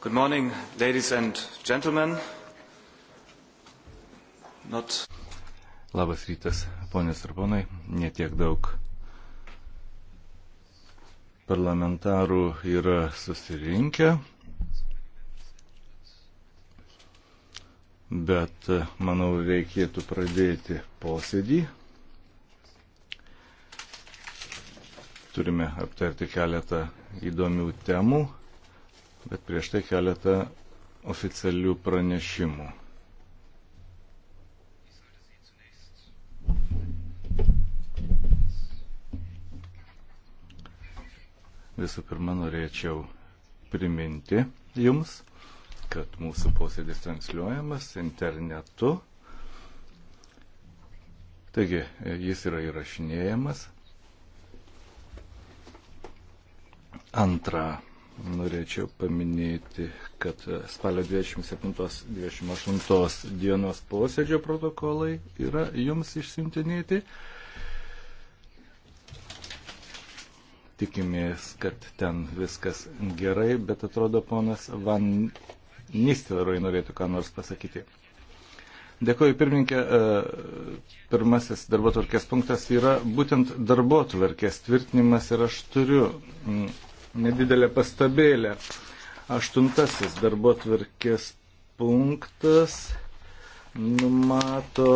Good morning, ladies and gentlemen. Not... Labas rytas, ponės ir ponai. Netiek daug parlamentarų yra susirinkę, bet e, manau reikėtų pradėti posėdį. turime aptarti keletą įdomių temų. Bet prieš tai keletą oficialių pranešimų. Visų pirma, norėčiau priminti jums, kad mūsų posėdis transliuojamas internetu. Taigi, jis yra įrašinėjamas. Antra, norėčiau paminėti, kad spalio 27-28 dienos posėdžio protokolai yra jums išsiuntinėti. Tikimės, kad ten viskas gerai, bet atrodo ponas Van Nistelroj norėtų ką nors pasakyti. Dėkuoju, pirmininkė. E, pirmasis darbo tvarkės punktas yra būtent darbo tvarkės tvirtinimas ir aš turiu mm, nedidelę pastabėlę. Aštuntasis darbo tvarkės punktas numato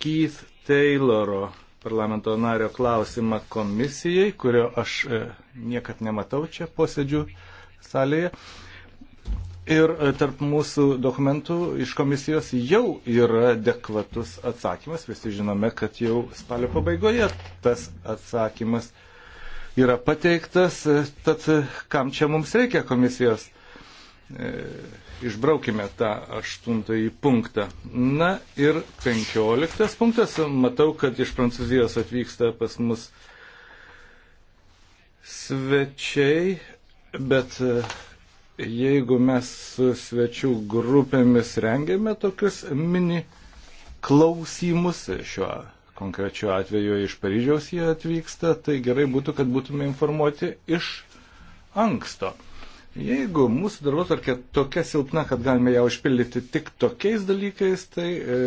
Keith Tayloro parlamento nario klausimą komisijai, kurio aš e, niekad nematau čia posėdžių salėje. Ir e, tarp mūsų dokumentų iš komisijos jau yra adekvatus atsakymas. Visi žinome, kad jau spalio pabaigoje tas atsakymas yra pateiktas, e, tad e, kam čia mums reikia komisijos? E, išbraukime tą aštuntąjį punktą. Na ir penkioliktas punktas. Matau, kad iš Prancūzijos atvyksta pas mus svečiai, bet jeigu mes su svečių grupėmis rengėme tokius mini klausimus, šiuo konkrečiu atveju iš Paryžiaus jie atvyksta, tai gerai būtų, kad būtume informuoti iš anksto. Jeigu mūsų darbotvarkė tokia silpna, kad galime ją užpildyti tik tokiais dalykais, tai e,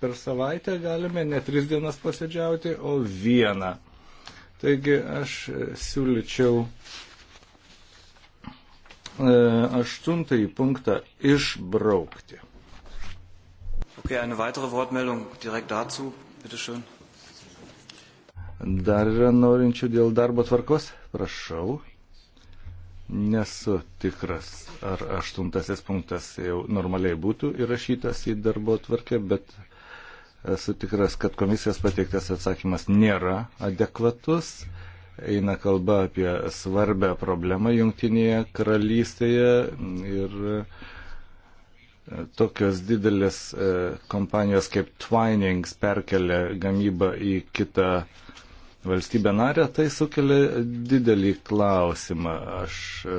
per savaitę galime ne tris dienas posėdžiauti, o vieną. Taigi aš e, siūlyčiau e, aštuntąjį punktą išbraukti. Okay, eine weitere Wortmeldung direkt dazu. Bitte Dar yra norinčių dėl darbo tvarkos? Prašau. Nesu tikras, ar aštuntasis punktas jau normaliai būtų įrašytas į darbo tvarkę, bet esu tikras, kad komisijos pateiktas atsakymas nėra adekvatus. Eina kalba apie svarbę problemą Junktinėje karalystėje ir uh, E, tokios didelės e, kompanijos kaip Twinings perkelia gamybą į kitą valstybę narę, tai sukelia didelį klausimą. Aš e,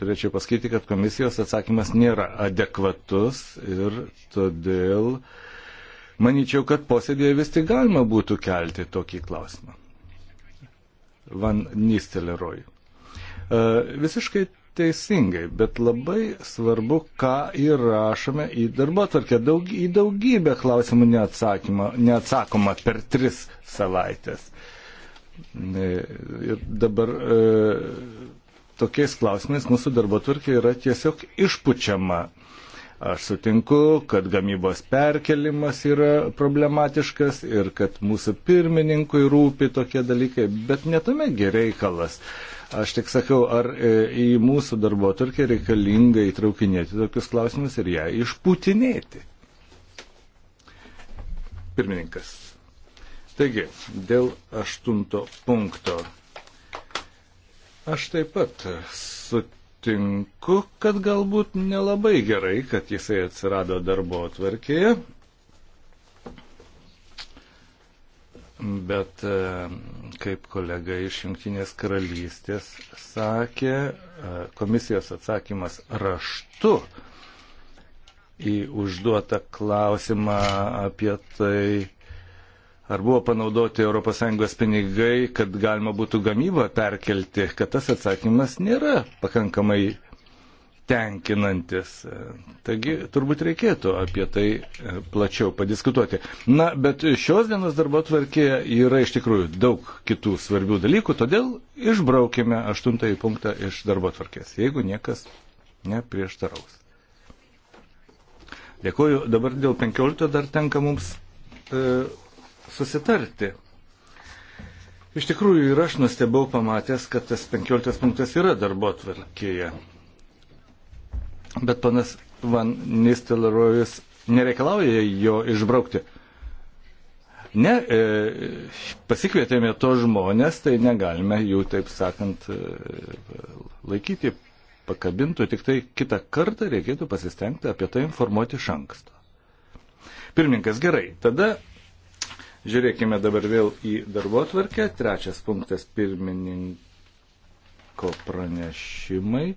turėčiau pasakyti, kad komisijos atsakymas nėra adekvatus ir todėl manyčiau, kad posėdėje vis tik galima būtų kelti tokį klausimą. Van Nisteleroj. E, visiškai teisingai, bet labai svarbu, ką įrašome į darbo tvarkę. Daug, į daugybę klausimų neatsakoma per tris savaitės. E, ir dabar e, tokiais klausimais mūsų darbo tvarkė yra tiesiog išpučiama. Aš sutinku, kad gamybos perkelimas yra problematiškas ir kad mūsų pirmininkui rūpi tokie dalykai, bet netame gereikalas. reikalas Aš tik sakau, ar e, į mūsų darbo turkį reikalinga įtraukinėti tokius klausimus ir ją išputinėti. Pirmininkas. Taigi, dėl aštunto punkto. Aš taip pat sutinku, kad galbūt nelabai gerai, kad jisai atsirado darbo atvarkėje, Bet e, kaip kolega iš Junktinės karalystės sakė, e, komisijos atsakymas raštu į užduotą klausimą apie tai, ar buvo panaudoti ES pinigai, kad galima būtų gamybą perkelti, kad tas atsakymas nėra pakankamai tenkinantis. Taigi turbūt reikėtų apie tai e, plačiau padiskutuoti. Na, bet šios dienos darbo tvarkėje yra iš tikrųjų daug kitų svarbių dalykų, todėl išbraukime aštuntąjį punktą iš darbo tvarkės, jeigu niekas neprieštaraus. Dėkuoju, dabar dėl penkiolikto dar tenka mums e, susitarti. Iš tikrųjų ir aš nustebau pamatęs, kad tas penkioliktas punktas yra darbo tvarkėje bet panas Van Nistelrojus nereikalauja jo išbraukti. Ne, e, pasikvietėme to žmonės, tai negalime jų, taip sakant, e, laikyti pakabintų, tik tai kitą kartą reikėtų pasistengti apie tai informuoti iš anksto. Pirmininkas, gerai, tada žiūrėkime dabar vėl į darbo atvarkę. Trečias punktas pirmininko pranešimai. E,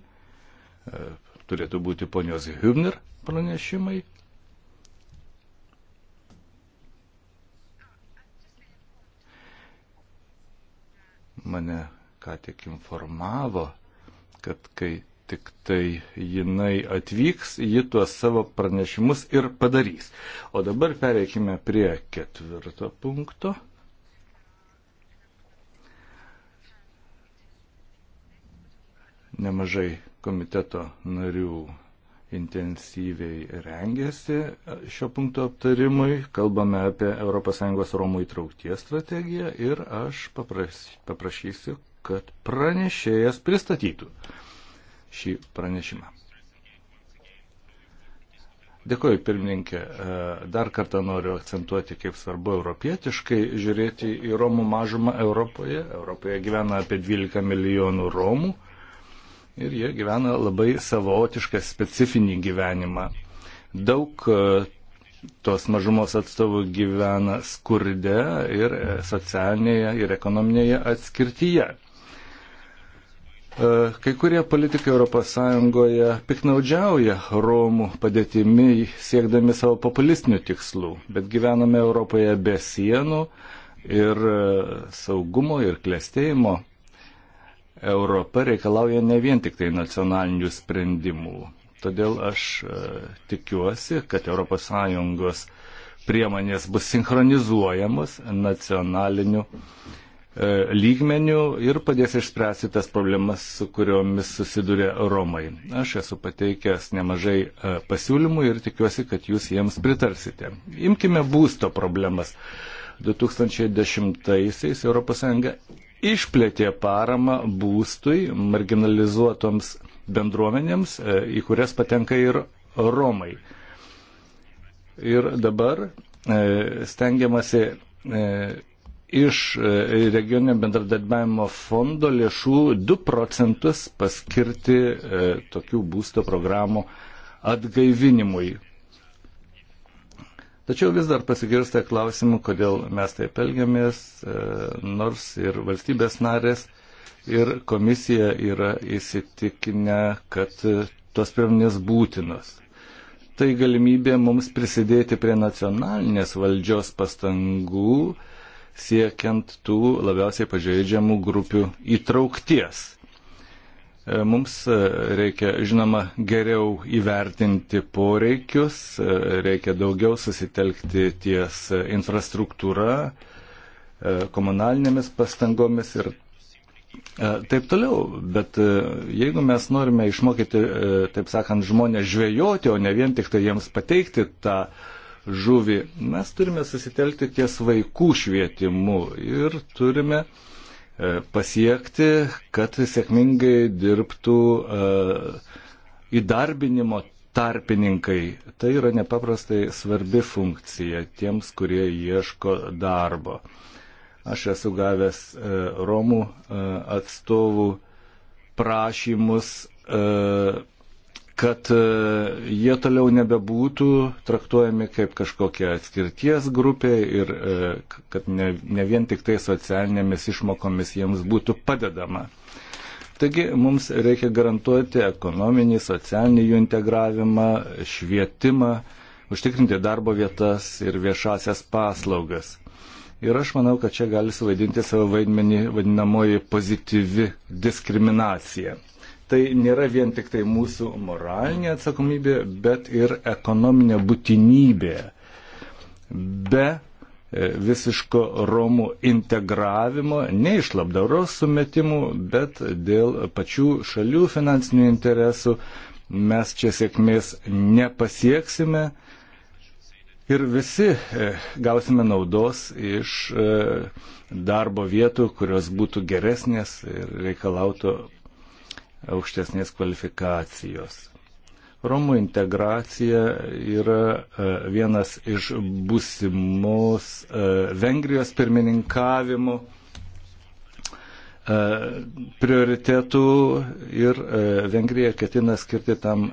turėtų būti ponios Hübner pranešimai. Mane ką tik informavo, kad kai tik tai jinai atvyks, ji tuos savo pranešimus ir padarys. O dabar pereikime prie ketvirto punkto. Nemažai komiteto narių intensyviai rengėsi šio punkto aptarimui. Kalbame apie ES Romų įtraukties strategiją ir aš paprašysiu, kad pranešėjas pristatytų šį pranešimą. Dėkuoju, pirmininkė. Dar kartą noriu akcentuoti, kaip svarbu europietiškai žiūrėti į Romų mažumą Europoje. Europoje gyvena apie 12 milijonų Romų ir jie gyvena labai savotišką specifinį gyvenimą. Daug e, tos mažumos atstovų gyvena skurde ir e, socialinėje ir ekonominėje atskirtyje. E, kai kurie politikai ES piknaudžiauja Romų padėtimi siekdami savo populistinių tikslų, bet gyvename Europoje be sienų ir saugumo ir klėstėjimo Europa reikalauja ne vien tik tai nacionalinių sprendimų. Todėl aš e, tikiuosi, kad ES priemonės bus sinchronizuojamos nacionaliniu e, lygmeniu ir padės išspręsti tas problemas, su kuriomis susiduria Romai. Aš esu pateikęs nemažai e, pasiūlymų ir tikiuosi, kad jūs jiems pritarsite. Imkime būsto problemas. 2010-aisiais ES išplėtė paramą būstui marginalizuotoms bendruomenėms, e, į kurias patenka ir Romai. Ir dabar e, stengiamasi e, iš regioninio bendradarbiavimo fondo lėšų 2 procentus paskirti tokių būsto programų atgaivinimui. Tačiau vis dar pasigirsta klausimų, kodėl mes taip elgiamės, e, nors ir valstybės narės, ir komisija yra įsitikinę, kad tos priemonės būtinos. Tai galimybė mums prisidėti prie nacionalinės valdžios pastangų, siekiant tų labiausiai pažeidžiamų grupių įtraukties. E, mums e, reikia, žinoma, geriau įvertinti poreikius, e, reikia daugiau susitelkti ties infrastruktūra, komunalinėmis pastangomis ir taip toliau. Bet jeigu mes norime išmokyti, taip sakant, žmonės žvejoti, o ne vien tik tai jiems pateikti tą žuvį, mes turime susitelkti ties vaikų švietimu ir turime uh, E, pasiekti, kad sėkmingai dirbtų e, įdarbinimo tarpininkai. Tai yra nepaprastai svarbi funkcija tiems, kurie ieško darbo. Aš esu gavęs e, Romų atstovų prašymus kad e, jie toliau nebebūtų traktuojami kaip kažkokia atskirties grupė ir e, kad ne, ne vien tik tai socialinėmis išmokomis jiems būtų padedama. Taigi mums reikia garantuoti ekonominį, socialinį jų integravimą, švietimą, užtikrinti darbo vietas ir viešasias paslaugas. Ir aš manau, kad čia gali suvaidinti savo vaidmenį vadinamoji pozityvi diskriminacija tai nėra vien tik tai mūsų moralinė atsakomybė, bet ir ekonominė būtinybė. Be e, visiško Romų integravimo, ne iš labdaros sumetimų, bet dėl pačių šalių finansinių interesų mes čia sėkmės nepasieksime ir visi e, gausime naudos iš e, darbo vietų, kurios būtų geresnės ir reikalautų aukštesnės kvalifikacijos. Romų integracija yra e, vienas iš būsimos e, Vengrijos pirmininkavimo e, prioritetų ir Vengrija ketina skirti tam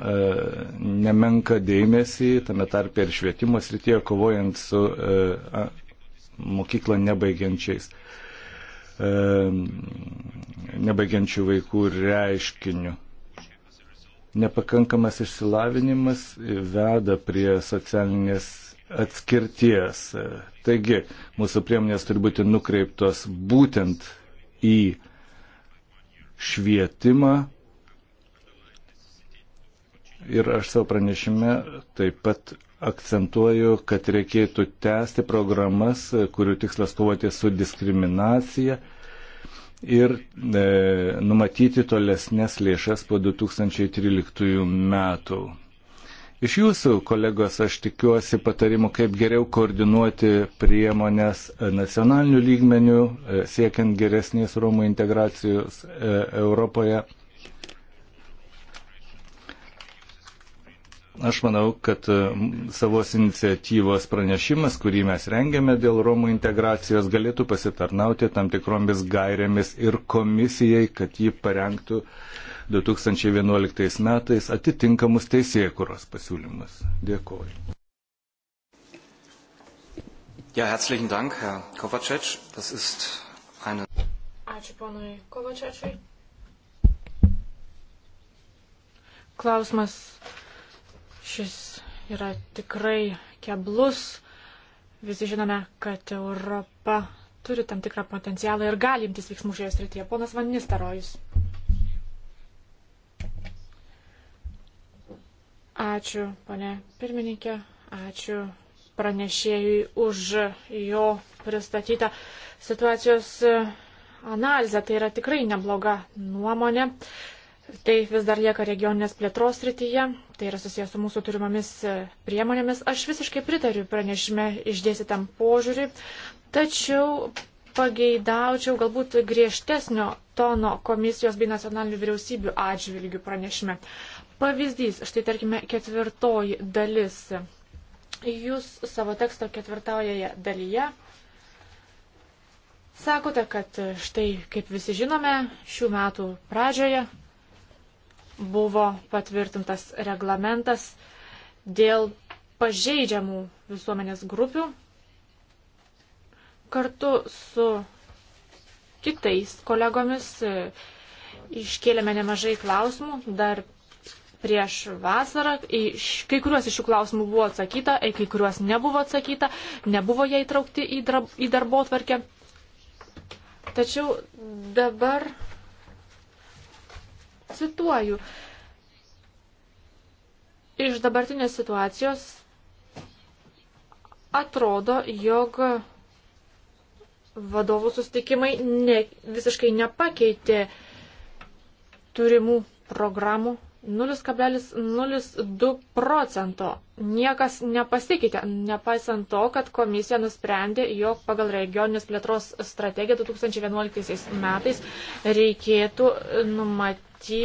nemenka dėmesį, tame tarpe ir švietimo srityje, kovojant su mokyklą nebaigiančiais nebaigiančių vaikų reiškiniu. Nepakankamas išsilavinimas veda prie socialinės atskirties. Taigi, mūsų priemonės turi būti nukreiptos būtent į švietimą. Ir aš savo pranešime taip pat akcentuoju, kad reikėtų tęsti programas, kurių tikslas kovoti su diskriminacija ir e, numatyti tolesnės lėšas po 2013 metų. Iš jūsų, kolegos, aš tikiuosi patarimų, kaip geriau koordinuoti priemonės nacionalinių lygmenių, e, siekiant geresnės Romų integracijos e, Europoje Aš manau, kad e, savos iniciatyvos pranešimas, kurį mes rengiame dėl Romų integracijos, galėtų pasitarnauti tam tikromis gairėmis ir komisijai, kad ji parengtų 2011 metais atitinkamus teisėkuros pasiūlymus. Dėkuoju. Ja, herzlichen Dank, Herr Kovacevic. Das ist eine. Ačiū ponui Kovacevičiui. Klausimas Šis yra tikrai keblus. Visi žinome, kad Europa turi tam tikrą potencialą ir gali imtis veiksmų šioje srityje. Ponas Van Nistarojus. Ačiū, ponė pirmininkė. Ačiū pranešėjui už jo pristatytą situacijos analizę. Tai yra tikrai nebloga nuomonė. Uh, Tai vis dar lieka regioninės plėtros rytyje, tai yra susijęs su mūsų turimomis e, priemonėmis. Aš visiškai pritariu pranešime išdėsitam požiūriui, tačiau pageidaučiau galbūt griežtesnio tono komisijos bei nacionalinių vyriausybių atžvilgių pranešime. Pavyzdys, štai tarkime ketvirtoji dalis. Jūs savo teksto ketvirtojoje dalyje sakote, kad štai, kaip visi žinome, šių metų pradžioje buvo patvirtintas reglamentas dėl pažeidžiamų visuomenės grupių kartu su kitais kolegomis e, iškėlėme nemažai klausimų dar prieš vasarą. Į kai kuriuos iš šių klausimų buvo atsakyta, į kai kuriuos nebuvo atsakyta, nebuvo jie įtraukti į, darb, į darbo tvarkę. Tačiau dabar Cituoju. Iš dabartinės situacijos atrodo, jog vadovų sustikimai ne, visiškai nepakeitė turimų programų 0,02 procento. Niekas nepasikeitė, nepaisant to, kad komisija nusprendė, jog pagal regioninės plėtros strategiją 2011 metais reikėtų numatyti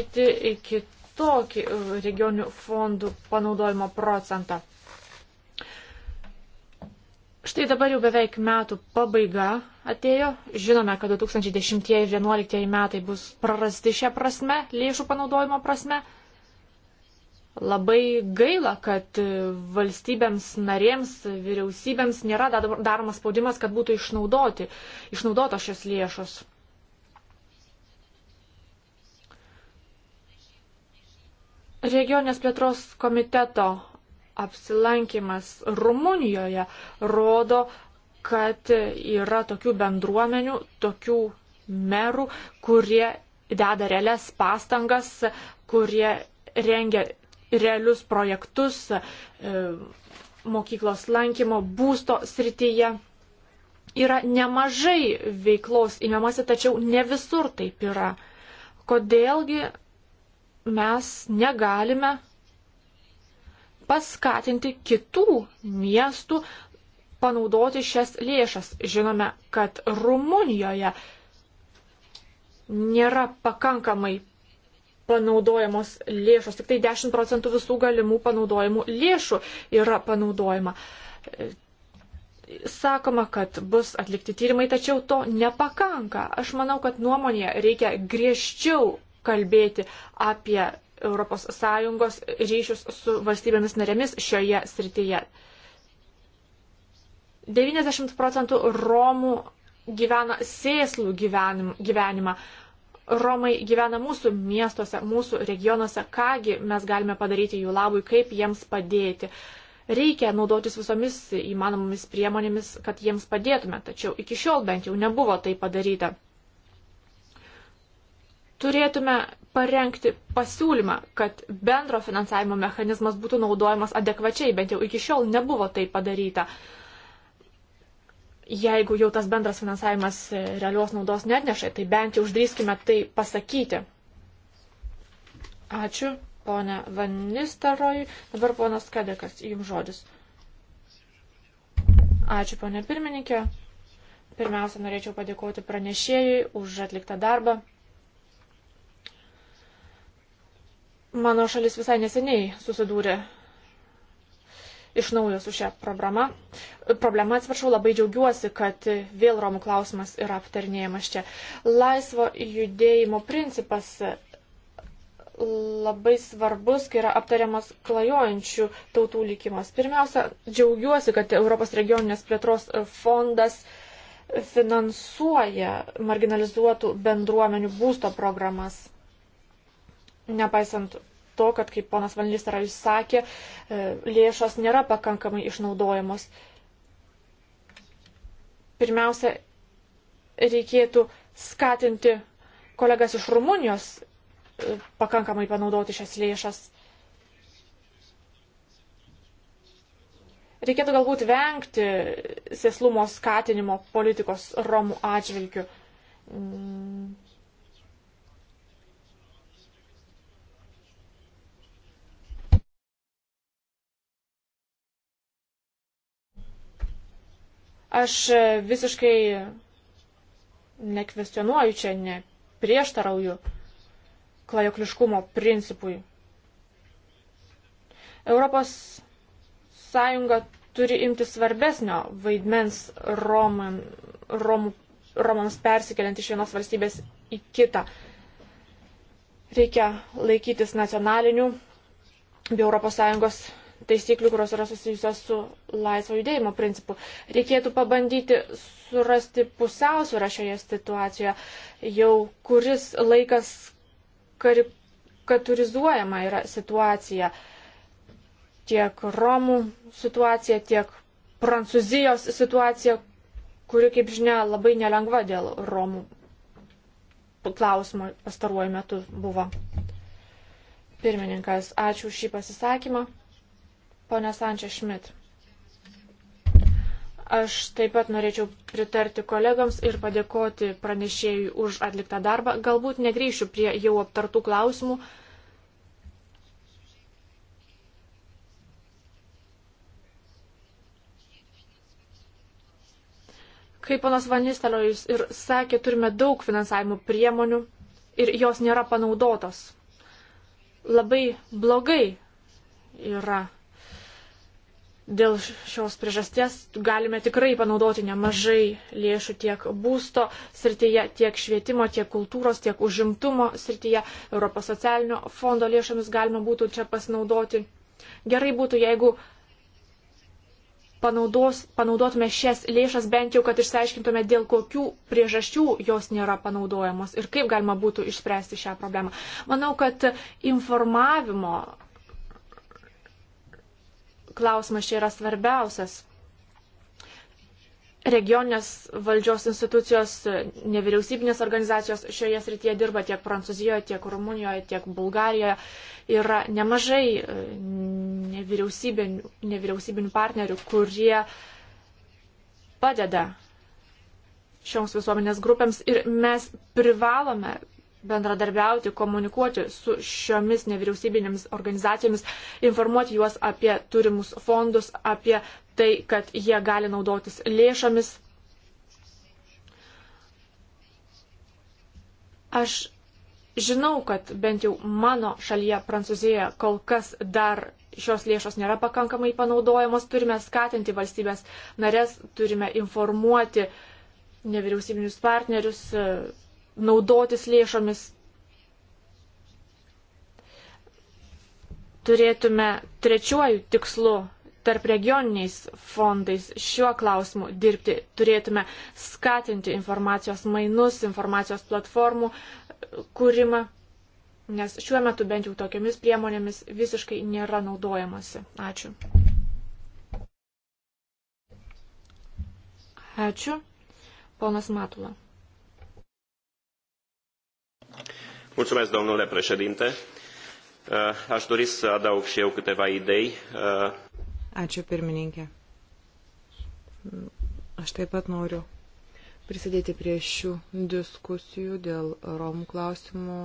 kitokį regioninių fondų panaudojimo procentą. Štai dabar jau beveik metų pabaiga atėjo. Žinome, kad 2010-2011 metai bus prarasti šią prasme, lėšų panaudojimo prasme. Labai gaila, kad valstybėms narėms, vyriausybėms nėra daromas spaudimas, kad būtų išnaudoti, išnaudotos šios lėšos. Regionės plėtros komiteto apsilankimas Rumunijoje rodo, kad yra tokių bendruomenių, tokių merų, kurie deda realias pastangas, kurie rengia realius projektus e, mokyklos lankymo būsto srityje. Yra nemažai veiklos įmamasi, tačiau ne visur taip yra. Kodėlgi mes negalime paskatinti kitų miestų panaudoti šias lėšas. Žinome, kad Rumunijoje nėra pakankamai panaudojamos lėšos. Tik tai 10 procentų visų galimų panaudojimų lėšų yra panaudojama. Sakoma, kad bus atlikti tyrimai, tačiau to nepakanka. Aš manau, kad nuomonėje reikia griežčiau kalbėti apie ES ryšius su valstybėmis narėmis šioje srityje. 90 procentų Romų gyvena sėslų gyvenim, gyvenimą, Romai gyvena mūsų miestuose, mūsų regionuose, kągi mes galime padaryti jų labui, kaip jiems padėti. Reikia naudotis visomis įmanomomis priemonėmis, kad jiems padėtume, tačiau iki šiol bent jau nebuvo tai padaryta. Turėtume parengti pasiūlymą, kad bendro finansavimo mechanizmas būtų naudojamas adekvačiai, bent jau iki šiol nebuvo tai padaryta. Uh, jeigu jau tas bendras finansavimas e, realios naudos netneša, tai bent jau uždrįskime tai pasakyti. Ačiū, ponė Vanistaroj. Dabar ponas Kadekas, jums žodis. Ačiū, ponė pirmininkė. Pirmiausia, norėčiau padėkoti pranešėjui už atliktą darbą. Mano šalis visai neseniai susidūrė iš naujo su šia programa. problema. Atsiprašau, labai džiaugiuosi, kad vėl Romų klausimas yra aptarnėjamas čia. Laisvo judėjimo principas labai svarbus, kai yra aptariamas klajojančių tautų likimas. Pirmiausia, džiaugiuosi, kad Europos regioninės plėtros fondas finansuoja marginalizuotų bendruomenių būsto programas, nepaisant to, kad, kaip ponas Valnys yra išsakė, e, lėšos nėra pakankamai išnaudojamos. Pirmiausia, reikėtų skatinti kolegas iš Rumunijos e, pakankamai panaudoti šias lėšas. Reikėtų galbūt vengti sėslumo skatinimo politikos Romų atžvilgių mm. Aš visiškai nekvestionuoju čia, neprieštarauju klajokliškumo principui. Europos Sąjunga turi imti svarbesnio vaidmens Roman, Rom, Romams persikeliant iš vienos valstybės į kitą. Reikia laikytis nacionalinių bei Europos Sąjungos taisyklių, kurios yra susijusios su laisvo judėjimo principu. Reikėtų pabandyti surasti pusiausvyrą šioje situacijoje, jau kuris laikas karikaturizuojama yra situacija. Tiek Romų situacija, tiek Prancūzijos situacija, kuri, kaip žinia, labai nelengva dėl Romų klausimo pastaruoju metu buvo. Pirmininkas, ačiū šį pasisakymą. Pone Sančia Šmit. Aš taip pat norėčiau pritarti kolegams ir padėkoti pranešėjui už atliktą darbą. Galbūt negryšiu prie jau aptartų klausimų. Kaip panas Vanistelojus ir sakė, turime daug finansavimo priemonių ir jos nėra panaudotos. Labai blogai yra Dėl šios priežasties galime tikrai panaudoti nemažai lėšų tiek būsto srityje, tiek švietimo, tiek kultūros, tiek užimtumo srityje. Europos socialinio fondo lėšomis galima būtų čia pasinaudoti. Gerai būtų, jeigu panaudos, panaudotume šias lėšas bent jau, kad išsiaiškintume, dėl kokių priežasčių jos nėra panaudojamos ir kaip galima būtų išspręsti šią problemą. Manau, kad informavimo klausimas čia yra svarbiausias. Regioninės valdžios institucijos, nevyriausybinės organizacijos šioje srityje dirba tiek Prancūzijoje, tiek Rumunijoje, tiek Bulgarijoje. Yra nemažai e, nevyriausybinių, nevyriausybinių partnerių, kurie padeda šioms visuomenės grupėms ir mes privalome bendradarbiauti, komunikuoti su šiomis nevyriausybinėmis organizacijomis, informuoti juos apie turimus fondus, apie tai, kad jie gali naudotis lėšomis. Aš žinau, kad bent jau mano šalyje, Prancūzijoje, kol kas dar šios lėšos nėra pakankamai panaudojamos. Turime skatinti valstybės narės, turime informuoti nevyriausybinius partnerius, naudotis lėšomis. Turėtume trečiuoju tikslu tarp regioniniais fondais šiuo klausimu dirbti. Turėtume skatinti informacijos mainus, informacijos platformų kūrimą, nes šiuo metu bent jau tokiamis priemonėmis visiškai nėra naudojamasi. Ačiū. Ačiū. Ponas Matula. Mulțumesc, domnule președinte. Uh, aș dori să adaug și eu câteva idei. Uh, Ačiū pirmininkė. Aš taip pat noriu prisidėti prie šių diskusijų dėl Romų klausimų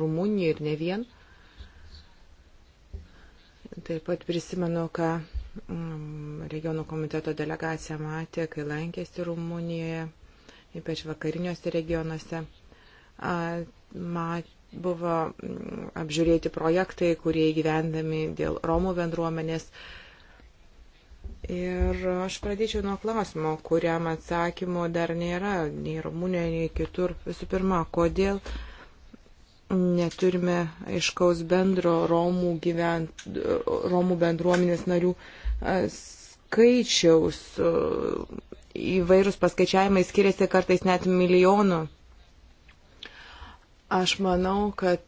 Rumunijoje ir ne vien. Taip pat prisimenu, ką mm, regionų komiteto delegacija matė, kai lankėsi Rumunijoje, ypač vakariniuose regionuose matė buvo apžiūrėti projektai, kurie įgyvendami dėl Romų bendruomenės. Ir aš pradėčiau nuo klausimo, kuriam atsakymo dar nėra, nei Rumunijoje, nei kitur. Visų pirma, kodėl neturime aiškaus bendro Romų, gyvent, Romų bendruomenės narių skaičiaus. Įvairūs paskaičiavimai skiriasi kartais net milijonų Aš manau, kad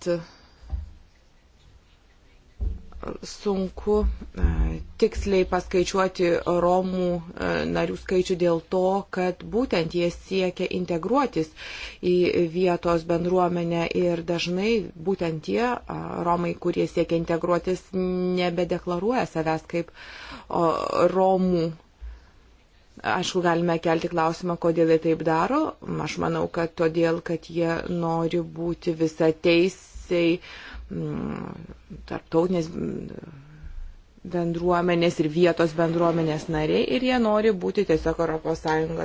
sunku e, tiksliai paskaičiuoti Romų e, narių skaičių dėl to, kad būtent jie siekia integruotis į vietos bendruomenę ir dažnai būtent tie Romai, kurie siekia integruotis, nebedeklaruoja savęs kaip Romų Aišku, galime kelti klausimą, kodėl jie taip daro. Aš manau, kad todėl, kad jie nori būti visą teisiai mm, tarptautinės mm, bendruomenės ir vietos bendruomenės nariai ir jie nori būti tiesiog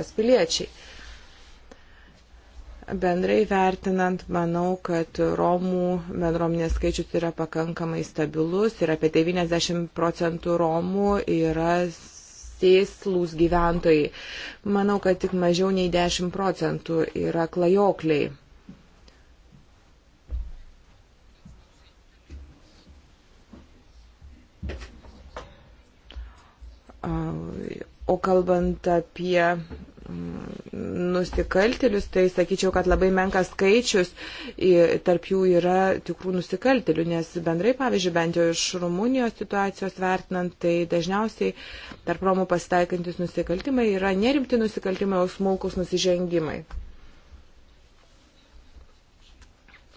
ES piliečiai. Bendrai vertinant, manau, kad Romų bendruomenės skaičius yra pakankamai stabilus ir apie 90 procentų Romų yra sėslūs gyventojai. Manau, kad tik mažiau nei 10 procentų yra klajokliai. O kalbant apie nusikaltelius, tai sakyčiau, kad labai menkas skaičius tarp jų yra tikrų nusikaltelių, nes bendrai, pavyzdžiui, bent jau iš Rumunijos situacijos vertinant, tai dažniausiai tarp Romų pasitaikantis nusikaltimai yra nerimti nusikaltimai, o smulkus nusižengimai.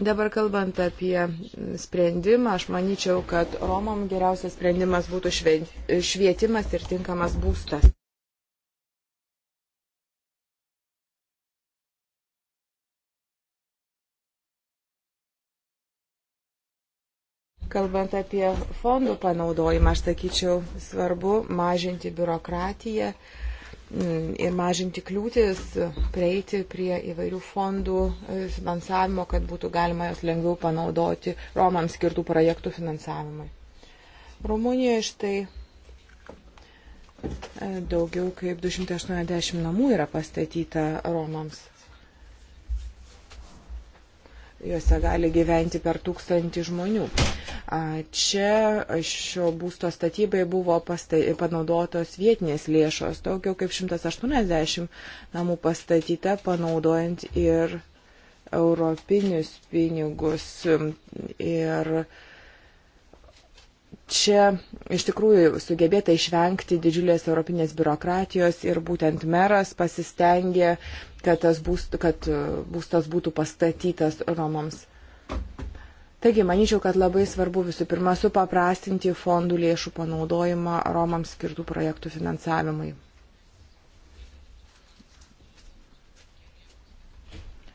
Dabar kalbant apie sprendimą, aš manyčiau, kad Romom geriausias sprendimas būtų švietimas ir tinkamas būstas. Kalbant apie fondų panaudojimą, aš sakyčiau, svarbu mažinti biurokratiją mm, ir mažinti kliūtis, prieiti prie įvairių fondų e, finansavimo, kad būtų galima jos lengviau panaudoti Romams skirtų projektų finansavimui. Rumunijoje štai e, daugiau kaip 280 namų yra pastatyta Romams juose gali gyventi per tūkstantį žmonių. Čia šio būsto statybai buvo panaudotos vietinės lėšos, daugiau kaip 180 namų pastatyta, panaudojant ir europinius pinigus. Ir čia iš tikrųjų sugebėta išvengti didžiulės europinės biurokratijos ir būtent meras pasistengė, kad, būst, kad e, būstas būtų pastatytas Romams. Taigi, manyčiau, kad labai svarbu visų pirma supaprastinti fondų lėšų panaudojimą Romams skirtų projektų finansavimui.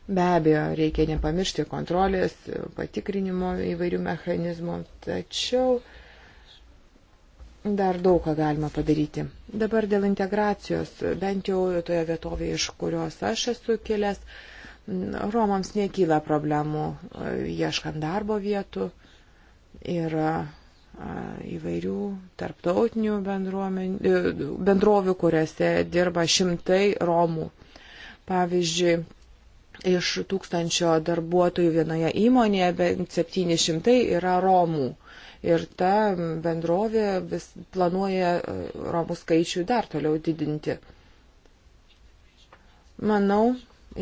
Be abejo, reikia nepamiršti kontrolės, patikrinimo įvairių mechanizmų, tačiau uh, dar daug ką galima padaryti. Dabar dėl integracijos, bent jau toje vietovėje, iš kurios aš esu kilęs, Romams nekyla problemų e, ieškant darbo vietų ir e, įvairių tarptautinių e, bendrovių, kuriuose dirba šimtai Romų. Pavyzdžiui, iš tūkstančio darbuotojų vienoje įmonėje bent 700 yra Romų ir ta bendrovė vis planuoja e, romų skaičių dar toliau didinti. Manau,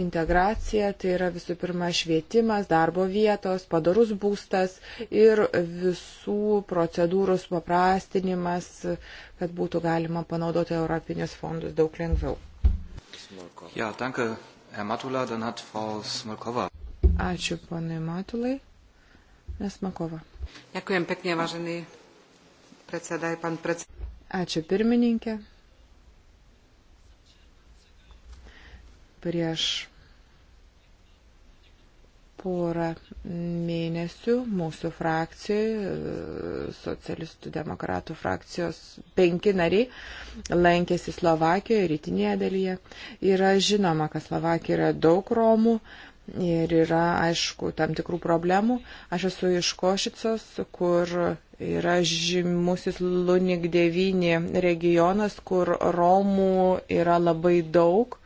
integracija tai yra visų pirma švietimas, darbo vietos, padarus būstas ir visų procedūrų supaprastinimas, kad būtų galima panaudoti europinius fondus daug lengviau. Ja, danke, Herr Matula, dann hat Frau Smolkova. Ačiū, ponai Matulai. Nesmakova. Dėkujem pekne, važinai, predsedai, pan predsedai. Ačiū pirmininkė. Prieš porą mėnesių mūsų frakcijai, socialistų demokratų frakcijos penki nariai, lankėsi Slovakijoje, rytinėje dalyje. Yra žinoma, kad Slovakijoje yra daug Romų, Ir yra, aišku, tam tikrų problemų. Aš esu iš Košicos, kur yra žymusis Lunik 9 regionas, kur Romų yra labai daug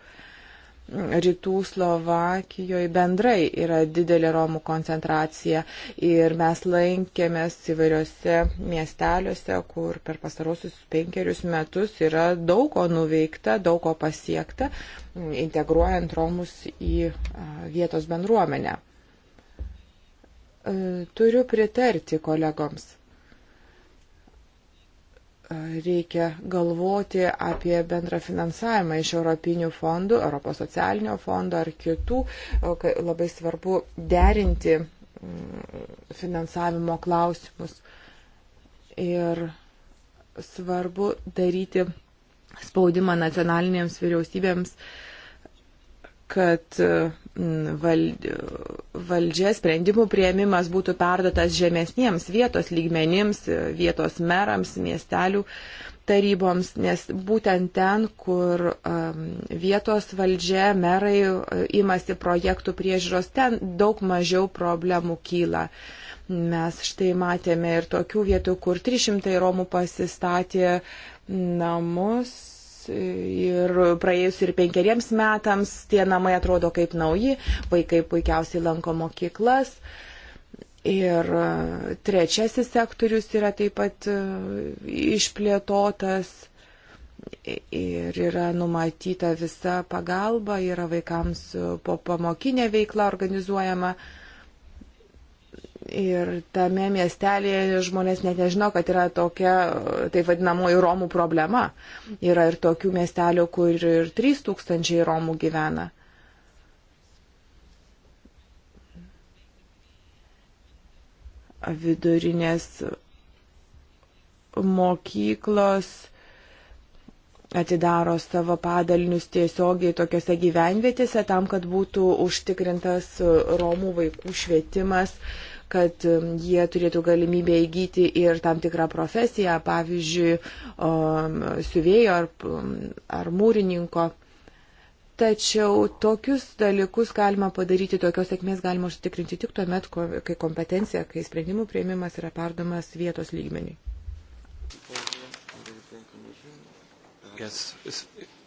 rytų Slovakijoje bendrai yra didelė Romų koncentracija ir mes lankėmės įvairiose miesteliuose, kur per pastarosius penkerius metus yra daug ko nuveikta, daug ko pasiekta, integruojant Romus į vietos bendruomenę. E, turiu pritarti kolegoms reikia galvoti apie bendrą finansavimą iš Europinių fondų, Europos socialinio fondo ar kitų. Labai svarbu derinti mm, finansavimo klausimus. Ir svarbu daryti spaudimą nacionalinėms vyriausybėms uh, kad mm, valdžia sprendimų prieimimas būtų perdotas žemesniems vietos lygmenims, vietos merams, miestelių taryboms, nes būtent ten, kur vietos valdžia, merai e, imasi projektų priežiūros, ten daug mažiau problemų kyla. Mes štai matėme ir tokių vietų, kur 300 romų pasistatė namus Ir praėjus ir penkeriems metams tie namai atrodo kaip nauji, vaikai puikiausiai lanko mokyklas. Ir trečiasis sektorius yra taip pat e, išplėtotas ir yra numatyta visa pagalba, yra vaikams po pamokinė veikla organizuojama. Uh, Ir tame miestelėje žmonės net nežino, kad yra tokia, tai vadinamoji Romų problema. Yra ir tokių miestelių, kur ir 3000 Romų gyvena. Vidurinės mokyklos atidaro savo padalinius tiesiogiai tokiuose gyvenvietėse tam, kad būtų užtikrintas Romų vaikų švietimas. Uh, kad um, jie turėtų galimybę įgyti ir tam tikrą profesiją, pavyzdžiui, um, siuvėjo ar, um, ar mūrininko. Tačiau tokius dalykus galima padaryti, tokios sėkmės galima užtikrinti tik tuo met, kai kompetencija, kai sprendimų prieimimas yra perdomas vietos lygmeniui. Yes.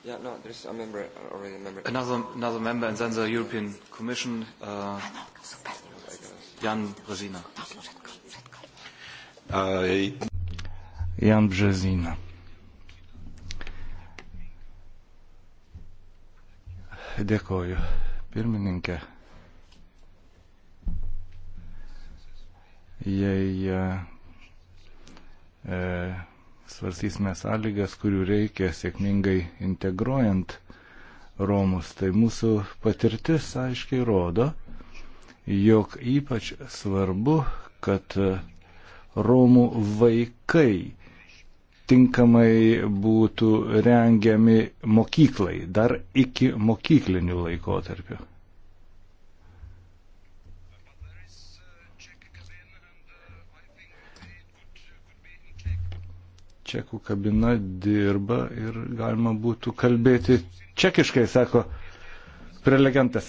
Yeah, no, there's a member, already a member. Another, another member and then the European Commission. Uh, ah, Jan Brzezina. Jan Brzezina. Dėkoju, pirmininkė. Jei e, e, svarstysime sąlygas, kurių reikia sėkmingai integruojant Romus, tai mūsų patirtis aiškiai rodo, jog ypač svarbu, kad Romų vaikai tinkamai būtų rengiami mokyklai dar iki mokyklinių laikotarpių. čekų kabina dirba ir galima būtų kalbėti čekiškai, sako prelegentas.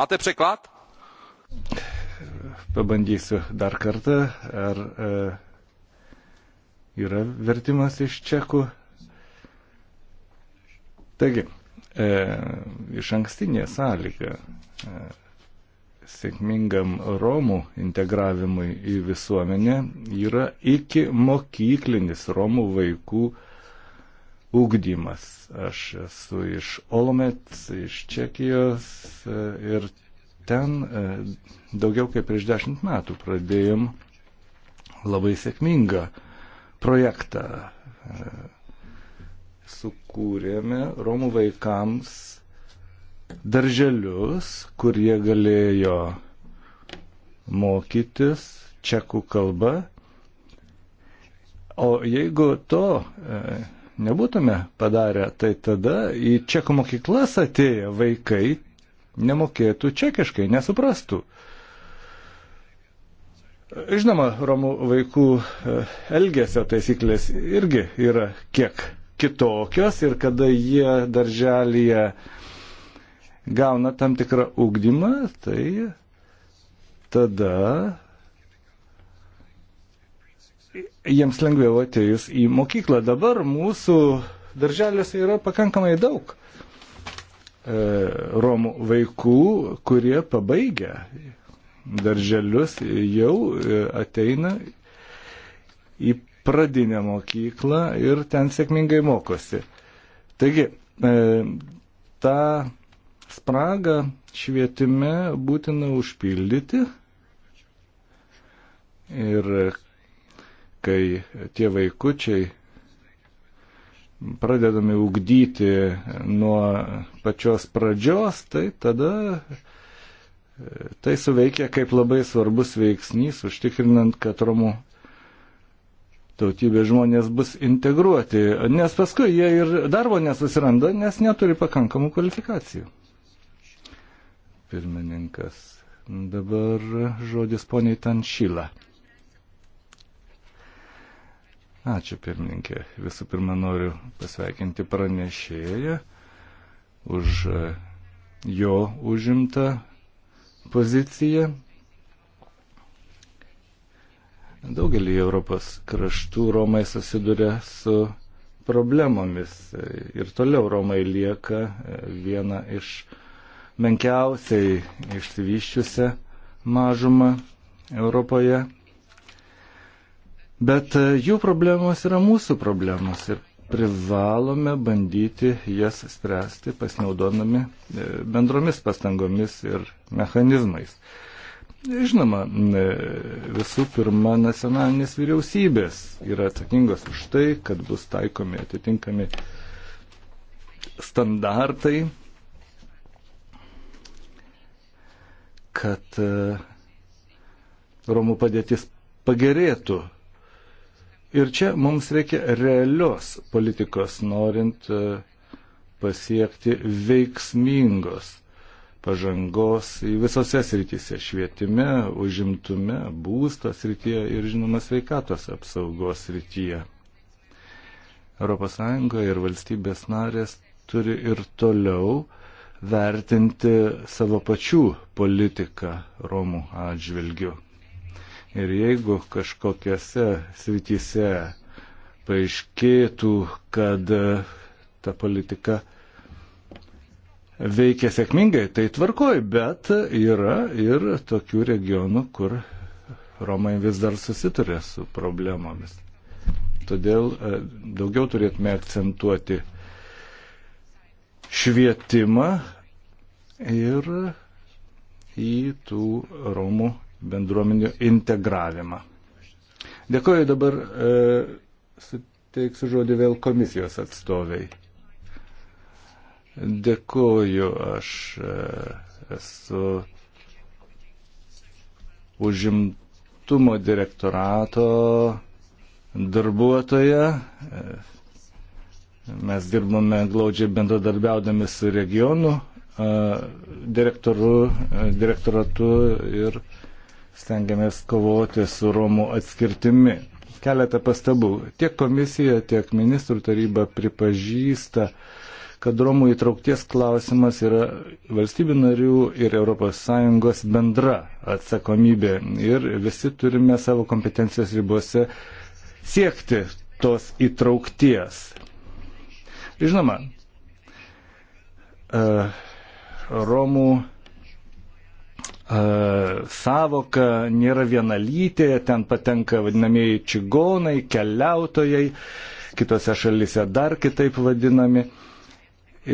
Máte překlad? Pabandysiu dar kartą. Ar e, yra vertimas iš čekų? Taigi, e, iš ankstinė sąlyga e, sėkmingam Romų integravimui į visuomenę yra iki mokyklinis Romų vaikų e, ūkdymas. Aš esu iš Olomet, iš Čekijos e, ir ten e, daugiau kaip prieš dešimt metų pradėjom labai sėkmingą projektą. E, sukūrėme Romų vaikams darželius, kur jie galėjo mokytis čekų kalbą. O jeigu to nebūtume padarę, tai tada į čekų mokyklas atėję vaikai nemokėtų čekiškai, nesuprastų. Žinoma, romų vaikų e, elgesio taisyklės irgi yra kiek kitokios ir kada jie darželėje gauna tam tikrą ugdymą, tai tada jiems lengviau atėjus į mokyklą. Dabar mūsų darželiuose yra pakankamai daug e, Romų vaikų, kurie pabaigia darželius, jau e, ateina į pradinę mokyklą ir ten sėkmingai mokosi. Taigi, e, tą spragą švietime būtina užpildyti ir kai tie vaikučiai pradedami ugdyti nuo pačios pradžios, tai tada e, tai suveikia kaip labai svarbus veiksnys, užtikrinant, kad romų tautybės žmonės bus integruoti, nes paskui jie ir darbo nesusiranda, nes neturi pakankamų kvalifikacijų. Pirmininkas. Dabar žodis poniai Tanšyla. Ačiū pirmininkė. Visų pirma, noriu pasveikinti pranešėją už e, jo užimtą poziciją. Daugelį Europos kraštų Romai susiduria su problemomis e, ir toliau Romai lieka e, viena iš menkiausiai išsivyščiusią mažumą Europoje. Bet e, jų problemos yra mūsų problemos ir privalome bandyti jas spręsti pasinaudodami e, bendromis pastangomis ir mechanizmais. Žinoma, e, visų pirma, nacionalinės vyriausybės yra atsakingos už tai, kad bus taikomi atitinkami standartai, kad Romų padėtis pagerėtų Ir čia mums reikia realios politikos, norint e, pasiekti veiksmingos pažangos visose srityse - švietime, užimtume, būsto srityje ir, žinoma, sveikatos apsaugos srityje. ES ir valstybės narės turi ir toliau vertinti savo pačių politiką Romų atžvilgiu. Ir jeigu kažkokiose srityse paaiškėtų, kad e, ta politika veikia sėkmingai, tai tvarkoj, bet yra ir tokių regionų, kur Romai vis dar susituria su problemomis. Todėl e, daugiau turėtume akcentuoti švietimą ir į tų Romų bendruomenių integravimą. Dėkoju dabar, e, suteiksiu žodį vėl komisijos atstoviai. Dėkoju, aš e, esu užimtumo direktorato darbuotoja. E, mes dirbame glaudžiai bendradarbiaudami su regionu e, direktoru, e, direktoratu ir stengiamės kovoti su Romų atskirtimi. Keletą pastabų. Tiek komisija, tiek ministrų taryba pripažįsta, kad Romų įtraukties klausimas yra valstybių narių ir ES bendra atsakomybė. Ir visi turime savo kompetencijos ribose siekti tos įtraukties. Žinoma, e, Romų savoka nėra vienalytė, ten patenka vadinamieji čigonai, keliautojai, kitose šalise dar kitaip vadinami.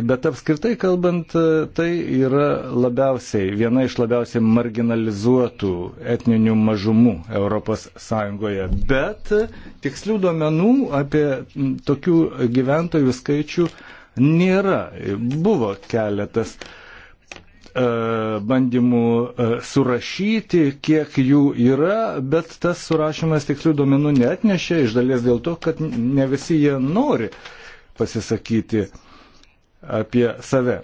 Bet apskritai kalbant, tai yra labiausiai, viena iš labiausiai marginalizuotų etninių mažumų ES. Bet tikslių duomenų apie tokių gyventojų skaičių nėra. Buvo keletas uh, E, bandymų e, surašyti, kiek jų yra, bet tas surašymas tikslių duomenų netnešė, iš dalies dėl to, kad ne visi jie nori pasisakyti apie save.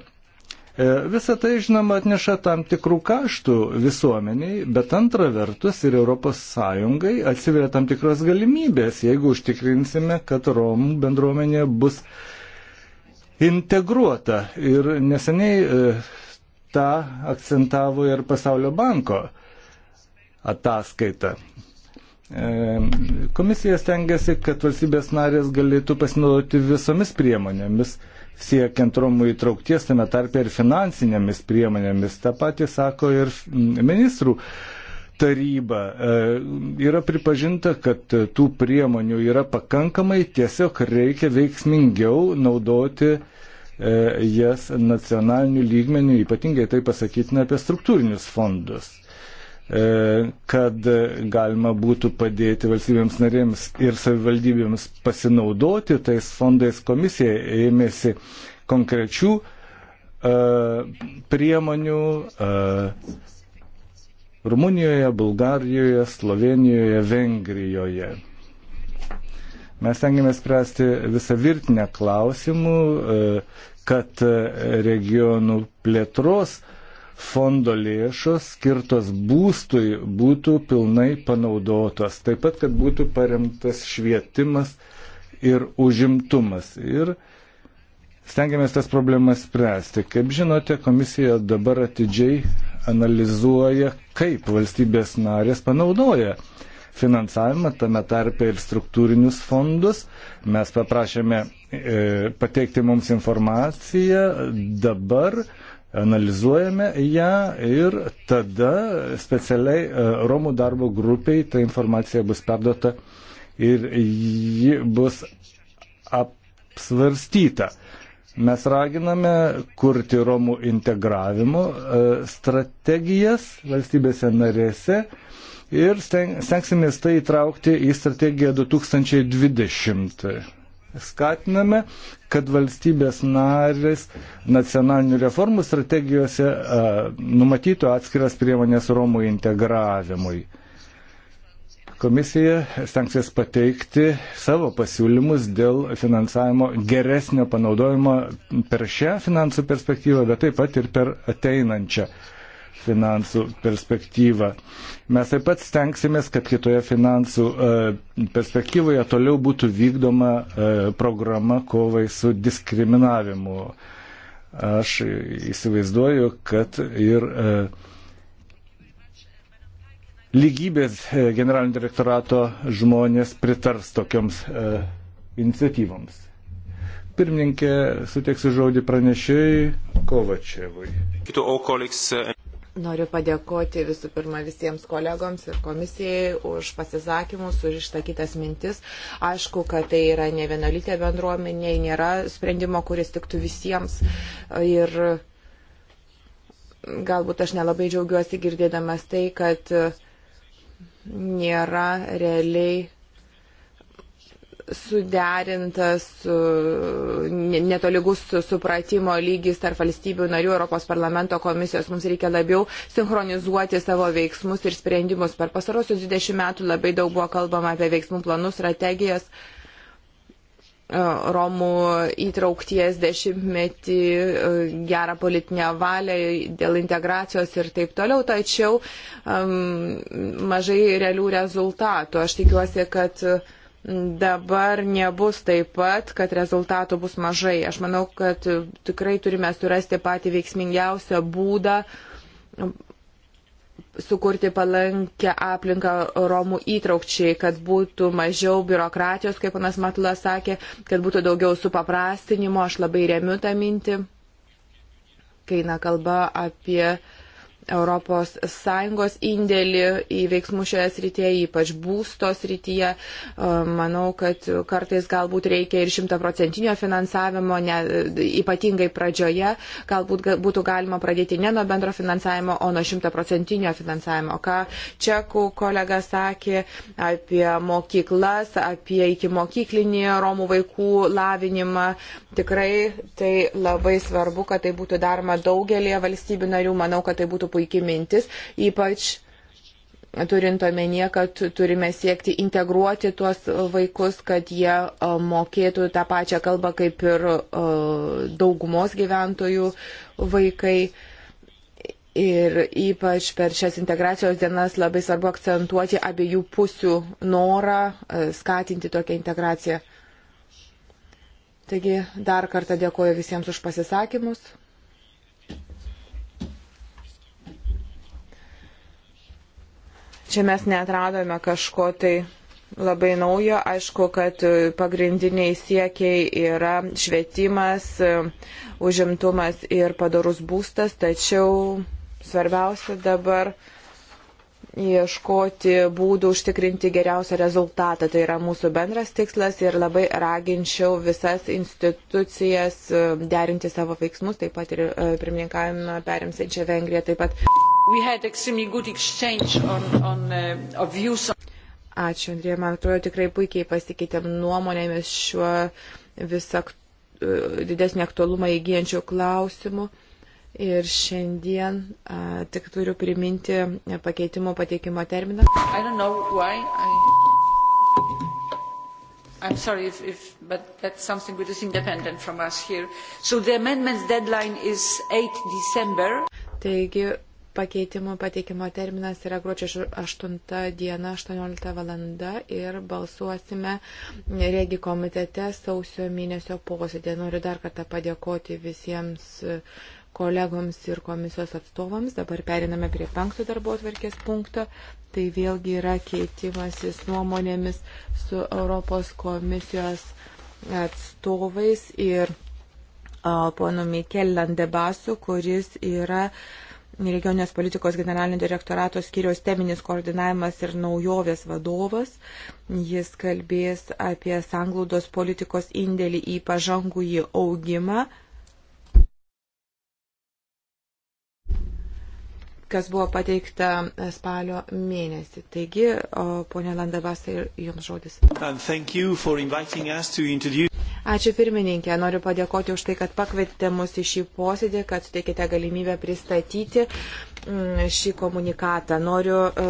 E, Visą tai, žinoma, atneša tam tikrų kaštų visuomeniai, bet antra vertus ir ES atsiveria tam tikros galimybės, jeigu užtikrinsime, kad Romų bendruomenė bus integruota. Ir neseniai tą akcentavo ir Pasaulio banko ataskaita. E, komisija stengiasi, kad valstybės narės galėtų pasinaudoti visomis priemonėmis, siekiant Romų įtraukties, tame tarpe ir finansinėmis priemonėmis. Ta pati sako ir ministrų taryba. E, yra pripažinta, kad tų priemonių yra pakankamai, tiesiog reikia veiksmingiau naudoti uh, E, jas nacionaliniu lygmeniu, ypatingai tai pasakytina apie struktūrinius fondus e, kad galima būtų padėti valstybėms narėms ir savivaldybėms pasinaudoti tais fondais. Komisija ėmėsi konkrečių e, priemonių Rumunijoje, Bulgarijoje, Slovenijoje, Vengrijoje. Mes tengiamės spręsti visą virtinę klausimų, e, kad e, regionų plėtros fondo lėšos skirtos būstui būtų pilnai panaudotos. Taip pat, kad būtų paremtas švietimas ir užimtumas. Ir stengiamės tas problemas spręsti. Kaip žinote, komisija dabar atidžiai analizuoja, kaip valstybės narės panaudoja uh, finansavimą, tame tarpe ir struktūrinius fondus. Mes paprašėme e, pateikti mums informaciją dabar, analizuojame ją ir tada specialiai e, Romų darbo grupiai ta informacija bus perduota ir ji bus apsvarstyta. Mes raginame kurti Romų integravimo e, strategijas valstybėse narėse ir stengsimės tai įtraukti į strategiją 2020. Skatiname, kad valstybės narės nacionalinių reformų strategijose a, numatytų atskiras priemonės Romų integravimui. Komisija stengsis pateikti savo pasiūlymus dėl finansavimo geresnio panaudojimo per šią finansų perspektyvą, bet taip pat ir per ateinančią finansų perspektyvą. Mes taip pat stengsimės, kad kitoje finansų e, perspektyvoje toliau būtų vykdoma e, programa kovai su diskriminavimu. Aš įsivaizduoju, kad ir e, lygybės generalinio direktorato žmonės pritars tokioms iniciatyvoms. Pirmininkė, suteiksiu žodį pranešėjai Kovačievui. Noriu padėkoti visų pirma visiems kolegoms ir komisijai už pasisakymus, už išsakytas mintis. Aišku, kad tai yra ne vienalytė bendruomenė, nėra sprendimo, kuris tiktų visiems. Ir galbūt aš nelabai džiaugiuosi girdėdamas tai, kad nėra realiai suderintas netoligus supratimo lygis tarp valstybių narių Europos parlamento komisijos. Mums reikia labiau sinchronizuoti savo veiksmus ir sprendimus. Per pasarosius 20 metų labai daug buvo kalbama apie veiksmų planus, strategijas. E, Romų įtraukties dešimtmetį, e, gerą politinę valią dėl integracijos ir taip toliau, tačiau um, mažai realių rezultatų. Aš tikiuosi, kad uh, dabar nebus taip pat, kad rezultatų bus mažai. Aš manau, kad tikrai turime surasti patį veiksmingiausią būdą sukurti palankę aplinką Romų įtraukčiai, kad būtų mažiau biurokratijos, kaip panas Matulas sakė, kad būtų daugiau supaprastinimo. Aš labai remiu tą mintį, kai eina kalba apie uh, ES indėlį į veiksmų šioje srityje, ypač būsto srityje. E, manau, kad kartais galbūt reikia ir šimtaprocentinio finansavimo, ne, e, ypatingai pradžioje, galbūt būtų galima pradėti ne nuo bendro finansavimo, o nuo šimtaprocentinio finansavimo. Ką čekų kolega sakė apie mokyklas, apie iki mokyklinį Romų vaikų lavinimą, tikrai tai labai svarbu, kad tai būtų daroma daugelį valstybių narių. Manau, kad tai būtų puikiai mintis, ypač turint omenyje, kad turime siekti integruoti tuos vaikus, kad jie e, mokėtų tą pačią kalbą kaip ir e, daugumos gyventojų vaikai. Ir ypač per šias integracijos dienas labai svarbu akcentuoti abiejų pusių norą e, skatinti tokią integraciją. Taigi dar kartą dėkoju visiems už pasisakymus. Čia mes netradome kažko tai labai naujo. Aišku, kad e, pagrindiniai siekiai yra švietimas, e, užimtumas ir padarus būstas, tačiau svarbiausia dabar ieškoti būdų užtikrinti geriausią rezultatą. Tai yra mūsų bendras tikslas ir labai raginčiau visas institucijas e, derinti savo veiksmus, taip pat ir e, pirmininkavimą perimsinčią Vengriją. Taip pat. On, on, uh, Ačiū, Andrija, man atrodo, tikrai puikiai pasikeitėm nuomonėmis šiuo vis aktu, e, didesnį aktualumą įgyjančių klausimų. Ir šiandien a, tik turiu priminti pakeitimo pateikimo terminą. I'm sorry, if, if, but that's something which is independent from us here. So the amendments deadline is 8 December. Taigi pakeitimo pateikimo terminas yra gruodžio 8 diena 18 valanda ir balsuosime regi komitete sausio mėnesio posėdė. Noriu dar kartą padėkoti visiems uh, kolegoms ir komisijos atstovams. Dabar periname prie penkto darbo atverkės punkto. Tai vėlgi yra keitimasis nuomonėmis su Europos komisijos atstovais ir ponu Mikel Landebasu, kuris yra regioninės politikos generalinio direktorato skiriaus teminis koordinavimas ir naujovės vadovas. Jis kalbės apie sanglaudos politikos indėlį į pažangų į augimą kas buvo pateikta e, spalio mėnesį. Taigi, ponė Landabasa, jums žodis. Ačiū pirmininkė, noriu padėkoti už tai, kad pakvietėte mus į šį posėdį, kad suteikite galimybę pristatyti mm, šį komunikatą. Noriu e,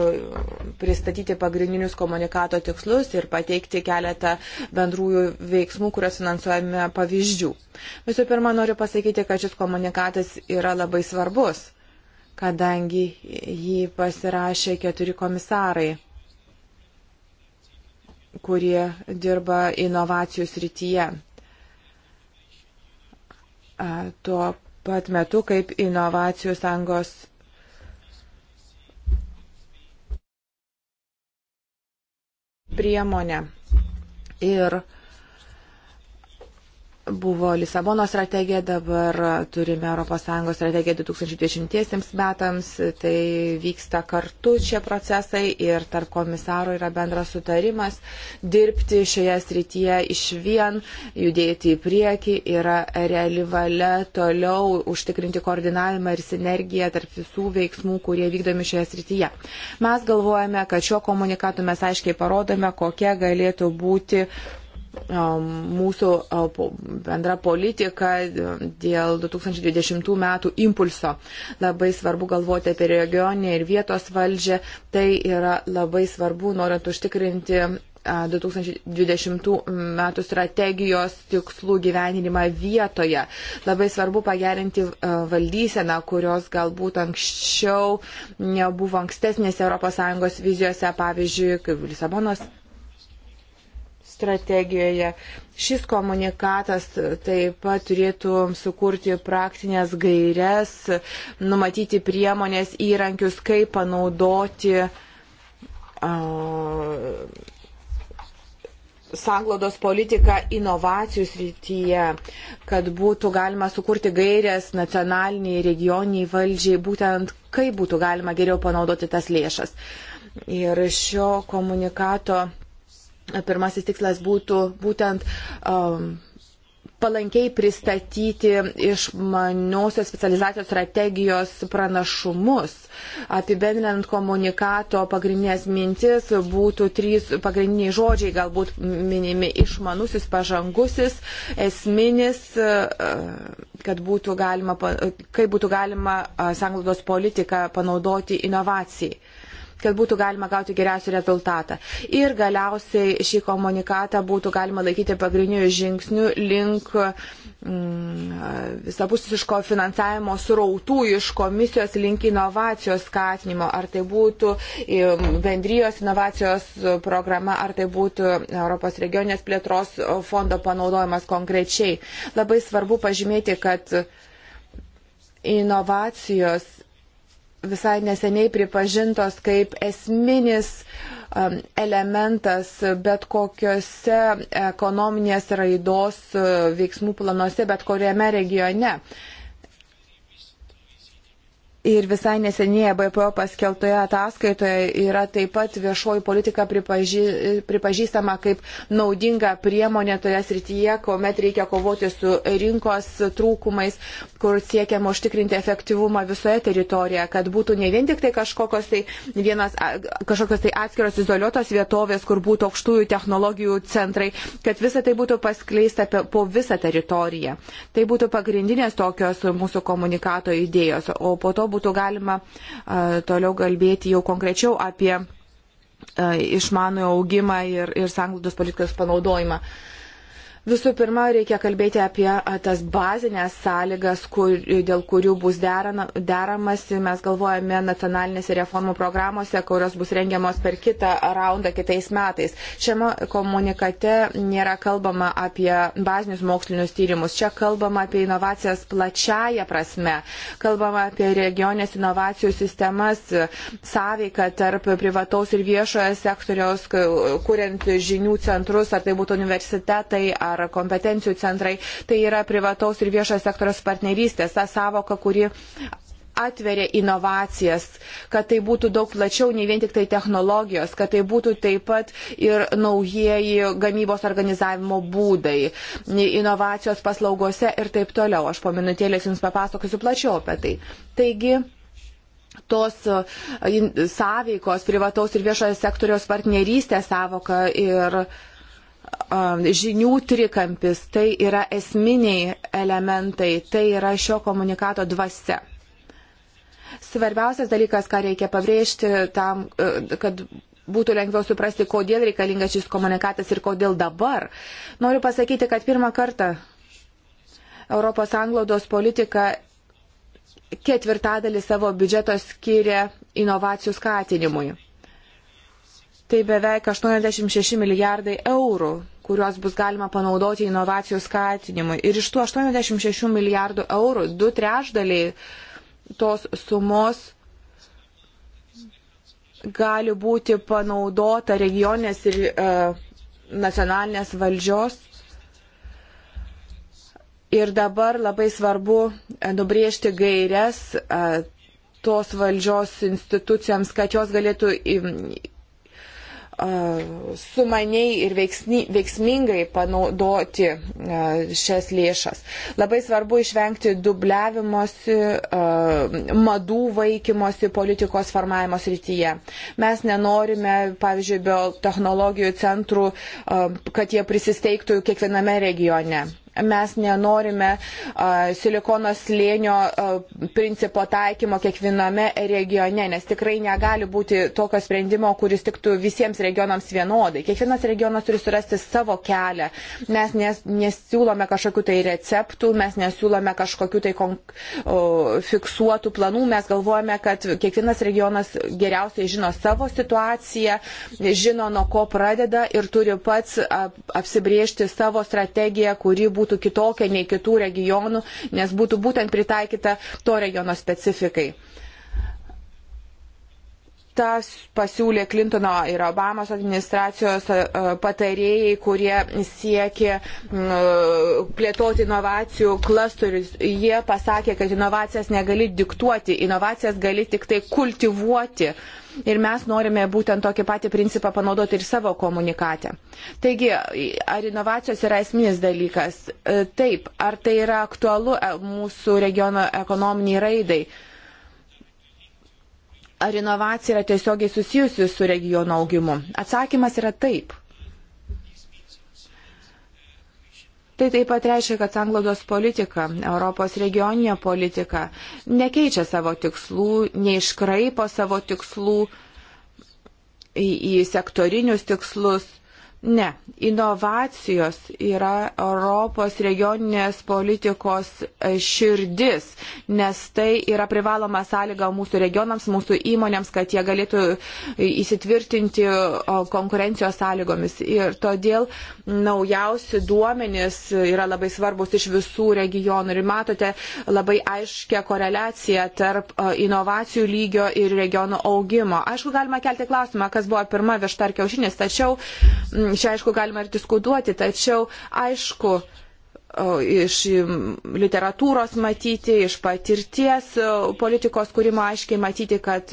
pristatyti pagrindinius komunikato tikslus ir pateikti keletą bendrųjų veiksmų, kurios finansuojame pavyzdžių. Visų pirma, noriu pasakyti, kad šis komunikatas yra labai svarbus kadangi jį pasirašė keturi komisarai, kurie dirba inovacijų srityje. Tuo pat metu, kaip inovacijų sąjungos priemonė. Ir uh, buvo Lisabono strategija, dabar turime ES strategiją 2020 metams, tai vyksta kartu šie procesai ir tarp komisaro yra bendras sutarimas dirbti šioje srityje iš vien, judėti į priekį, yra reali valia toliau užtikrinti koordinavimą ir sinergiją tarp visų veiksmų, kurie vykdomi šioje srityje. Mes galvojame, kad šiuo komunikatu mes aiškiai parodome, kokia galėtų būti mūsų bendra politika dėl 2020 metų impulso. Labai svarbu galvoti apie regioninę ir vietos valdžią. Tai yra labai svarbu, norint užtikrinti 2020 metų strategijos tikslų gyvenimą vietoje. Labai svarbu pagerinti valdyseną, kurios galbūt anksčiau nebuvo ankstesnėse ES vizijose, pavyzdžiui, kaip Lisabonos strategijoje. Šis komunikatas taip pat turėtų sukurti praktinės gairias, numatyti priemonės įrankius, kaip panaudoti uh, sanglodos politiką inovacijų srityje, kad būtų galima sukurti gairias nacionaliniai, regioniniai valdžiai, būtent kaip būtų galima geriau panaudoti tas lėšas. Ir šio komunikato Pirmasis tikslas būtų būtent um, palankiai pristatyti išmaniosios specializacijos strategijos pranašumus. Apibendrinant komunikato pagrindinės mintis būtų trys pagrindiniai žodžiai, galbūt minimi išmanusis, pažangusis, esminis, uh, kad būtų galima, kaip būtų galima uh, sanglaudos politiką panaudoti inovacijai kad būtų galima gauti geriausią rezultatą. Ir galiausiai šį komunikatą būtų galima laikyti pagrindiniu žingsniu link mm, visapusiško finansavimo srautų iš komisijos link inovacijos skatinimo, ar tai būtų bendrijos inovacijos programa, ar tai būtų Europos regionės plėtros fondo panaudojimas konkrečiai. Labai svarbu pažymėti, kad inovacijos visai neseniai pripažintos kaip esminis um, elementas bet kokiuose ekonominės raidos uh, veiksmų planuose, bet kuriame regione. Ir visai nesenėje BPO paskeltoje ataskaitoje yra taip pat viešoji politika pripaži, pripažįstama kaip naudinga priemonė toje srityje, kuomet reikia kovoti su rinkos trūkumais, kur siekiama užtikrinti efektyvumą visoje teritorijoje, kad būtų ne vien tik tai kažkokios tai, vienas, kažkokios tai atskiros izoliuotos vietovės, kur būtų aukštųjų technologijų centrai, kad visa tai būtų paskleista po visą teritoriją. Tai būtų pagrindinės tokios mūsų komunikato idėjos. O po to būtų galima toliau kalbėti jau konkrečiau apie išmanų augimą ir, ir sanglaudos politikos panaudojimą. Uh, Visų pirma, reikia kalbėti apie tas bazinės sąlygas, kur, dėl kurių bus derana, deramasi. Mes galvojame nacionalinėse reformų programuose, kurios bus rengiamos per kitą raundą kitais metais. Šiame komunikate nėra kalbama apie bazinius mokslinius tyrimus. Čia kalbama apie inovacijas plačiaja prasme. Kalbama apie regionės inovacijų sistemas, sąveiką tarp privataus ir viešojo sektoriaus, kuriant žinių centrus, ar tai būtų universitetai. Ar ar kompetencijų centrai. Tai yra privataus ir viešo sektoriaus partnerystės, ta savoka, kuri atveria inovacijas, kad tai būtų daug plačiau, ne vien tik tai technologijos, kad tai būtų taip pat ir naujieji gamybos organizavimo būdai, inovacijos paslaugose ir taip toliau. Aš po minutėlės Jums papasakosiu plačiau apie tai. Taigi, tos sąveikos privataus ir viešojo sektoriaus partnerystės savoka ir uh, Um, žinių trikampis, tai yra esminiai elementai, tai yra šio komunikato dvasia. Svarbiausias dalykas, ką reikia pabrėžti tam, uh, kad būtų lengviau suprasti, kodėl reikalingas šis komunikatas ir kodėl dabar. Noriu pasakyti, kad pirmą kartą Europos anglodos politika ketvirtadalį savo biudžeto skiria inovacijų skatinimui tai beveik 86 milijardai eurų kuriuos bus galima panaudoti inovacijų skatinimui. Ir iš tų 86 milijardų eurų du trešdaliai tos sumos gali būti panaudota regionės ir e, nacionalinės valdžios. Ir dabar labai svarbu e, nubriežti gairias e, tos valdžios institucijoms, kad jos galėtų sumaniai ir veiksni, veiksmingai panaudoti šias lėšas. Labai svarbu išvengti dubliavimosi, madų vaikymosi politikos formavimo srityje. Mes nenorime, pavyzdžiui, biotehnologijų centrų, kad jie prisisteigtų kiekviename regione. Mes nenorime uh, silikono slėnio uh, principo taikymo kiekviename regione, nes tikrai negali būti tokio sprendimo, kuris tiktų visiems regionams vienodai. Kiekvienas regionas turi surasti savo kelią. Mes nes, nesiūlome kažkokių tai receptų, mes nesiūlome kažkokių tai kon, uh, fiksuotų planų, mes galvojame, kad kiekvienas regionas geriausiai žino savo situaciją, žino nuo ko pradeda ir turi pats ap, apsibriežti savo strategiją, kuri būtų būtų kitokia nei kitų regionų, nes būtų būtent pritaikyta to regiono specifikai tas pasiūlė Klintono ir Obamos administracijos e, patarėjai, kurie siekė plėtoti inovacijų klasterius. Jie pasakė, kad inovacijas negali diktuoti, inovacijas gali tik tai kultivuoti. Ir mes norime būtent tokį patį principą panaudoti ir savo komunikatę. Taigi, ar inovacijos yra esminis dalykas? E, taip. Ar tai yra aktualu e, mūsų regiono ekonominiai raidai? ar inovacija yra tiesiogiai susijusi su regiono augimu? Atsakymas yra taip. Tai taip pat reiškia, kad sanglaudos politika, Europos regioninė politika nekeičia savo tikslų, neiškraipo savo tikslų į, į sektorinius tikslus. Ne, inovacijos yra Europos regioninės politikos e, širdis, nes tai yra privaloma sąlyga mūsų regionams, mūsų įmonėms, kad jie galėtų e, įsitvirtinti konkurencijos sąlygomis. Ir todėl naujausi duomenys yra labai svarbus iš visų regionų. Ir matote labai aiškę koreliaciją tarp e, inovacijų lygio ir regionų augimo. Aišku, galima kelti klausimą, kas buvo pirma višta ar kiaušinis, tačiau Čia aišku galima ir diskutuoti, tačiau aišku, iš literatūros matyti, iš patirties politikos kūrimo aiškiai matyti, kad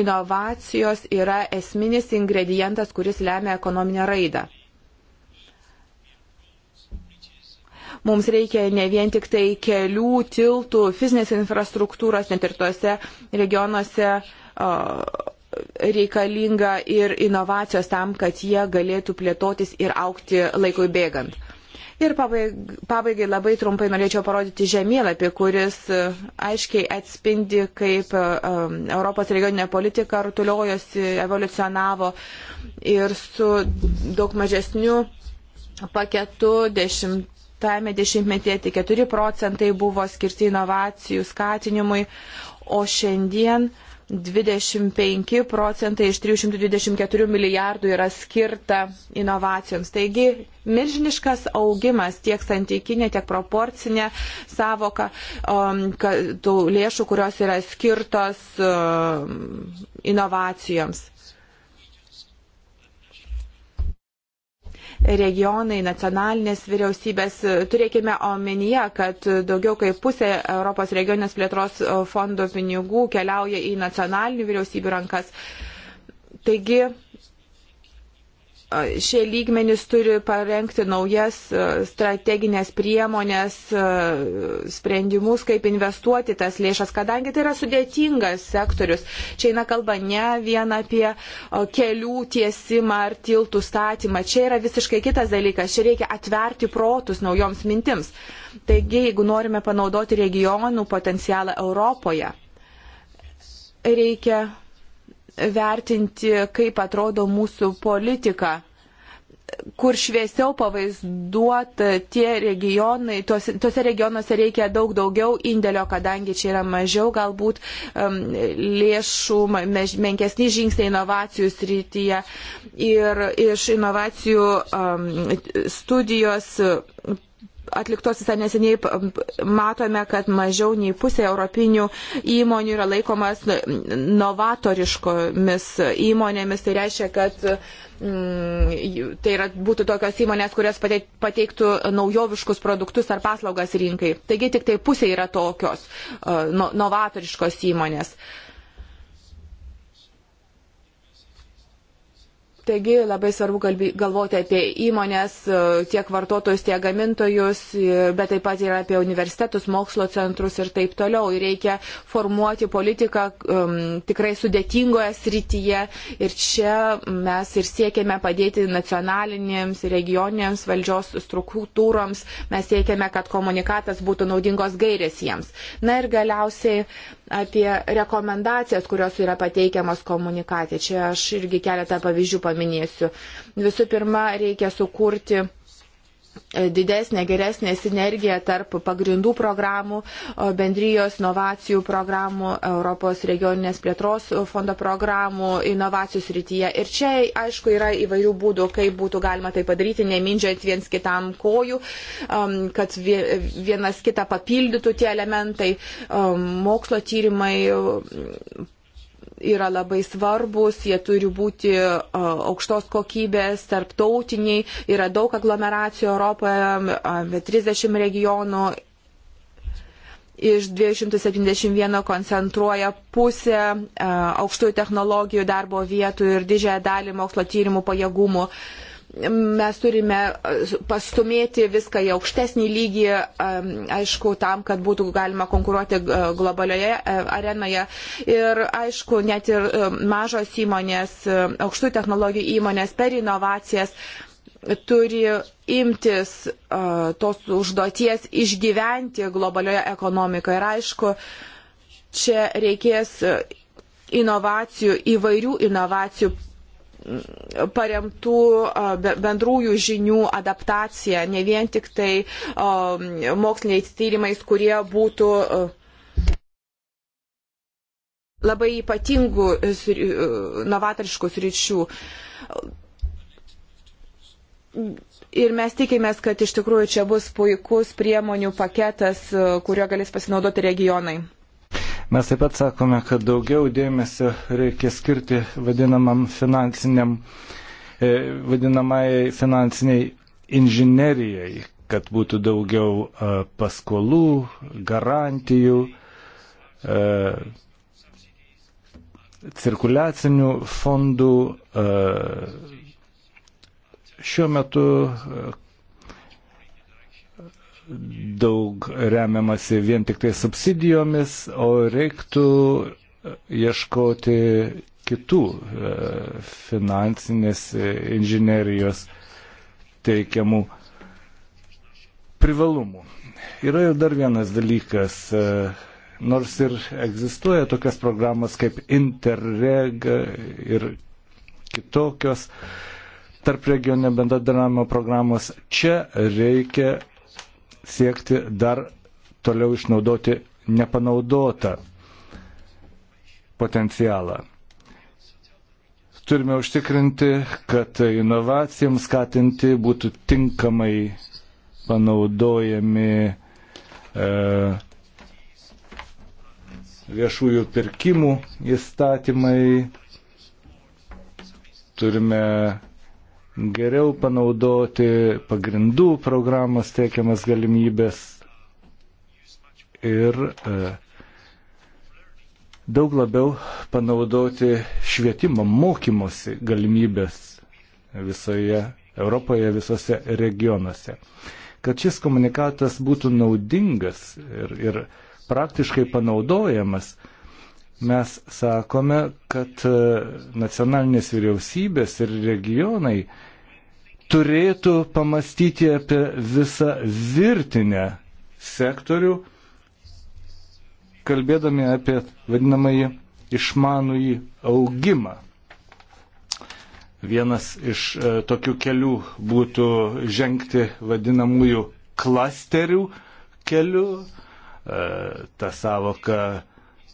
inovacijos yra esminis ingredientas, kuris lemia ekonominę raidą. Mums reikia ne vien tik tai kelių, tiltų, fizinės infrastruktūros, net ir tuose regionuose reikalinga ir inovacijos tam, kad jie galėtų plėtotis ir aukti laikui bėgant. Ir pabaigai labai trumpai norėčiau parodyti žemėlapį, kuris e, aiškiai atspindi, kaip e, Europos regioninė politika rutuliojosi, evoliucionavo ir su daug mažesniu paketu dešimt tame dešimtmetyje tik 4 procentai buvo skirti inovacijų skatinimui, o šiandien uh, 25 procentai iš 324 milijardų yra skirta inovacijoms. Taigi milžiniškas augimas tiek santykinė, tiek proporcinė savoka um, tų lėšų, kurios yra skirtos um, inovacijoms. regionai, nacionalinės vyriausybės. Turėkime omenyje, kad daugiau kaip pusė Europos regioninės plėtros fondo pinigų keliauja į nacionalinių vyriausybių rankas. Taigi Šie lygmenys turi parengti naujas strateginės priemonės, sprendimus, kaip investuoti tas lėšas, kadangi tai yra sudėtingas sektorius. Čia eina kalba ne vien apie kelių tiesimą ar tiltų statymą. Čia yra visiškai kitas dalykas. Čia reikia atverti protus naujoms mintims. Taigi, jeigu norime panaudoti regionų potencialą Europoje, reikia vertinti, kaip atrodo mūsų politika kur šviesiau pavaizduota tie regionai, tuose, tuose regionuose reikia daug daugiau indėlio, kadangi čia yra mažiau galbūt um, lėšų, mež, menkesni žingsniai inovacijų srityje ir iš inovacijų um, studijos atliktos visai neseniai matome, kad mažiau nei pusė europinių įmonių yra laikomas novatoriškomis įmonėmis. Tai reiškia, kad mm, tai yra, būtų tokios įmonės, kurios pateiktų naujoviškus produktus ar paslaugas rinkai. Taigi tik tai pusė yra tokios e, no, novatoriškos įmonės. Uh, Taigi labai svarbu galvoti apie įmonės, e, tiek vartotojus, tiek gamintojus, e, bet taip pat ir apie universitetus, mokslo centrus ir taip toliau. Ir reikia formuoti politiką um, tikrai sudėtingoje srityje. Ir čia mes ir siekiame padėti nacionalinėms ir regioninėms valdžios struktūroms. Mes siekiame, kad komunikatas būtų naudingos gairės jiems. Na ir galiausiai apie rekomendacijas, kurios yra pateikiamas komunikacija. Čia aš irgi keletą pavyzdžių paminėsiu. Visų pirma, reikia sukurti didesnė, geresnė sinergija tarp pagrindų programų, bendrijos inovacijų programų, Europos regioninės plėtros fondo programų, inovacijų srityje. Ir čia, aišku, yra įvairių būdų, kaip būtų galima tai padaryti, nemindžiant viens kitam kojų, um, kad vienas kitą papildytų tie elementai, um, mokslo tyrimai, yra labai svarbus, jie turi būti aukštos kokybės, tarptautiniai, yra daug aglomeracijų Europoje, 30 regionų iš 271 koncentruoja pusę aukštųjų technologijų darbo vietų ir didžiąją dalį mokslo tyrimų pajėgumų. Uh, mes turime e, pastumėti viską į aukštesnį lygį, e, aišku, tam, kad būtų galima konkuruoti e, globalioje arenoje. Ir aišku, net ir mažos įmonės, aukštų technologijų įmonės per inovacijas turi imtis tos užduoties išgyventi globalioje ekonomikoje. Ir aišku, čia reikės inovacijų, įvairių inovacijų paremtų bendrųjų žinių adaptacija, ne vien tik tai moksliniais tyrimais, kurie būtų labai ypatingų novatoriškų sričių. Ir mes tikimės, kad iš tikrųjų čia bus puikus priemonių paketas, kurio galės pasinaudoti regionai. Mes taip pat sakome, kad daugiau dėmesio reikia skirti vadinamam finansiniam, e, vadinamai finansiniai inžinerijai, kad būtų daugiau e, paskolų, garantijų, e, cirkuliacinių fondų. Šiuo metu daug remiamasi vien tik tai subsidijomis, o reiktų ieškoti kitų e, finansinės inžinerijos teikiamų privalumų. Yra ir dar vienas dalykas. E, nors ir egzistuoja tokias programos kaip Interreg ir kitokios tarp regioninio bendradarbiavimo programos, čia reikia siekti dar toliau išnaudoti nepanaudotą potencialą. Turime užtikrinti, kad inovacijams skatinti būtų tinkamai panaudojami e, viešųjų pirkimų įstatymai. Turime geriau panaudoti pagrindų programos teikiamas galimybės ir e, daug labiau panaudoti švietimo mokymosi galimybės visoje Europoje, visose regionuose. Kad šis komunikatas būtų naudingas ir, ir praktiškai panaudojamas, mes sakome, kad e, nacionalinės vyriausybės ir regionai turėtų pamastyti apie visą virtinę sektorių, kalbėdami apie vadinamąjį išmanųjį augimą. Vienas iš e, tokių kelių būtų žengti vadinamųjų klasterių keliu. E, ta savoka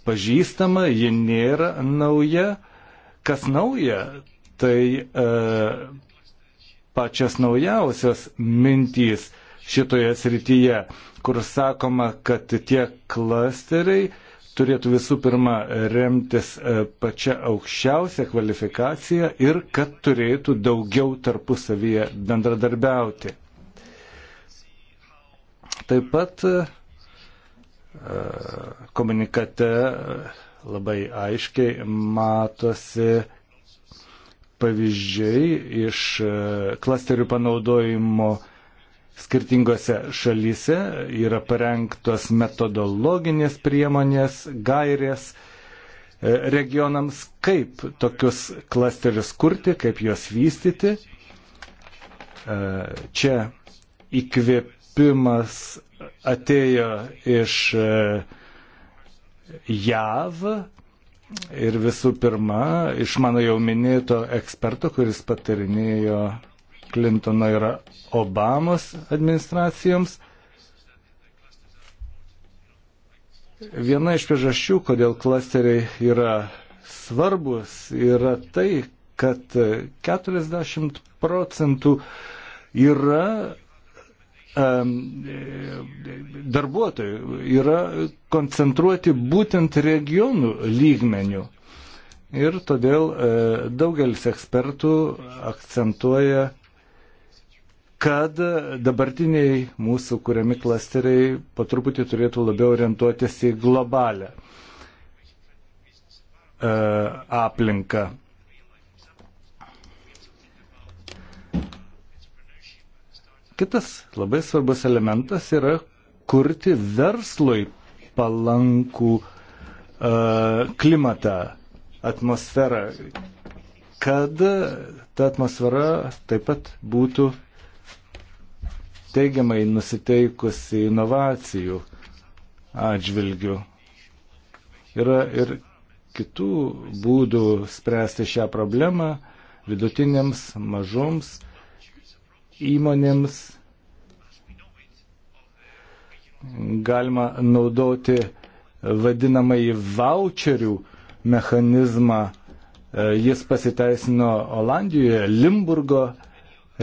pažįstama, ji nėra nauja. Kas nauja, tai e, pačias naujausias mintys šitoje srityje, kur sakoma, kad tie klasteriai turėtų visų pirma remtis e, pačia aukščiausia kvalifikacija ir kad turėtų daugiau tarpusavyje bendradarbiauti. Taip pat e, komunikate e, labai aiškiai matosi pavyzdžiai iš e, klasterių panaudojimo skirtingose šalyse, yra parengtos metodologinės priemonės, gairės e, regionams, kaip tokius klasterius kurti, kaip juos vystyti. E, čia įkvėpimas atėjo iš JAV, Ir visų pirma, iš mano jau minėto eksperto, kuris patarinėjo Klintono ir Obamos administracijoms, viena iš priežasčių, kodėl klasteriai yra svarbus, yra tai, kad 40 procentų yra darbuotojų yra koncentruoti būtent regionų lygmenių. Ir todėl e, daugelis ekspertų akcentuoja, kad dabartiniai mūsų kuriami klasteriai po truputį turėtų labiau orientuotis į globalę e, aplinką. Kitas labai svarbus elementas yra kurti verslui palankų uh, klimatą, atmosferą, kad ta atmosfera taip pat būtų teigiamai nusiteikusi inovacijų atžvilgių. Yra ir kitų būdų spręsti šią problemą vidutiniams, mažoms įmonėms galima naudoti vadinamąjį voucherių mechanizmą. E, jis pasiteisino Olandijoje, Limburgo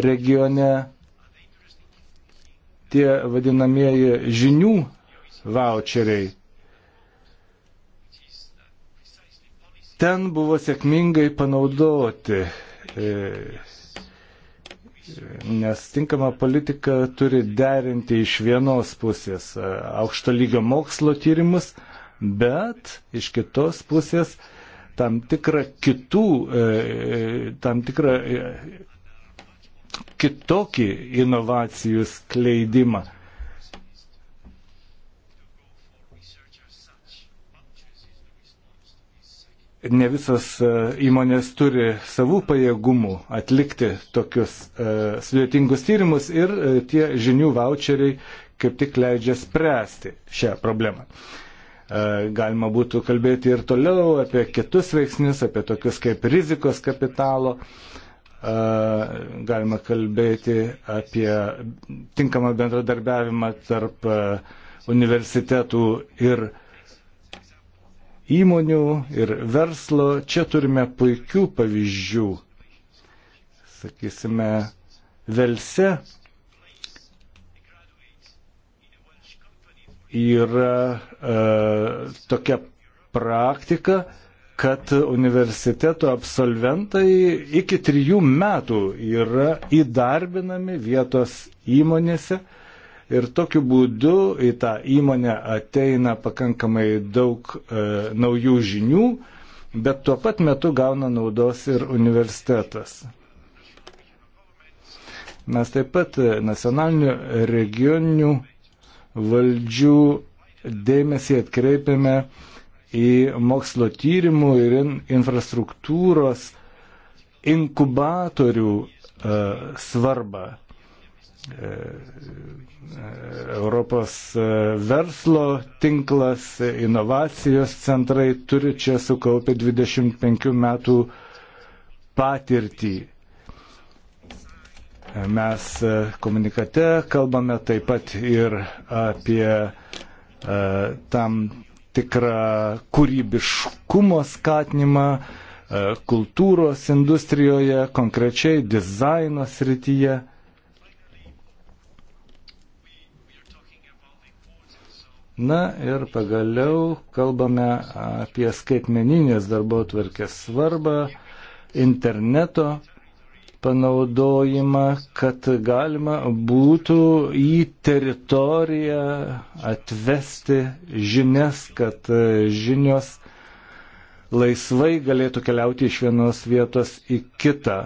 regione. Tie vadinamieji žinių voucheriai. Ten buvo sėkmingai panaudoti e, nes tinkama politika turi derinti iš vienos pusės e, aukšto lygio mokslo tyrimus, bet iš kitos pusės tam tikrą kitų, e, e, tam tikrą kitokį inovacijų skleidimą. ne visos e, įmonės turi savų pajėgumų atlikti tokius e, sudėtingus tyrimus ir e, tie žinių voucheriai kaip tik leidžia spręsti šią problemą. Galima būtų kalbėti ir toliau apie kitus veiksnius, apie tokius kaip rizikos kapitalo, galima kalbėti apie tinkamą bendradarbiavimą tarp universitetų ir universitetų įmonių ir verslo. Čia turime puikių pavyzdžių. Sakysime, Velse yra e, tokia praktika, kad universiteto absolventai iki trijų metų yra įdarbinami vietos įmonėse, Ir tokiu būdu į tą įmonę ateina pakankamai daug e, naujų žinių, bet tuo pat metu gauna naudos ir universitetas. Mes taip pat e, nacionalinių regioninių valdžių dėmesį atkreipiame į mokslo tyrimų ir infrastruktūros inkubatorių e, svarbą. E, Europos e, verslo tinklas, inovacijos centrai turi čia sukaupę 25 metų patirtį. Mes e, komunikate kalbame taip pat ir apie tam tikrą kūrybiškumo skatinimą kultūros industrijoje, konkrečiai dizaino srityje. Na ir pagaliau kalbame apie skaitmeninės darbo tvarkės svarbą, interneto panaudojimą, kad galima būtų į teritoriją atvesti žinias, kad žinios laisvai galėtų keliauti iš vienos vietos į kitą.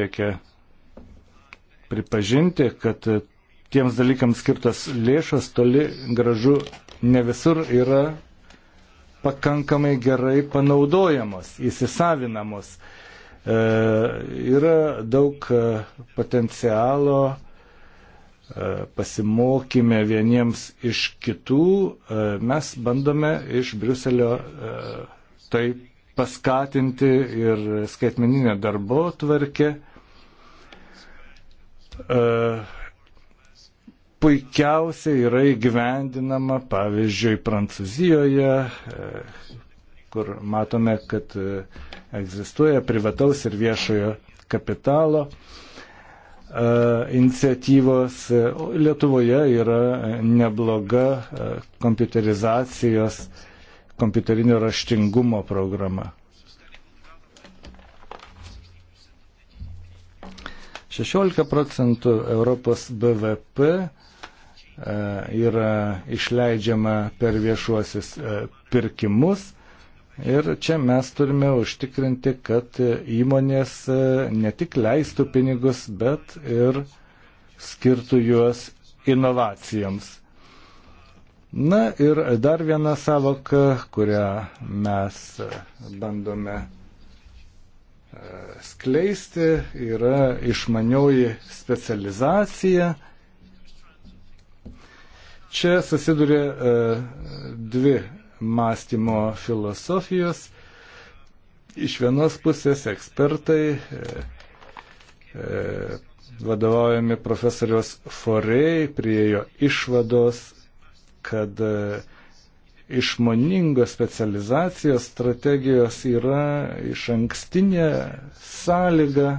Reikia pripažinti, kad e, tiems dalykams skirtas lėšas toli gražu ne visur yra pakankamai gerai panaudojamos, įsisavinamos. E, yra daug e, potencialo e, pasimokime vieniems iš kitų, e, mes bandome iš Briuselio e, tai paskatinti ir skaitmeninę darbo tvarkę. E, E, puikiausiai yra įgyvendinama, pavyzdžiui, Prancūzijoje, e, kur matome, kad e, egzistuoja privataus ir viešojo kapitalo iniciatyvos. Lietuvoje yra nebloga kompiuterizacijos, kompiuterinio raštingumo programa. 16 procentų Europos BVP e, yra išleidžiama per viešuosius e, pirkimus ir čia mes turime užtikrinti, kad įmonės e, ne tik leistų pinigus, bet ir skirtų juos inovacijoms. Na ir dar viena savoka, kurią mes bandome skleisti, yra išmanioji specializacija. Čia susiduria e, dvi mąstymo filosofijos. Iš vienos pusės ekspertai e, e, vadovaujami profesorius Forei priejo išvados, kad uh, išmoningos specializacijos strategijos yra iš ankstinė sąlyga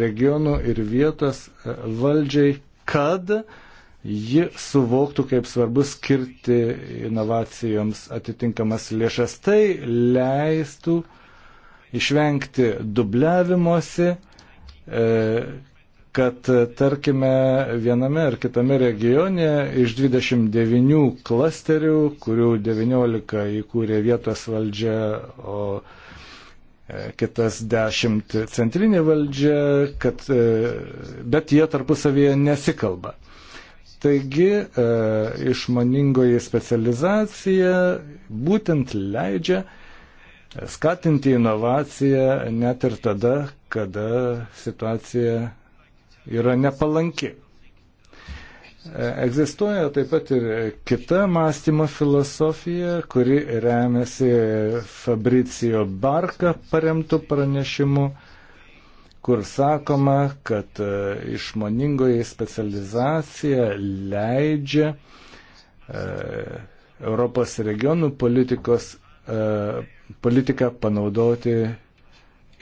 regionų ir vietos e, valdžiai, kad ji suvoktų, kaip svarbu skirti inovacijoms atitinkamas lėšas. Tai leistų išvengti dubliavimuose, kad tarkime viename ar kitame regione iš 29 klasterių, kurių 19 įkūrė vietos valdžia, o e, kitas 10 centrinė valdžia, kad, e, bet jie tarpusavėje nesikalba. Taigi e, išmaningoji specializacija būtent leidžia skatinti inovaciją net ir tada, kada situacija yra nepalanki. E, egzistuoja taip pat ir kita mąstymo filosofija, kuri remiasi Fabricio Barka paremtų pranešimu, kur sakoma, kad e, išmoningoji specializacija leidžia e, Europos regionų politikos, politiką panaudoti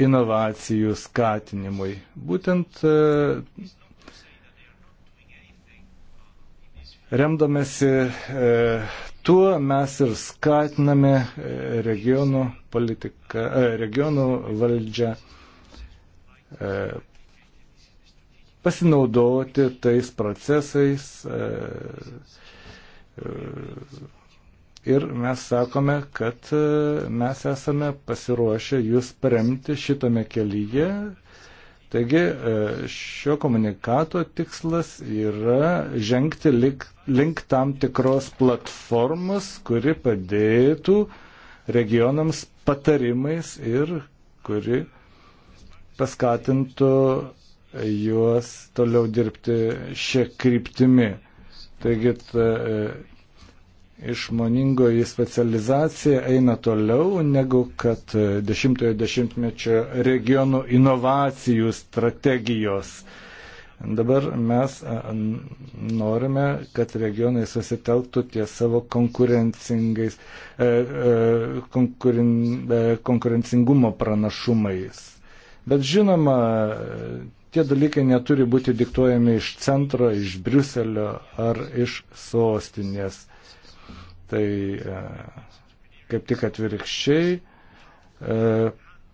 inovacijų skatinimui. Būtent e, remdamėsi e, tuo mes ir skatiname e, regionų, politiką, regionų valdžią pasinaudoti tais procesais, ir mes sakome, kad e, mes esame pasiruošę jūs paremti šitame kelyje. Taigi e, šio komunikato tikslas yra žengti link, link tam tikros platformos, kuri padėtų regionams patarimais ir kuri paskatintų juos toliau dirbti šią kryptimį. Taigi ta, e, išmoningoji specializacija eina toliau negu kad 10-ojo dešimtmečio regionų inovacijų strategijos. Dabar mes norime, kad regionai susitelktų ties savo konkurencingais, e, e, konkurin, e, konkurencingumo pranašumais. Bet žinoma, tie dalykai neturi būti diktuojami iš centro, iš Briuselio ar iš sostinės. Tai e, kaip tik atvirkščiai e,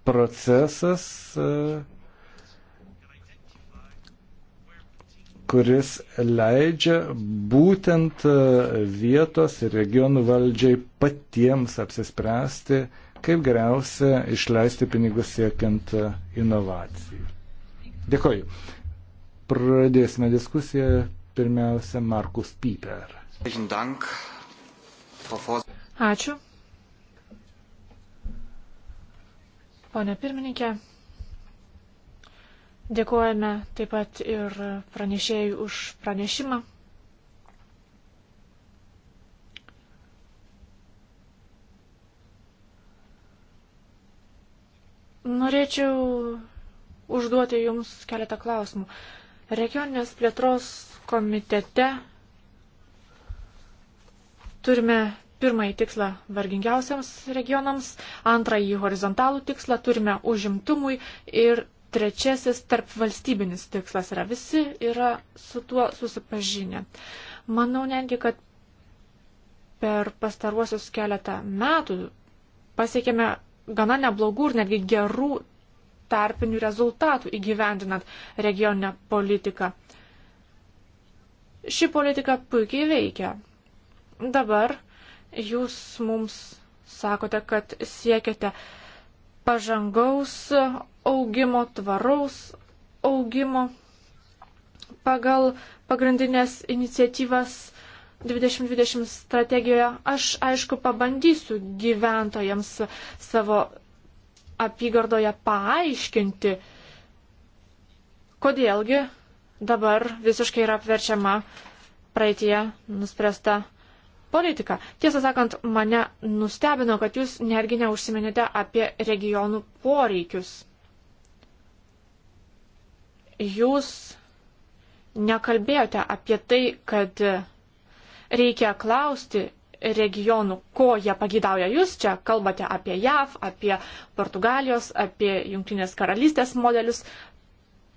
procesas, e, kuris leidžia būtent vietos ir regionų valdžiai patiems apsispręsti, kaip geriausia išleisti pinigus siekiant inovacijų. Dėkoju. Pradėsime diskusiją. Pirmiausia, Markus Piper. Dank. Ačiū. Pone pirmininkė, dėkojame taip pat ir pranešėjai už pranešimą. Norėčiau užduoti Jums keletą klausimų. Regioninės plėtros komitete Turime pirmąjį tikslą vargingiausiams regionams, antrąjį horizontalų tikslą turime užimtumui ir trečiasis tarp valstybinis tikslas yra. Visi yra su tuo susipažinę. Manau netgi, kad per pastaruosius keletą metų pasiekėme gana neblogų ir netgi gerų tarpinių rezultatų įgyvendinant regioninę politiką. Ši politika puikiai veikia. Dabar jūs mums sakote, kad siekiate pažangaus augimo, tvaraus augimo pagal pagrindinės iniciatyvas 2020 strategijoje. Aš aišku pabandysiu gyventojams savo apygardoje paaiškinti, kodėlgi dabar visiškai yra apverčiama praeitie nuspręsta politiką. Tiesą sakant, mane nustebino, kad jūs netgi neužsiminėte apie regionų poreikius. Jūs nekalbėjote apie tai, kad reikia klausti regionų, ko jie pagydauja. Jūs čia kalbate apie JAV, apie Portugalijos, apie Junktinės karalystės modelius.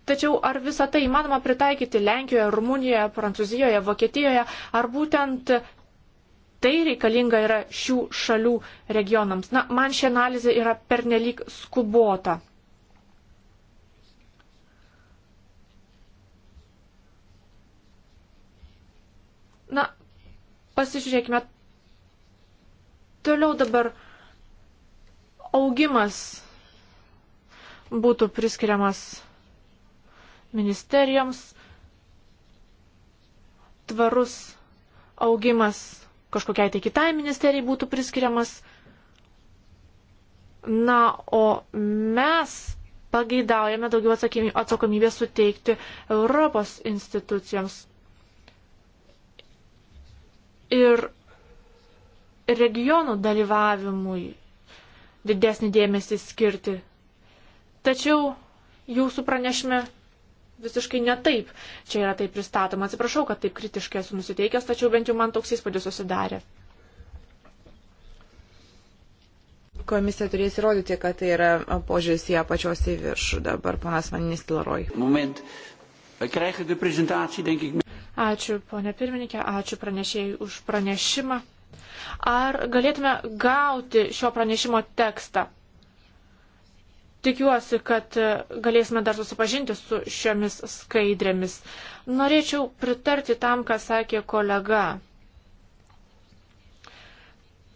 Tačiau ar visą tai įmanoma pritaikyti Lenkijoje, Rumunijoje, Prancūzijoje, Vokietijoje, ar būtent tai reikalinga yra šių šalių regionams. Na, man ši analizė yra pernelyg skubota. Na, pasižiūrėkime. Toliau dabar augimas būtų priskiriamas ministerijoms, tvarus augimas kažkokiai tai kitai ministerijai būtų priskiriamas. Na, o mes pageidaujame daugiau atsakomybės suteikti Europos institucijoms. Ir regionų dalyvavimui didesnį dėmesį skirti. Tačiau jūsų pranešime visiškai netaip čia yra tai pristatoma. Atsiprašau, kad taip kritiškai esu nusiteikęs, tačiau bent jau man toks įspūdis susidarė. Komisija turės įrodyti, kad tai yra požiūris į apačios į viršų. Dabar panas Vaninis Tilaroj. Moment. Ačiū, ponė pirmininkė, ačiū pranešėjai už pranešimą. Ar galėtume gauti šio pranešimo tekstą? Tikiuosi, kad e, galėsime dar susipažinti su šiomis skaidrėmis. Norėčiau pritarti tam, ką sakė kolega.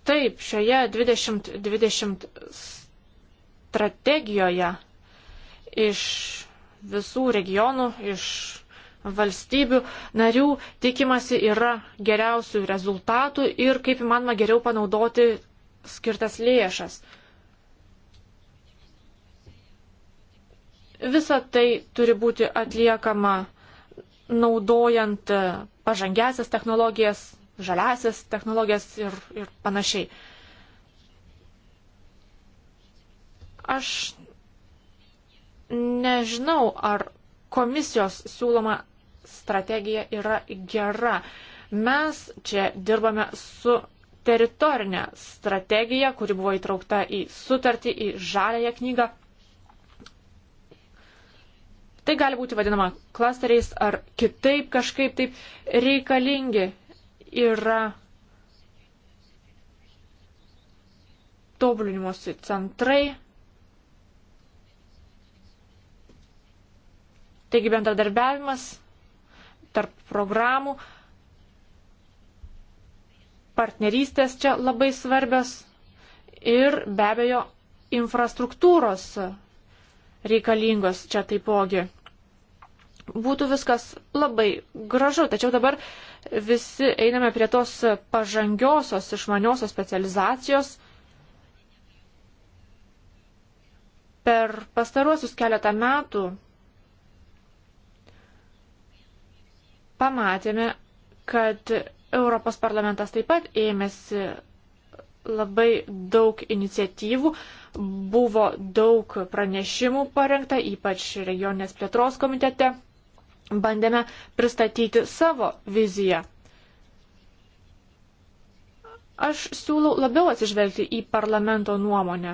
Taip, šioje 2020 strategijoje iš visų regionų, iš valstybių narių tikimasi yra geriausių rezultatų ir kaip įmanoma geriau panaudoti skirtas lėšas. Visa tai turi būti atliekama naudojant pažangiasias technologijas, žaliasias technologijas ir, ir panašiai. Aš nežinau, ar komisijos siūloma strategija yra gera. Mes čia dirbame su teritorinė strategija, kuri buvo įtraukta į sutartį, į žalėją knygą. Tai gali būti vadinama klasteriais ar kitaip kažkaip taip reikalingi yra tobulinimosi centrai. Taigi bendradarbiavimas tarp programų, partnerystės čia labai svarbios ir be abejo infrastruktūros reikalingos čia taipogi būtų viskas labai gražu. Tačiau dabar visi einame prie tos pažangiosios, išmaniosios specializacijos. Per pastaruosius keletą metų pamatėme, kad Europos parlamentas taip pat ėmėsi labai daug iniciatyvų, buvo daug pranešimų parengta, ypač regioninės plėtros komitete bandėme pristatyti savo viziją. Aš siūlau labiau atsižvelgti į parlamento nuomonę.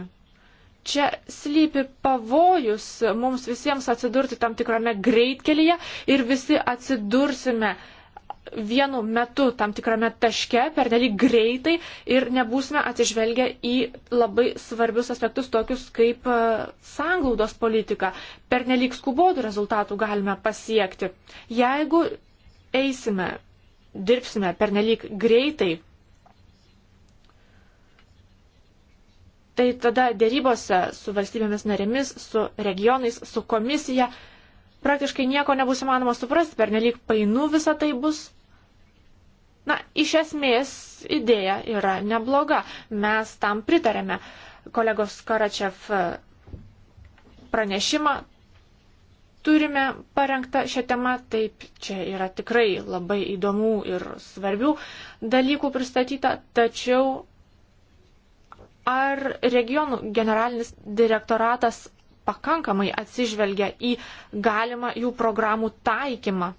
Čia slypi pavojus mums visiems atsidurti tam tikrame greitkelyje ir visi atsidursime uh, vienu metu tam tikrame taške pernelyg greitai ir nebūsime atsižvelgę į labai svarbius aspektus tokius kaip e, sanglaudos politika. Pernelyg skubotų rezultatų galime pasiekti. Jeigu eisime, dirbsime pernelyg greitai, tai tada dėrybose su valstybėmis narėmis, su regionais, su komisija praktiškai nieko nebus įmanoma suprasti, per nelik painu visą tai bus. Na, iš esmės idėja yra nebloga, mes tam pritarėme. Kolegos Karačev pranešimą turime parengtą šią temą, taip čia yra tikrai labai įdomių ir svarbių dalykų pristatyta, tačiau ar regionų generalinis direktoratas pakankamai atsižvelgia į galimą jų programų taikymą.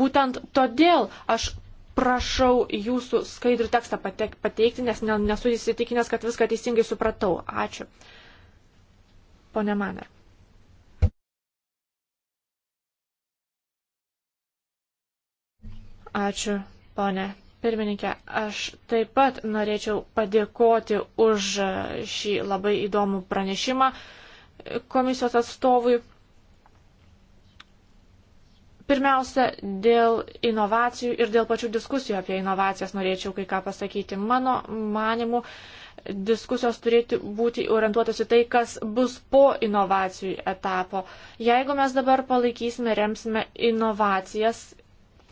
Būtent todėl aš prašau jūsų skaidrų tekstą pateikti, nes nesu įsitikinęs, kad viską teisingai supratau. Ačiū. Pone Maner. Ačiū, ponė Pirmininkė, aš taip pat norėčiau padėkoti už šį labai įdomų pranešimą komisijos atstovui. Pirmiausia, dėl inovacijų ir dėl pačių diskusijų apie inovacijas norėčiau kai ką pasakyti. Mano manimu, diskusijos turėtų būti orientuotos į tai, kas bus po inovacijų etapo. Jeigu mes dabar palaikysime, remsime inovacijas,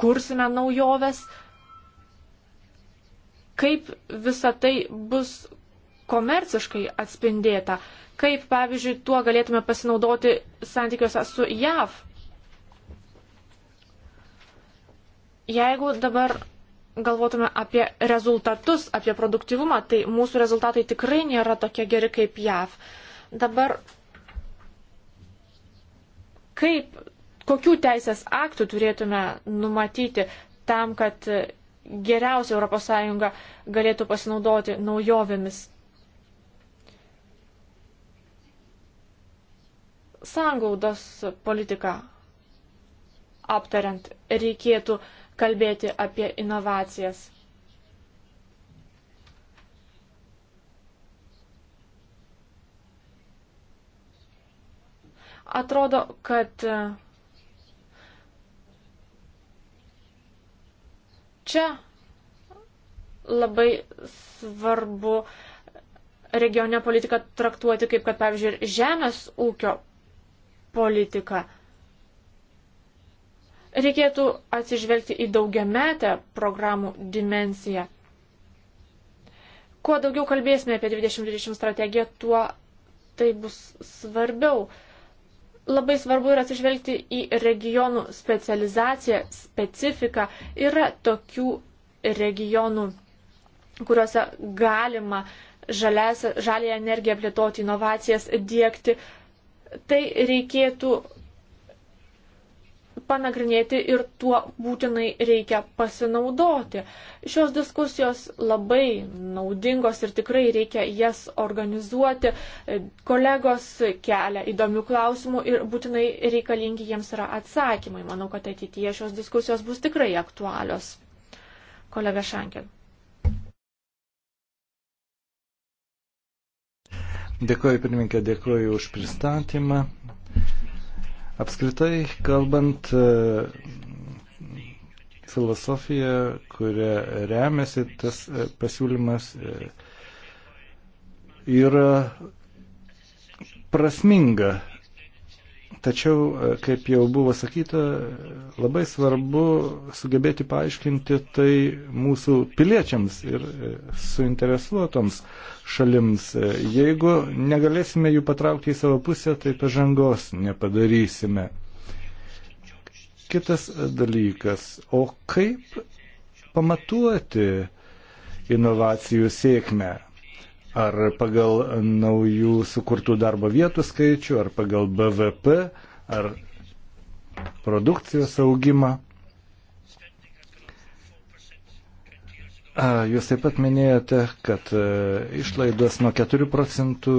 kursime naujoves, kaip visa tai bus komerciškai atspindėta, kaip, pavyzdžiui, tuo galėtume pasinaudoti santykiuose su JAV. Jeigu dabar galvotume apie rezultatus, apie produktivumą, tai mūsų rezultatai tikrai nėra tokie geri kaip JAV. Dabar kaip, kokių teisės aktų turėtume numatyti tam, kad geriausiai ES galėtų pasinaudoti naujovėmis. Sangaudos politiką aptariant reikėtų kalbėti apie inovacijas. Atrodo, kad Čia labai svarbu regioninę politiką traktuoti kaip, kad, pavyzdžiui, žemės ūkio politiką. Reikėtų atsižvelgti į daugiametę programų dimensiją. Kuo daugiau kalbėsime apie 2020 strategiją, tuo tai bus svarbiau. Labai svarbu yra atsižvelgti į regionų specializaciją, specifiką. Yra tokių regionų, kuriuose galima žalės, žalėje energiją plėtoti, inovacijas dėkti. Tai reikėtų panagrinėti ir tuo būtinai reikia pasinaudoti. Šios diskusijos labai naudingos ir tikrai reikia jas organizuoti. Kolegos kelia įdomių klausimų ir būtinai reikalingi jiems yra atsakymai. Manau, kad ateityje šios diskusijos bus tikrai aktualios. Kolega Šankel. Dėkuoju pirmininkė, dėkuoju už pristatymą. Apskritai, kalbant, e, filosofija, kuria remiasi tas e, pasiūlymas, e, yra prasminga Tačiau, e, kaip jau buvo sakyta, labai svarbu sugebėti paaiškinti tai mūsų piliečiams ir e, suinteresuotoms šalims. E, jeigu negalėsime jų patraukti į savo pusę, tai pažangos nepadarysime. Kitas dalykas, o kaip pamatuoti inovacijų sėkmę? ar pagal naujų sukurtų darbo vietų skaičių, ar pagal BVP, ar produkcijos augimą. Jūs taip pat minėjote, kad e, išlaidos nuo 4 procentų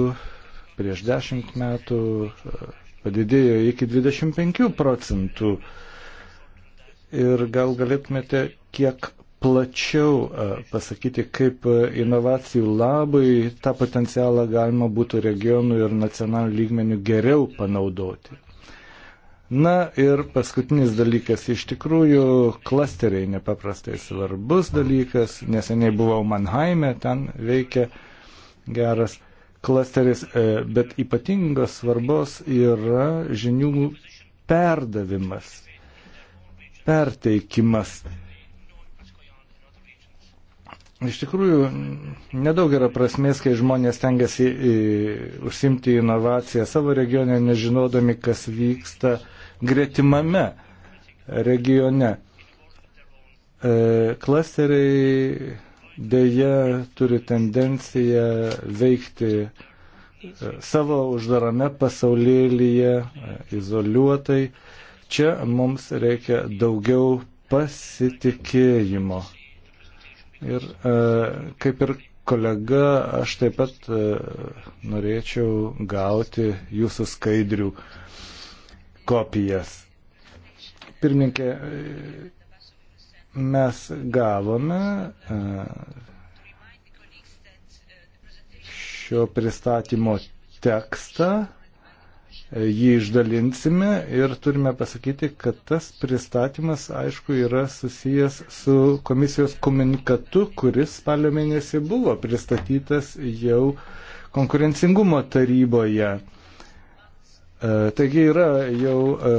prieš 10 metų e, padidėjo iki 25 procentų. Ir gal galėtumėte kiek plačiau e, pasakyti, kaip e, inovacijų labai tą potencialą galima būtų regionų ir nacionalinių lygmenių geriau panaudoti. Na ir paskutinis dalykas, iš tikrųjų, klasteriai nepaprastai svarbus dalykas. Neseniai buvau Mannheime, ten veikia geras klasteris, e, bet ypatingos svarbos yra žinių perdavimas, perteikimas Iš tikrųjų, nedaug yra prasmės, kai žmonės tengiasi e, užsimti inovaciją savo regione, nežinodami, kas vyksta gretimame regione. E, klasteriai dėja turi tendenciją veikti e, savo uždarame pasaulėlyje, e, izoliuotai. Čia mums reikia daugiau pasitikėjimo Ir e, kaip ir kolega, aš taip pat e, norėčiau gauti jūsų skaidrių kopijas. Pirmininkė, e, mes gavome šio pristatymo tekstą jį išdalinsime ir turime pasakyti, kad tas pristatymas, aišku, yra susijęs su komisijos komunikatu, kuris spalio mėnesį buvo pristatytas jau konkurencingumo taryboje. E, taigi yra jau e,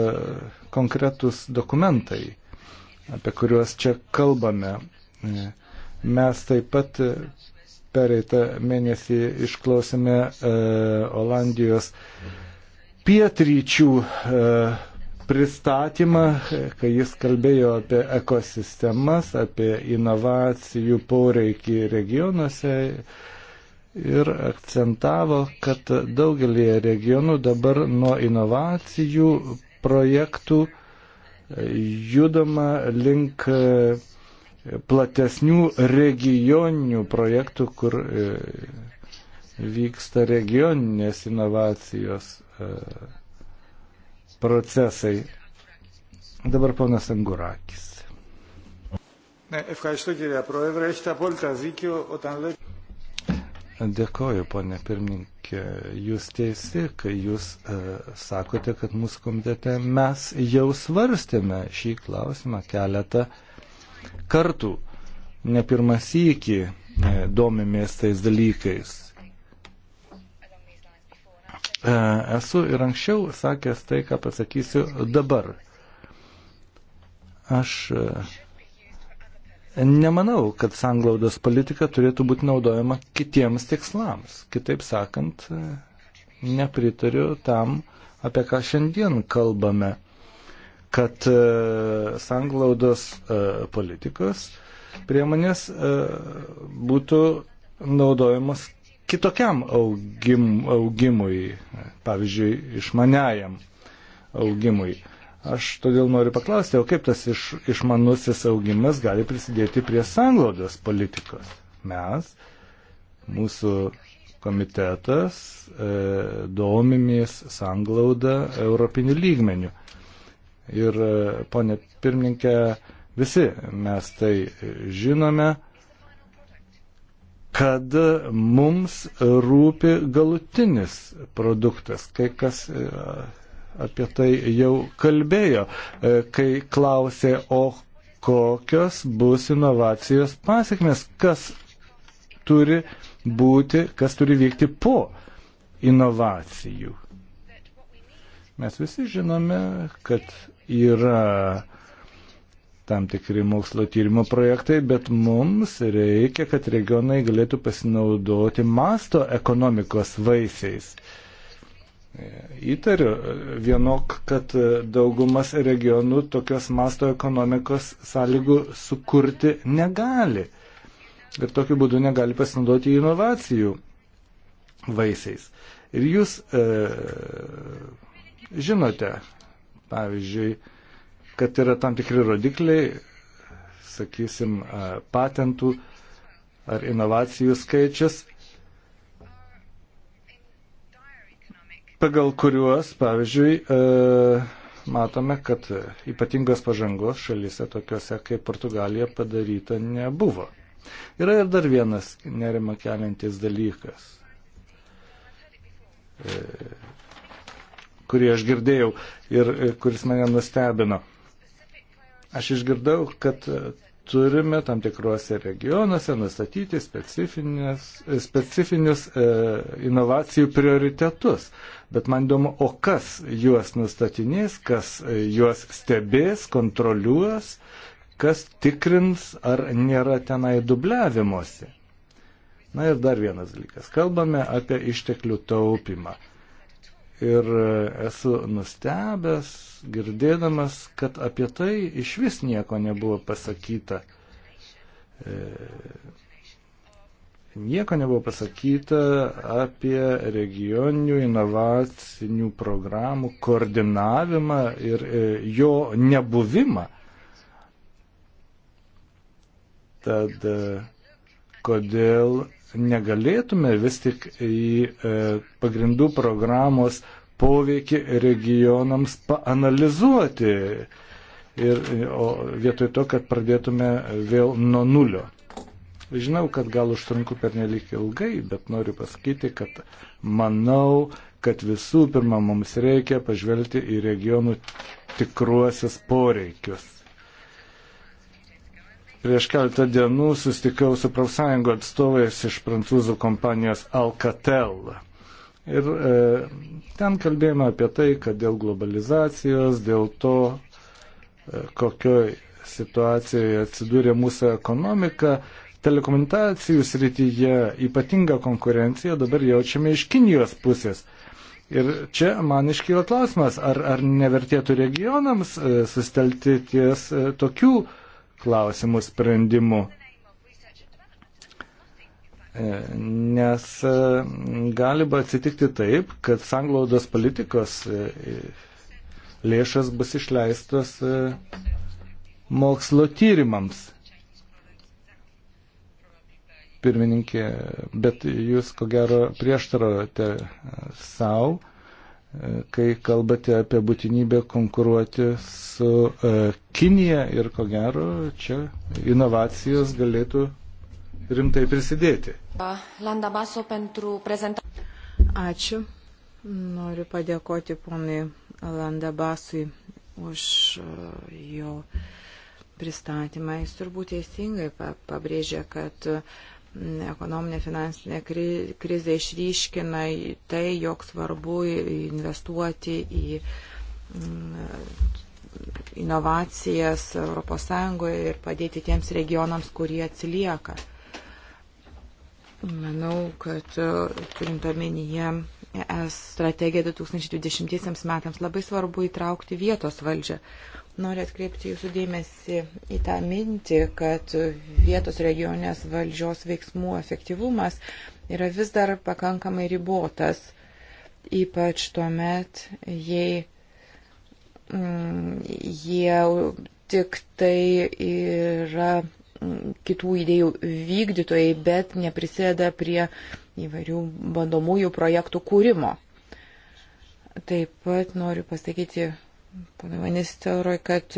konkretus dokumentai, apie kuriuos čia kalbame. E, mes taip pat pereitą mėnesį išklausėme Olandijos uh, pietryčių e, pristatymą, kai jis kalbėjo apie ekosistemas, apie inovacijų poreikį regionuose ir akcentavo, kad daugelį regionų dabar nuo inovacijų projektų e, judama link e, platesnių regioninių projektų, kur vyksta regioninės inovacijos procesai. Dabar ponas Angurakis. Dėkoju, ponė pirmininkė. Jūs teisi, kai jūs e, sakote, kad mūsų komitete mes jau svarstėme šį klausimą keletą kartų. Ne pirmas įkį e, domimės tais dalykais. E, esu ir anksčiau sakęs tai, ką pasakysiu dabar. Aš e, nemanau, kad sanglaudos politika turėtų būti naudojama kitiems tikslams. Kitaip sakant, e, nepritariu tam, apie ką šiandien kalbame, kad sanglaudos politikos priemonės būtų naudojamos kitokiam augim, augimui, pavyzdžiui, išmaniajam augimui. Aš todėl noriu paklausti, o kaip tas iš, išmanusis augimas gali prisidėti prie sanglaudos politikos? Mes, mūsų komitetas, e, domimės sanglaudą europinių lygmenių. Ir, e, ponė pirmininkė, visi mes tai žinome, kad mums rūpi galutinis produktas. Kai kas e, apie tai jau kalbėjo, e, kai klausė, o kokios bus inovacijos pasiekmes, kas turi būti, kas turi vykti po inovacijų. Mes visi žinome, kad yra tam tikri mokslo tyrimo projektai, bet mums reikia, kad regionai galėtų pasinaudoti masto ekonomikos vaisiais. Įtariu vienok, kad daugumas regionų tokios masto ekonomikos sąlygų sukurti negali. Ir tokiu būdu negali pasinaudoti inovacijų vaisiais. Ir jūs e, žinote, pavyzdžiui, e, kad yra tam tikri rodikliai, sakysim, patentų ar inovacijų skaičius, pagal kuriuos, pavyzdžiui, matome, kad ypatingos pažangos šalyse tokiuose kaip Portugalija padaryta nebuvo. Yra ir dar vienas nerima keliantis dalykas, e, kurį aš girdėjau ir e, kuris mane nustebino. Aš išgirdau, kad turime tam tikrose regionuose nustatyti specifinius e, inovacijų prioritetus. Bet man įdomu, o kas juos nustatinės, kas juos stebės, kontroliuos, kas tikrins, ar nėra tenai dubliavimuose. Na ir dar vienas dalykas. Kalbame apie išteklių taupimą. Ir e, esu nustebęs, girdėdamas, kad apie tai iš vis nieko nebuvo pasakyta. E, nieko nebuvo pasakyta apie regioninių inovacinių programų koordinavimą ir e, jo nebuvimą. Tad e, kodėl negalėtume vis tik į e, pagrindų programos poveikį regionams paanalizuoti, ir, o vietoj to, kad pradėtume vėl nuo nulio. Žinau, kad gal užtrunku per nelik ilgai, bet noriu pasakyti, kad manau, kad visų pirma mums reikia pažvelgti į regionų tikruosius poreikius. Prieš keletą dienų sustikau su profsąjungo atstovais iš prancūzų kompanijos Alcatel. Ir e, ten kalbėjome apie tai, kad dėl globalizacijos, dėl to, e, kokioj situacijoje atsidūrė mūsų ekonomika, telekomunikacijų srityje ypatinga konkurencija dabar jaučiame iš Kinijos pusės. Ir čia man iškyla klausimas, ar, ar nevertėtų regionams e, sustelti ties e, tokių klausimų sprendimu. E, nes e, gali atsitikti taip, kad sanglaudos politikos e, lėšas bus išleistos mokslo tyrimams. Pirmininkė, bet jūs ko gero prieštaraujate savo kai kalbate apie būtinybę konkuruoti su e, Kinija ir ko gero čia inovacijos galėtų rimtai prisidėti. Ačiū. Noriu padėkoti ponui Landabasui už e, jo pristatymą. Jis turbūt teisingai pabrėžė, kad ekonominė finansinė krizė išryškina tai, jog svarbu investuoti į mm, inovacijas ES ir padėti tiems regionams, kurie atsilieka. Manau, kad turint omenyje ES strategiją 2020 metams labai svarbu įtraukti vietos valdžią. Noriu atkreipti jūsų dėmesį į tą mintį, kad vietos regionės valdžios veiksmų efektyvumas yra vis dar pakankamai ribotas, ypač tuo met, jei mm, jie tik tai yra mm, kitų idėjų vykdytojai, bet neprisėda prie įvairių bandomųjų projektų kūrimo. Taip pat noriu pasakyti pana Vanistelroj, kad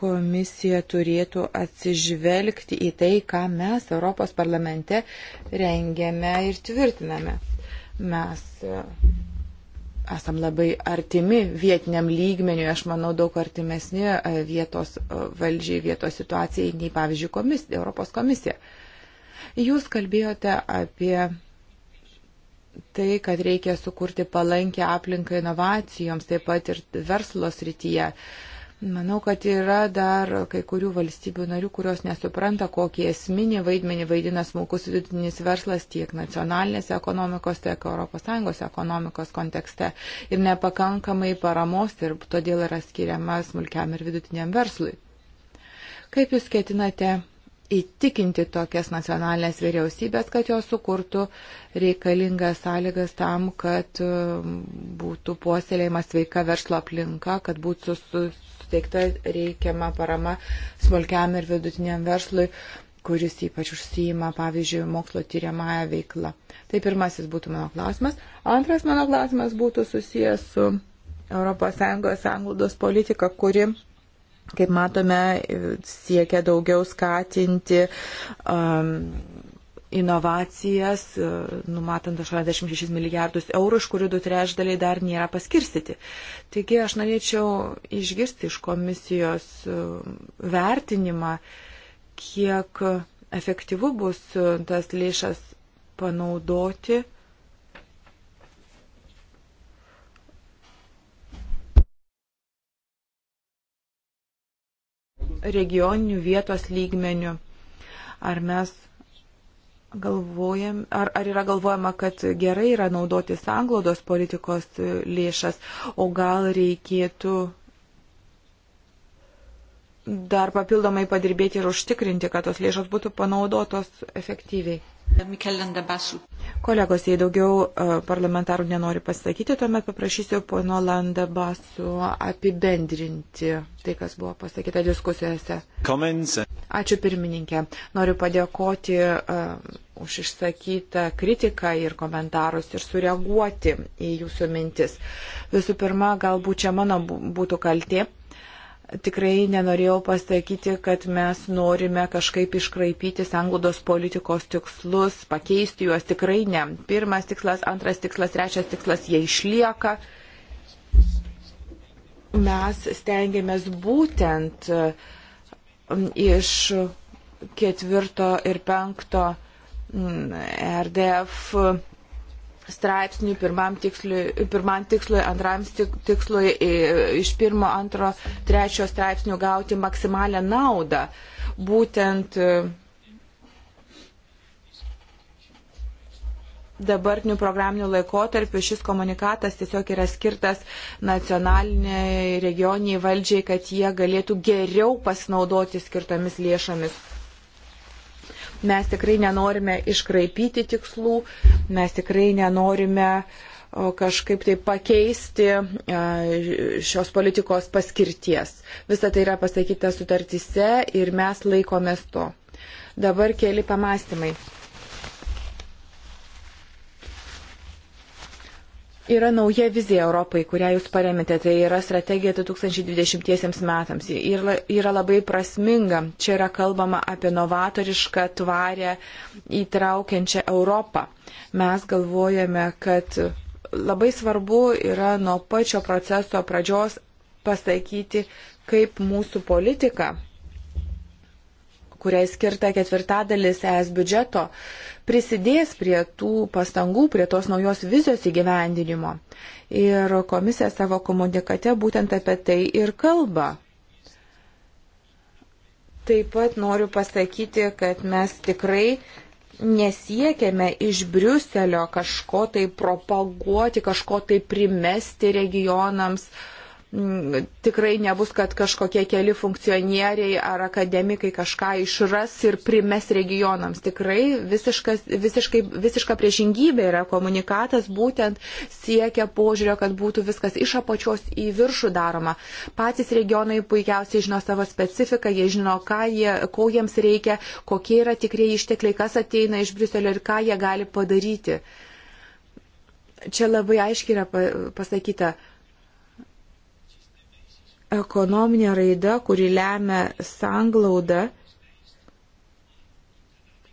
komisija turėtų atsižvelgti į tai, ką mes Europos parlamente rengiame ir tvirtiname. Mes e, esam labai artimi vietiniam lygmeniu, aš manau, daug artimesni e, vietos e, valdžiai, vietos situacijai nei, pavyzdžiui, komis, Europos komisija. Jūs kalbėjote apie tai, kad reikia sukurti palankę aplinką inovacijoms, taip pat ir verslo srityje. Manau, kad yra dar kai kurių valstybių narių, kurios nesupranta, kokį esminį vaidmenį vaidina smulkus vidutinis verslas tiek nacionalinės ekonomikos, tiek ES ekonomikos kontekste ir nepakankamai paramos ir todėl yra skiriama smulkiam ir vidutiniam verslui. Kaip Jūs ketinate įtikinti tokias nacionalinės vyriausybės, kad jos sukurtų reikalingas sąlygas tam, kad e, būtų puoselėjimas sveika verslo aplinka, kad būtų suteikta reikiama parama smulkiam ir vidutiniam verslui, kuris ypač užsijima, pavyzdžiui, mokslo tyriamąją veiklą. Tai pirmasis būtų mano klausimas. Antras mano klausimas būtų susijęs su ES sanglaudos politika, kuri kaip matome, siekia daugiau skatinti um, inovacijas, uh, numatant 86 milijardus eurų, iš kurių du trešdaliai dar nėra paskirstyti. Taigi aš norėčiau išgirsti iš komisijos uh, vertinimą, kiek efektyvu bus uh, tas lėšas panaudoti uh, regioninių vietos lygmenių. Ar mes galvojam, ar, ar yra galvojama, kad gerai yra naudoti sanglaudos politikos lėšas, o gal reikėtų dar papildomai padirbėti ir užtikrinti, kad tos lėšos būtų panaudotos efektyviai. Kolegos, jei daugiau e, parlamentarų nenori pasakyti, tuomet paprašysiu pono Landa Basu apibendrinti tai, kas buvo pasakyta diskusijose. Comments. Ačiū pirmininkė. Noriu padėkoti uh, už išsakytą kritiką ir komentarus ir sureaguoti į jūsų mintis. Visų pirma, galbūt čia mano būtų kaltė tikrai nenorėjau pasakyti, kad mes norime kažkaip iškraipyti sanglaudos politikos tikslus, pakeisti juos tikrai ne. Pirmas tikslas, antras tikslas, trečias tikslas, jie išlieka. Mes stengiamės būtent iš ketvirto ir penkto RDF straipsnių pirmam tikslui, pirmam tikslui antram tikslui iš pirmo, antro, trečio straipsnių gauti maksimalę naudą. Būtent e, dabartinių programinių laikotarpių šis komunikatas tiesiog yra skirtas nacionaliniai regioniniai valdžiai, kad jie galėtų geriau pasinaudoti skirtomis lėšomis. Mes tikrai nenorime iškraipyti tikslų, mes tikrai nenorime kažkaip tai pakeisti šios politikos paskirties. Visa tai yra pasakyta sutartise ir mes laikomės to. Dabar keli pamastymai. yra nauja vizija Europai, kurią jūs paremite, tai yra strategija 2020 metams. Ir yra labai prasminga. Čia yra kalbama apie novatorišką, tvarę, įtraukiančią Europą. Mes galvojame, kad labai svarbu yra nuo pačio proceso pradžios pasakyti, kaip mūsų politika kuriai skirta ketvirtadalis ES biudžeto, prisidės prie tų pastangų, prie tos naujos vizijos įgyvendinimo. Ir komisija savo komunikate būtent apie tai ir kalba. Taip pat noriu pasakyti, kad mes tikrai nesiekėme iš Briuselio kažko tai propaguoti, kažko tai primesti regionams. Uh, Mm, tikrai nebus, kad kažkokie keli funkcionieriai ar akademikai kažką išras ir primes regionams. Tikrai visiškas, visiškai, visiška priešingybė yra komunikatas, būtent siekia požiūrio, kad būtų viskas iš apačios į viršų daroma. Patys regionai puikiausiai žino savo specifiką, jie žino, jie, ko jiems reikia, kokie yra tikrieji ištekliai, kas ateina iš Briuselio ir ką jie gali padaryti. Čia labai aiškiai yra pasakyta, ekonominė raida, kuri lemia sanglaudą,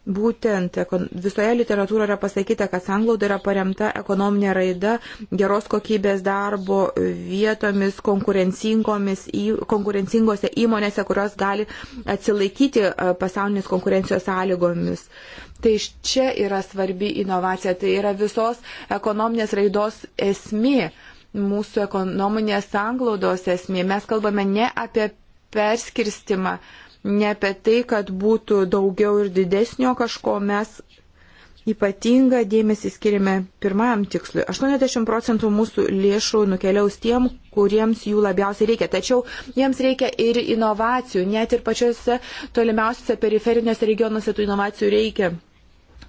Būtent visoje literatūroje yra pasakyta, kad sanglauda yra paremta ekonominė raida, geros kokybės darbo vietomis, konkurencingose įmonėse, kurios gali atsilaikyti e, pasaulinės konkurencijos sąlygomis. Tai iš čia yra svarbi inovacija, tai yra visos ekonominės raidos esmė mūsų ekonominės sanglaudos esmė. Mes kalbame ne apie perskirstimą, ne apie tai, kad būtų daugiau ir didesnio kažko. Mes ypatingą dėmesį skiriame pirmajam tikslui. 80 procentų mūsų lėšų nukeliaus tiem, kuriems jų labiausiai reikia. Tačiau jiems reikia ir inovacijų. Net ir pačiuose tolimiausiuose periferiniuose regionuose tų inovacijų reikia.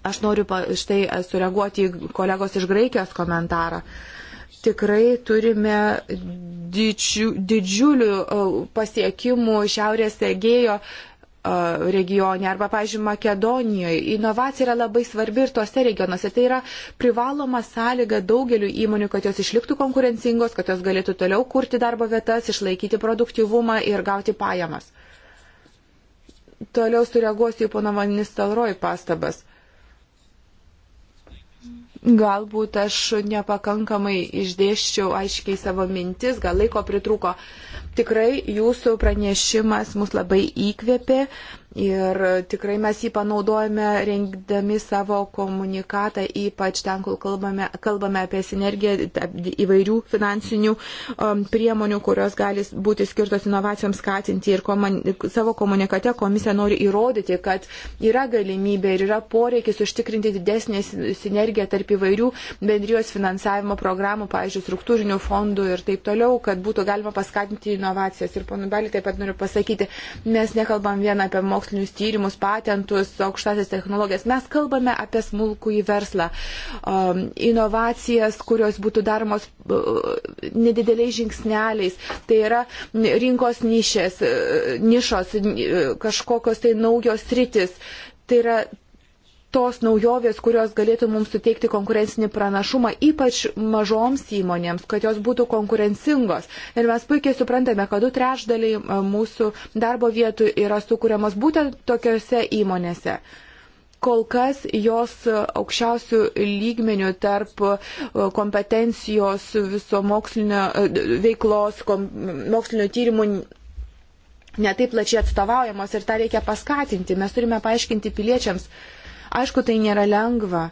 Aš noriu štai e, sureaguoti į kolegos iš Graikijos komentarą. Uh, tikrai turime didžiu, didžiulių e, pasiekimų Šiaurės Egėjo e, regione arba, pavyzdžiui, Makedonijoje. Inovacija yra labai svarbi ir tose regionuose. Tai yra privaloma sąlyga daugeliu įmonių, kad jos išliktų konkurencingos, kad jos galėtų toliau kurti darbo vietas, išlaikyti produktivumą ir gauti pajamas. Toliau sureaguosiu į pono Vanistelroj pastabas. Galbūt aš nepakankamai išdėščiau aiškiai savo mintis, gal laiko pritrūko. Tikrai jūsų pranešimas mus labai įkvėpė, Ir tikrai mes jį panaudojame rengdami savo komunikatą, ypač ten, kur kalbame, kalbame apie sinergiją įvairių finansinių um, priemonių, kurios gali būti skirtos inovacijoms skatinti. Ir komun, savo komunikate komisija nori įrodyti, kad yra galimybė ir yra poreikis užtikrinti didesnį sinergiją tarp įvairių bendrijos finansavimo programų, pavyzdžiui, struktūrinių fondų ir taip toliau, kad būtų galima paskatinti inovacijas. Ir ponubelį taip pat noriu pasakyti, mes nekalbam vien apie mokymą mokslinius tyrimus, patentus, aukštasias technologijas. Mes kalbame apie smulkų į verslą, um, inovacijas, kurios būtų daromos uh, nedideliais žingsneliais. Tai yra rinkos nišės, uh, nišos, uh, kažkokios tai naujos rytis. Tai yra tos naujovės, kurios galėtų mums suteikti konkurencinį pranašumą, ypač mažoms įmonėms, kad jos būtų konkurencingos. Ir mes puikiai suprantame, kad du trešdaliai e, mūsų darbo vietų yra sukūriamas būtent tokiuose įmonėse. Kol kas jos aukščiausių lygmenių tarp e, kompetencijos viso mokslinio e, veiklos, kom, mokslinio tyrimų netaip plačiai atstovaujamos ir tą reikia paskatinti. Mes turime paaiškinti piliečiams, uh, Aišku, tai nėra lengva.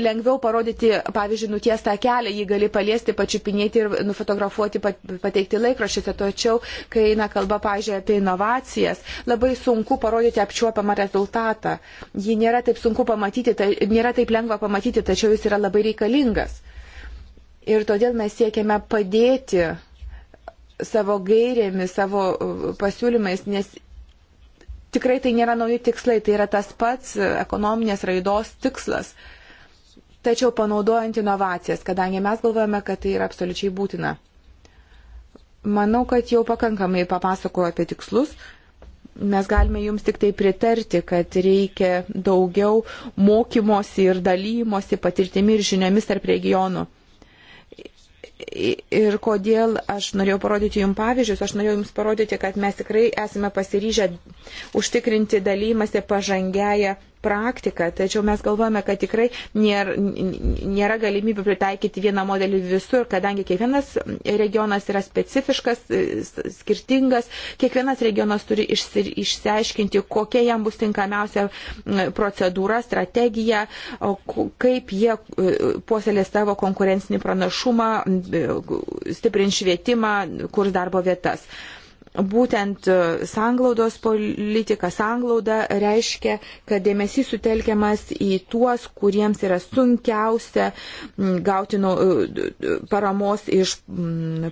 Lengviau parodyti, pavyzdžiui, nutiestą kelią, jį gali paliesti, pačiupinėti ir nufotografuoti, pateikti laikraščiuose. Tačiau, kai eina kalba, pavyzdžiui, apie inovacijas, labai sunku parodyti apčiuopiamą rezultatą. Jį nėra taip sunku pamatyti, tai, nėra taip lengva pamatyti, tačiau jis yra labai reikalingas. Ir todėl mes siekiame padėti savo gairėmis, savo uh, pasiūlymais, nes tikrai tai nėra nauji tikslai, tai yra tas pats ekonominės raidos tikslas. Tačiau panaudojant inovacijas, kadangi mes galvojame, kad tai yra absoliučiai būtina. Manau, kad jau pakankamai papasakoju apie tikslus. Mes galime jums tik tai pritarti, kad reikia daugiau mokymosi ir dalymosi patirtimi ir žiniomis tarp regionų. Ir kodėl aš norėjau parodyti jums pavyzdžius, aš norėjau jums parodyti, kad mes tikrai esame pasiryžę užtikrinti dalymasi pažangiają praktika, tačiau mes galvojame, kad tikrai nėra, nėra galimybių pritaikyti vieną modelį visur, kadangi kiekvienas regionas yra specifiškas, skirtingas, kiekvienas regionas turi išsiaiškinti, kokia jam bus tinkamiausia procedūra, strategija, kaip jie e, puoselė savo konkurencinį pranašumą, stiprins švietimą, kurs darbo vietas būtent e, sanglaudos politika, sanglauda reiškia, kad dėmesys sutelkiamas į tuos, kuriems yra sunkiausia gauti e, paramos iš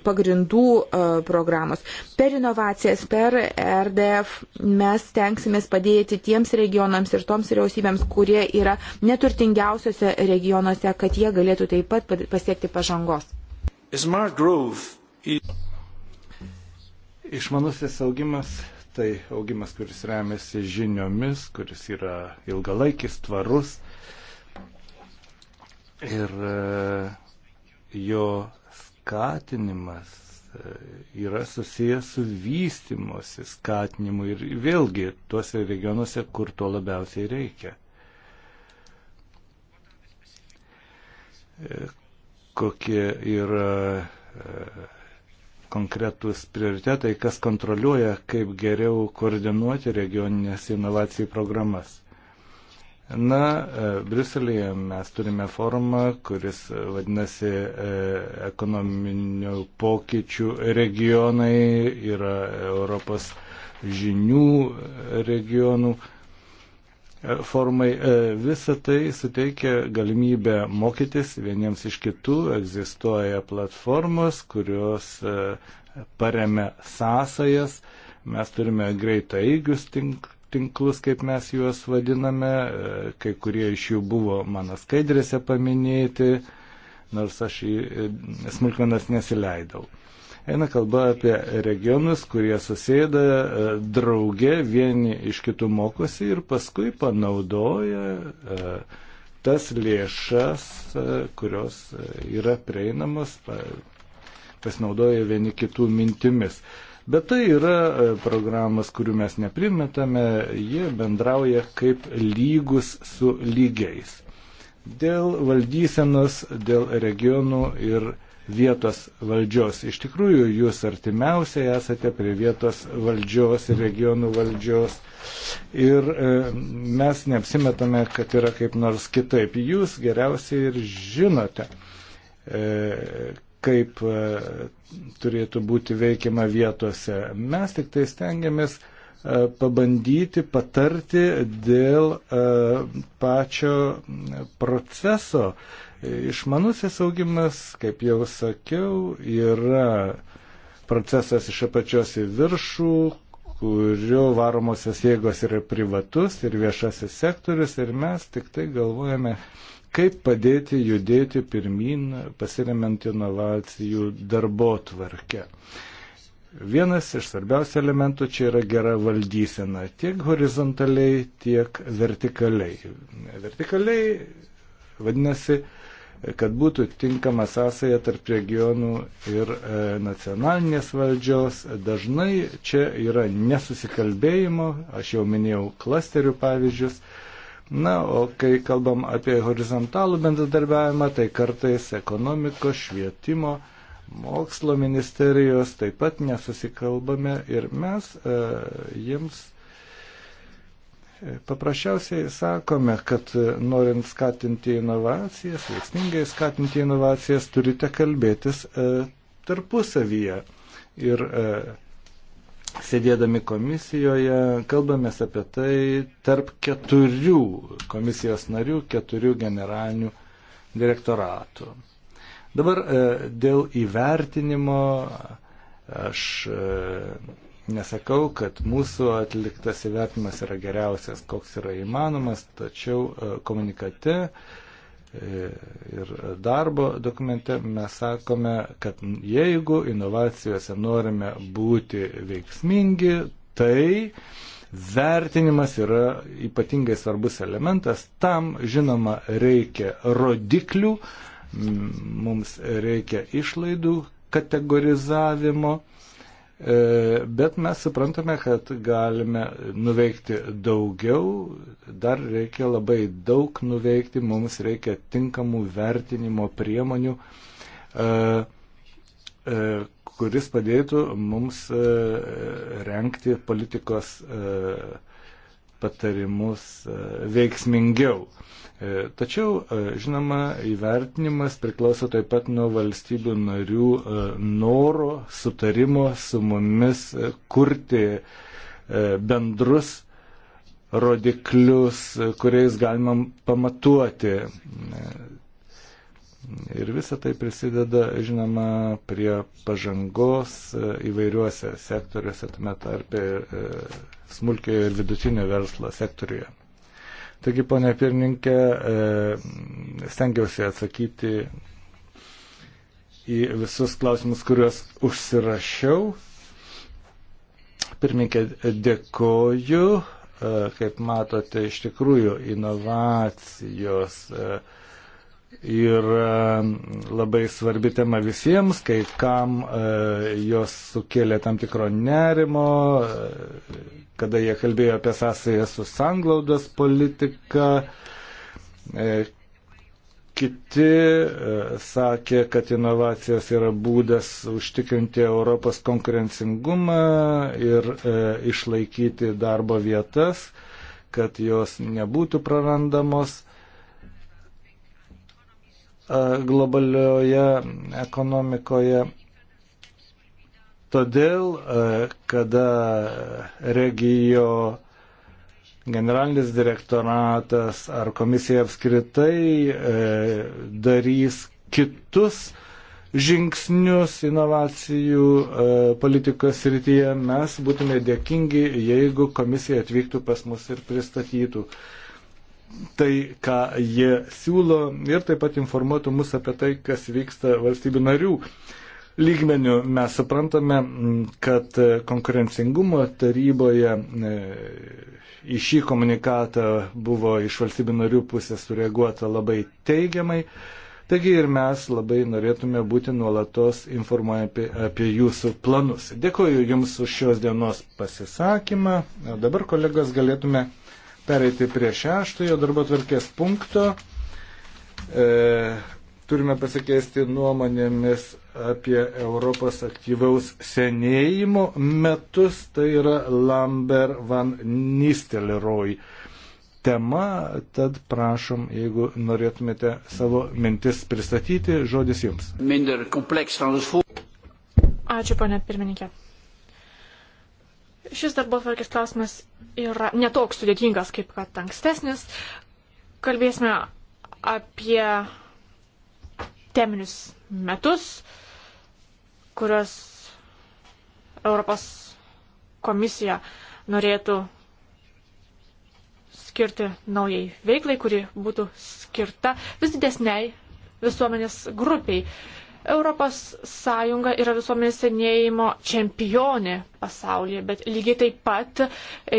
pagrindų e, programos. Per inovacijas, per RDF mes tenksimės padėti tiems regionams ir toms vyriausybėms, kurie yra neturtingiausiose regionuose, kad jie galėtų taip pat pasiekti pažangos. Smart Growth Išmanusis augimas tai augimas, kuris remiasi žiniomis, kuris yra ilgalaikis, tvarus ir e, jo skatinimas e, yra susijęs su vystimosi skatinimu ir vėlgi tuose regionuose, kur to labiausiai reikia. E, kokie yra konkretūs prioritetai, kas kontroliuoja, kaip geriau koordinuoti regioninės inovacijų programas. Na, e, Briuselėje mes turime forumą, kuris e, vadinasi e, ekonominių pokyčių regionai, yra Europos žinių regionų formai. E, Visą tai suteikia galimybę mokytis vieniems iš kitų, egzistuoja platformos, kurios e, paremia sąsajas, mes turime greitaigius tinklus tinklus, kaip mes juos vadiname, e, kai kurie iš jų buvo mano skaidrėse paminėti, nors aš į smulkmenas nesileidau. Eina kalba apie regionus, kurie susėda e, drauge, vieni iš kitų mokosi ir paskui panaudoja e, tas lėšas, e, kurios yra prieinamos, pasinaudoja vieni kitų mintimis. Bet tai yra programas, kurių mes neprimetame, jie bendrauja kaip lygus su lygiais. Dėl valdysenos, dėl regionų ir regionų vietos valdžios. Iš tikrųjų, jūs artimiausiai esate prie vietos valdžios ir regionų valdžios. Ir e, mes neapsimetame, kad yra kaip nors kitaip. Jūs geriausiai ir žinote, e, kaip e, turėtų būti veikiama vietose. Mes tik tai stengiamės e, pabandyti patarti dėl e, pačio proceso, Išmanusis augimas, kaip jau sakiau, yra procesas iš apačios į viršų, kurio varomosios jėgos yra privatus ir viešasis sektorius ir mes tik tai galvojame, kaip padėti judėti pirmin, pasiremiant inovacijų darbo tvarkę. Vienas iš svarbiausių elementų čia yra gera valdysena tiek horizontaliai, tiek vertikaliai. Vertikaliai vadinasi kad būtų tinkama sąsaja tarp regionų ir e, nacionalinės valdžios. Dažnai čia yra nesusikalbėjimo, aš jau minėjau klasterių pavyzdžius. Na, o kai kalbam apie horizontalų bendradarbiavimą, tai kartais ekonomikos, švietimo, mokslo ministerijos taip pat nesusikalbame ir mes e, jiems Paprasčiausiai sakome, kad norint skatinti inovacijas, veiksmingai skatinti inovacijas, turite kalbėtis e, tarpusavyje. Ir e, sėdėdami komisijoje kalbame apie tai tarp keturių komisijos narių, keturių generalinių direktoratų. Dabar e, dėl įvertinimo aš. E, Nesakau, kad mūsų atliktas įvertimas yra geriausias, koks yra įmanomas, tačiau e, komunikate e, ir darbo dokumente mes sakome, kad jeigu inovacijose norime būti veiksmingi, tai vertinimas yra ypatingai svarbus elementas. Tam, žinoma, reikia rodiklių, mums reikia išlaidų kategorizavimo E, bet mes suprantame, kad galime nuveikti daugiau, dar reikia labai daug nuveikti, mums reikia tinkamų vertinimo priemonių, e, e, kuris padėtų mums renkti politikos patarimus e, veiksmingiau. E, tačiau, e, žinoma, įvertinimas priklauso taip pat nuo valstybių narių noro, sutarimo su mumis kurti bendrus rodiklius, kuriais galima pamatuoti Ir visa tai prisideda, žinoma, prie pažangos e, įvairiuose sektoriuose, tame tarpe e, smulkiojo ir vidutinio verslo sektoriuje. Taigi, ponia pirmininkė, e, stengiausi atsakyti į visus klausimus, kuriuos užsirašiau. Pirmininkė, dėkoju. Kaip matote, iš tikrųjų inovacijos. Uh, yra labai svarbi tema visiems, kai kam e, jos sukėlė tam tikro nerimo, e, kada jie kalbėjo apie sąsąją su sanglaudos politika. E, kiti sakė, kad inovacijos yra būdas užtikrinti Europos konkurencingumą ir išlaikyti darbo vietas, kad jos nebūtų prarandamos. E, globalioje ekonomikoje. Todėl, e, kada regijo generalinis direktoratas ar komisija apskritai e, darys kitus žingsnius inovacijų politikos rytyje, mes būtume dėkingi, jeigu komisija atvyktų pas mus ir pristatytų tai, ką jie siūlo ir taip pat informuotų mus apie tai, kas vyksta valstybių narių. Lygmenių mes suprantame, mm, kad konkurencingumo taryboje e, į šį komunikatą buvo iš valstybių narių pusės sureaguota labai teigiamai. Taigi ir mes labai norėtume būti nuolatos informuojami apie, apie jūsų planus. Dėkuoju Jums už šios dienos pasisakymą. O dabar, kolegos, galėtume pereiti prie šeštojo darbo tvarkės punkto. E, turime pasikeisti nuomonėmis apie Europos aktyvaus senėjimo metus, tai yra Lambert van Nistelrooy tema, tad prašom, jeigu norėtumėte savo mintis pristatyti, žodis jums. Ačiū, ponė pirmininkė. Šis darbo atvarkės klausimas yra netoks sudėtingas kaip kad ankstesnis. Kalbėsime apie teminius metus, kuriuos Europos komisija norėtų skirti naujai veiklai, kuri būtų skirta vis didesniai visuomenės grupiai. Uh, Europos Sąjunga yra visuomenės senėjimo čempionė pasaulyje, bet lygiai taip pat e,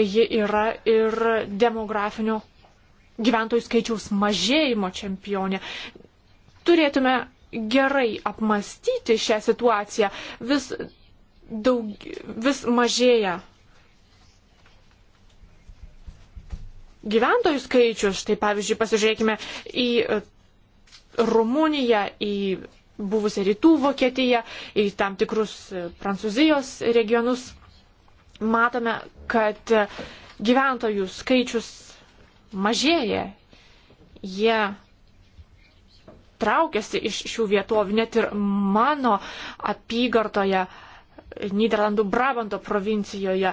ji yra ir demografinio gyventojų skaičiaus mažėjimo čempionė. Turėtume gerai apmastyti šią situaciją. Vis, daug, vis mažėja gyventojų skaičius. Štai pavyzdžiui, pasižiūrėkime į Rumuniją, į buvusią rytų Vokietiją, į tam tikrus e, Prancūzijos regionus, matome, kad e, gyventojų skaičius mažėja. Jie traukiasi iš šių vietovių, net ir mano apygardoje. Niderlandų Brabanto provincijoje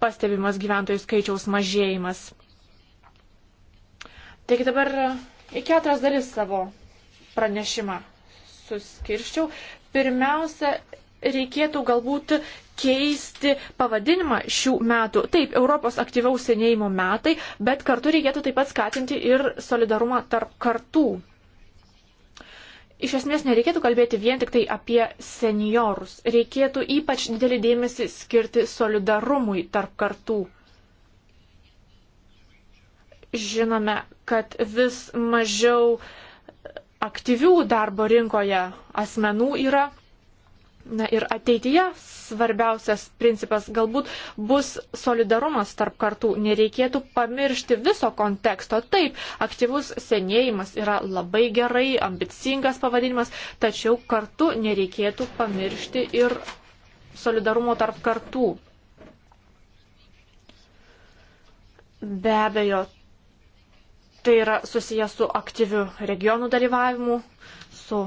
pastebimas gyventojų skaičiaus mažėjimas. Taigi dabar e, į keturias dalis savo pranešimą suskirščiau. Pirmiausia, reikėtų galbūt keisti pavadinimą šių metų. Taip, Europos aktyviaus senėjimo metai, bet kartu reikėtų taip pat skatinti ir solidarumą tarp kartų. Iš esmės nereikėtų kalbėti vien tik tai apie seniorus. Reikėtų ypač didelį dėmesį skirti solidarumui tarp kartų. Žinome, kad vis mažiau uh, aktyvių darbo rinkoje asmenų yra. Na ir ateityje svarbiausias principas galbūt bus solidarumas tarp kartų. Nereikėtų pamiršti viso konteksto. Taip, aktyvus senėjimas yra labai gerai, ambicingas pavadinimas, tačiau kartu nereikėtų pamiršti ir solidarumo tarp kartų. Be abejo, Tai yra susijęs su aktyviu regionų dalyvavimu, su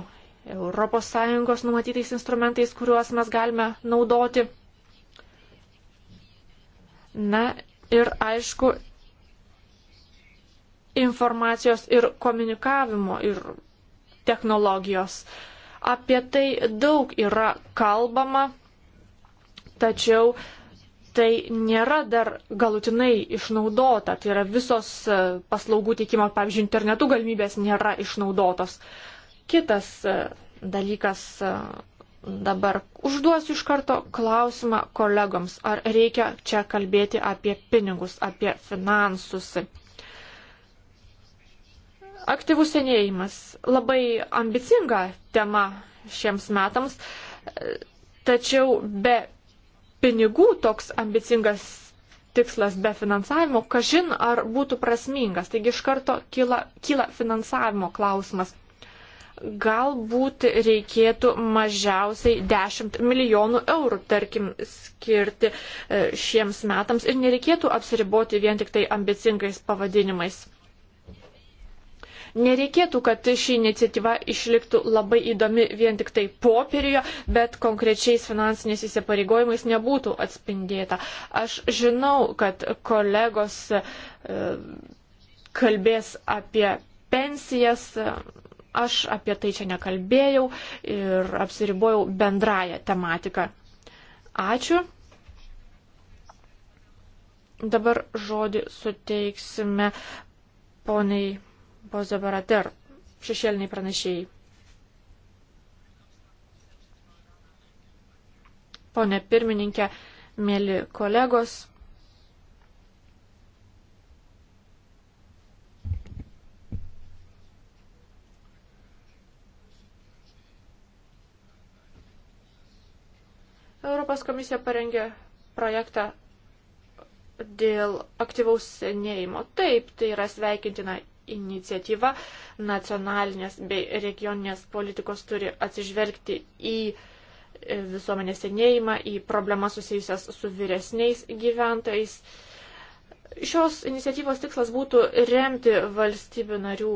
ES numatytais instrumentais, kuriuos mes galime naudoti. Na ir aišku, informacijos ir komunikavimo ir technologijos. Apie tai daug yra kalbama, tačiau uh, tai nėra dar galutinai išnaudota. Tai yra visos e, paslaugų teikimo, pavyzdžiui, internetu galimybės nėra išnaudotos. Kitas e, dalykas e, dabar užduosiu iš karto klausimą kolegoms, ar reikia čia kalbėti apie pinigus, apie finansus. Aktyvus senėjimas. Labai ambicinga tema šiems metams. Tačiau be pinigų toks ambicingas tikslas be finansavimo, kažin ar būtų prasmingas. Taigi iš karto kyla, kyla finansavimo klausimas. Galbūt reikėtų mažiausiai 10 milijonų eurų, tarkim, skirti e, šiems metams ir nereikėtų apsiriboti vien tik tai ambicingais pavadinimais. Nereikėtų, kad ši iniciatyva išliktų labai įdomi vien tik tai popieriuje, bet konkrečiais finansiniais įsipareigojimais nebūtų atspindėta. Aš žinau, kad kolegos e, kalbės apie pensijas. Aš apie tai čia nekalbėjau ir apsiribojau bendrąją tematiką. Ačiū. Dabar žodį suteiksime poniai Ponas Zabarater, šešėliniai pranešėjai. Pone pirmininkė, mėly kolegos. Europos komisija parengė projektą dėl aktyvaus senėjimo. Taip, tai yra sveikintina iniciatyva nacionalinės bei regioninės politikos turi atsižvelgti į e, visuomenės senėjimą, į problemas susijusias su vyresniais gyventojais. Šios iniciatyvos tikslas būtų remti valstybių narių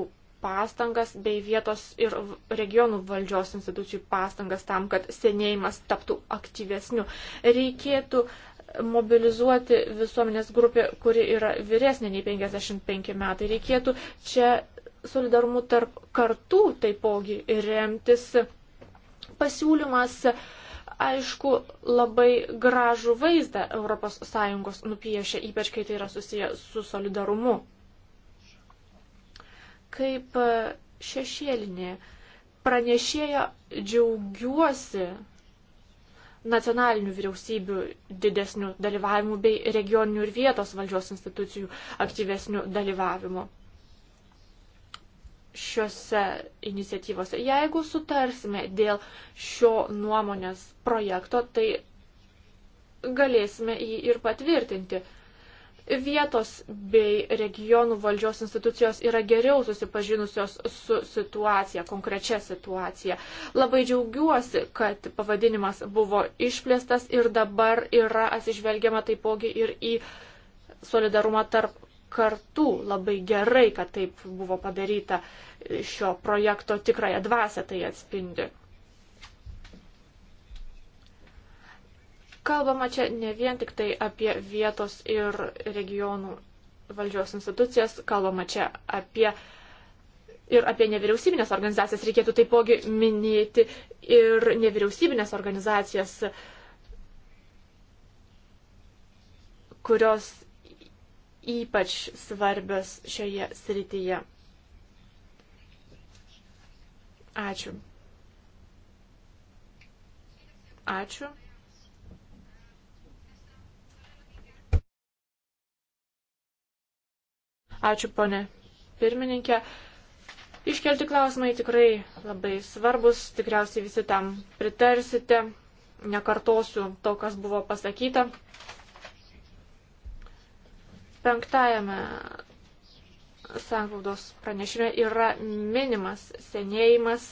pastangas bei vietos ir regionų valdžios institucijų pastangas tam, kad senėjimas taptų aktyvesniu. Reikėtų mobilizuoti visuomenės grupę, kuri yra vyresnė nei 55 metai. Reikėtų čia solidarumų tarp kartų taipogi remtis pasiūlymas, aišku, labai gražų vaizdą ES nupiešia, ypač kai tai yra susiję su solidarumu. Kaip e, šešėlinė pranešėja džiaugiuosi nacionalinių vyriausybių didesnių dalyvavimų bei regioninių ir vietos valdžios institucijų aktyvesnių dalyvavimų šiuose iniciatyvose. Jeigu sutarsime dėl šio nuomonės projekto, tai galėsime jį ir patvirtinti. Vietos bei regionų valdžios institucijos yra geriau susipažinusios su situacija, konkrečia situacija. Labai džiaugiuosi, kad pavadinimas buvo išplėstas ir dabar yra atsižvelgiama taipogi ir į solidarumą tarp kartų. Labai gerai, kad taip buvo padaryta šio projekto tikrąją dvasę tai atspindi. Kalbama čia ne vien tik tai apie vietos ir regionų valdžios institucijas, kalbama čia apie ir apie nevyriausybinės organizacijas. Reikėtų taipogi minėti ir nevyriausybinės organizacijas, kurios ypač svarbios šioje srityje. Ačiū. Ačiū. Ačiū, ponė pirmininkė. Iškelti klausimai tikrai labai svarbus, tikriausiai visi tam pritarsite. Nekartosiu to, kas buvo pasakyta. Penktajame sanglaudos pranešime yra minimas senėjimas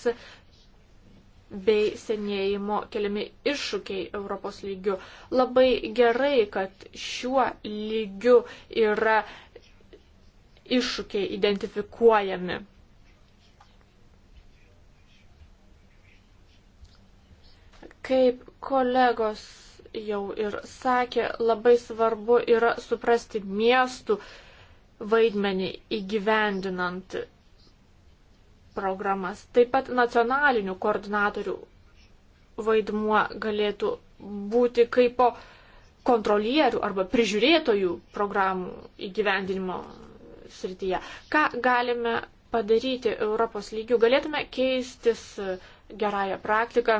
bei senėjimo keliami iššūkiai Europos lygiu. Labai gerai, kad šiuo lygiu yra iššūkiai identifikuojami. Kaip kolegos jau ir sakė, labai svarbu yra suprasti miestų vaidmenį įgyvendinant programas. Taip pat nacionalinių koordinatorių vaidmuo galėtų būti kaip kontrolierių arba prižiūrėtojų programų įgyvendinimo srityje. Ką galime padaryti Europos lygių? Galėtume keistis gerąją praktiką.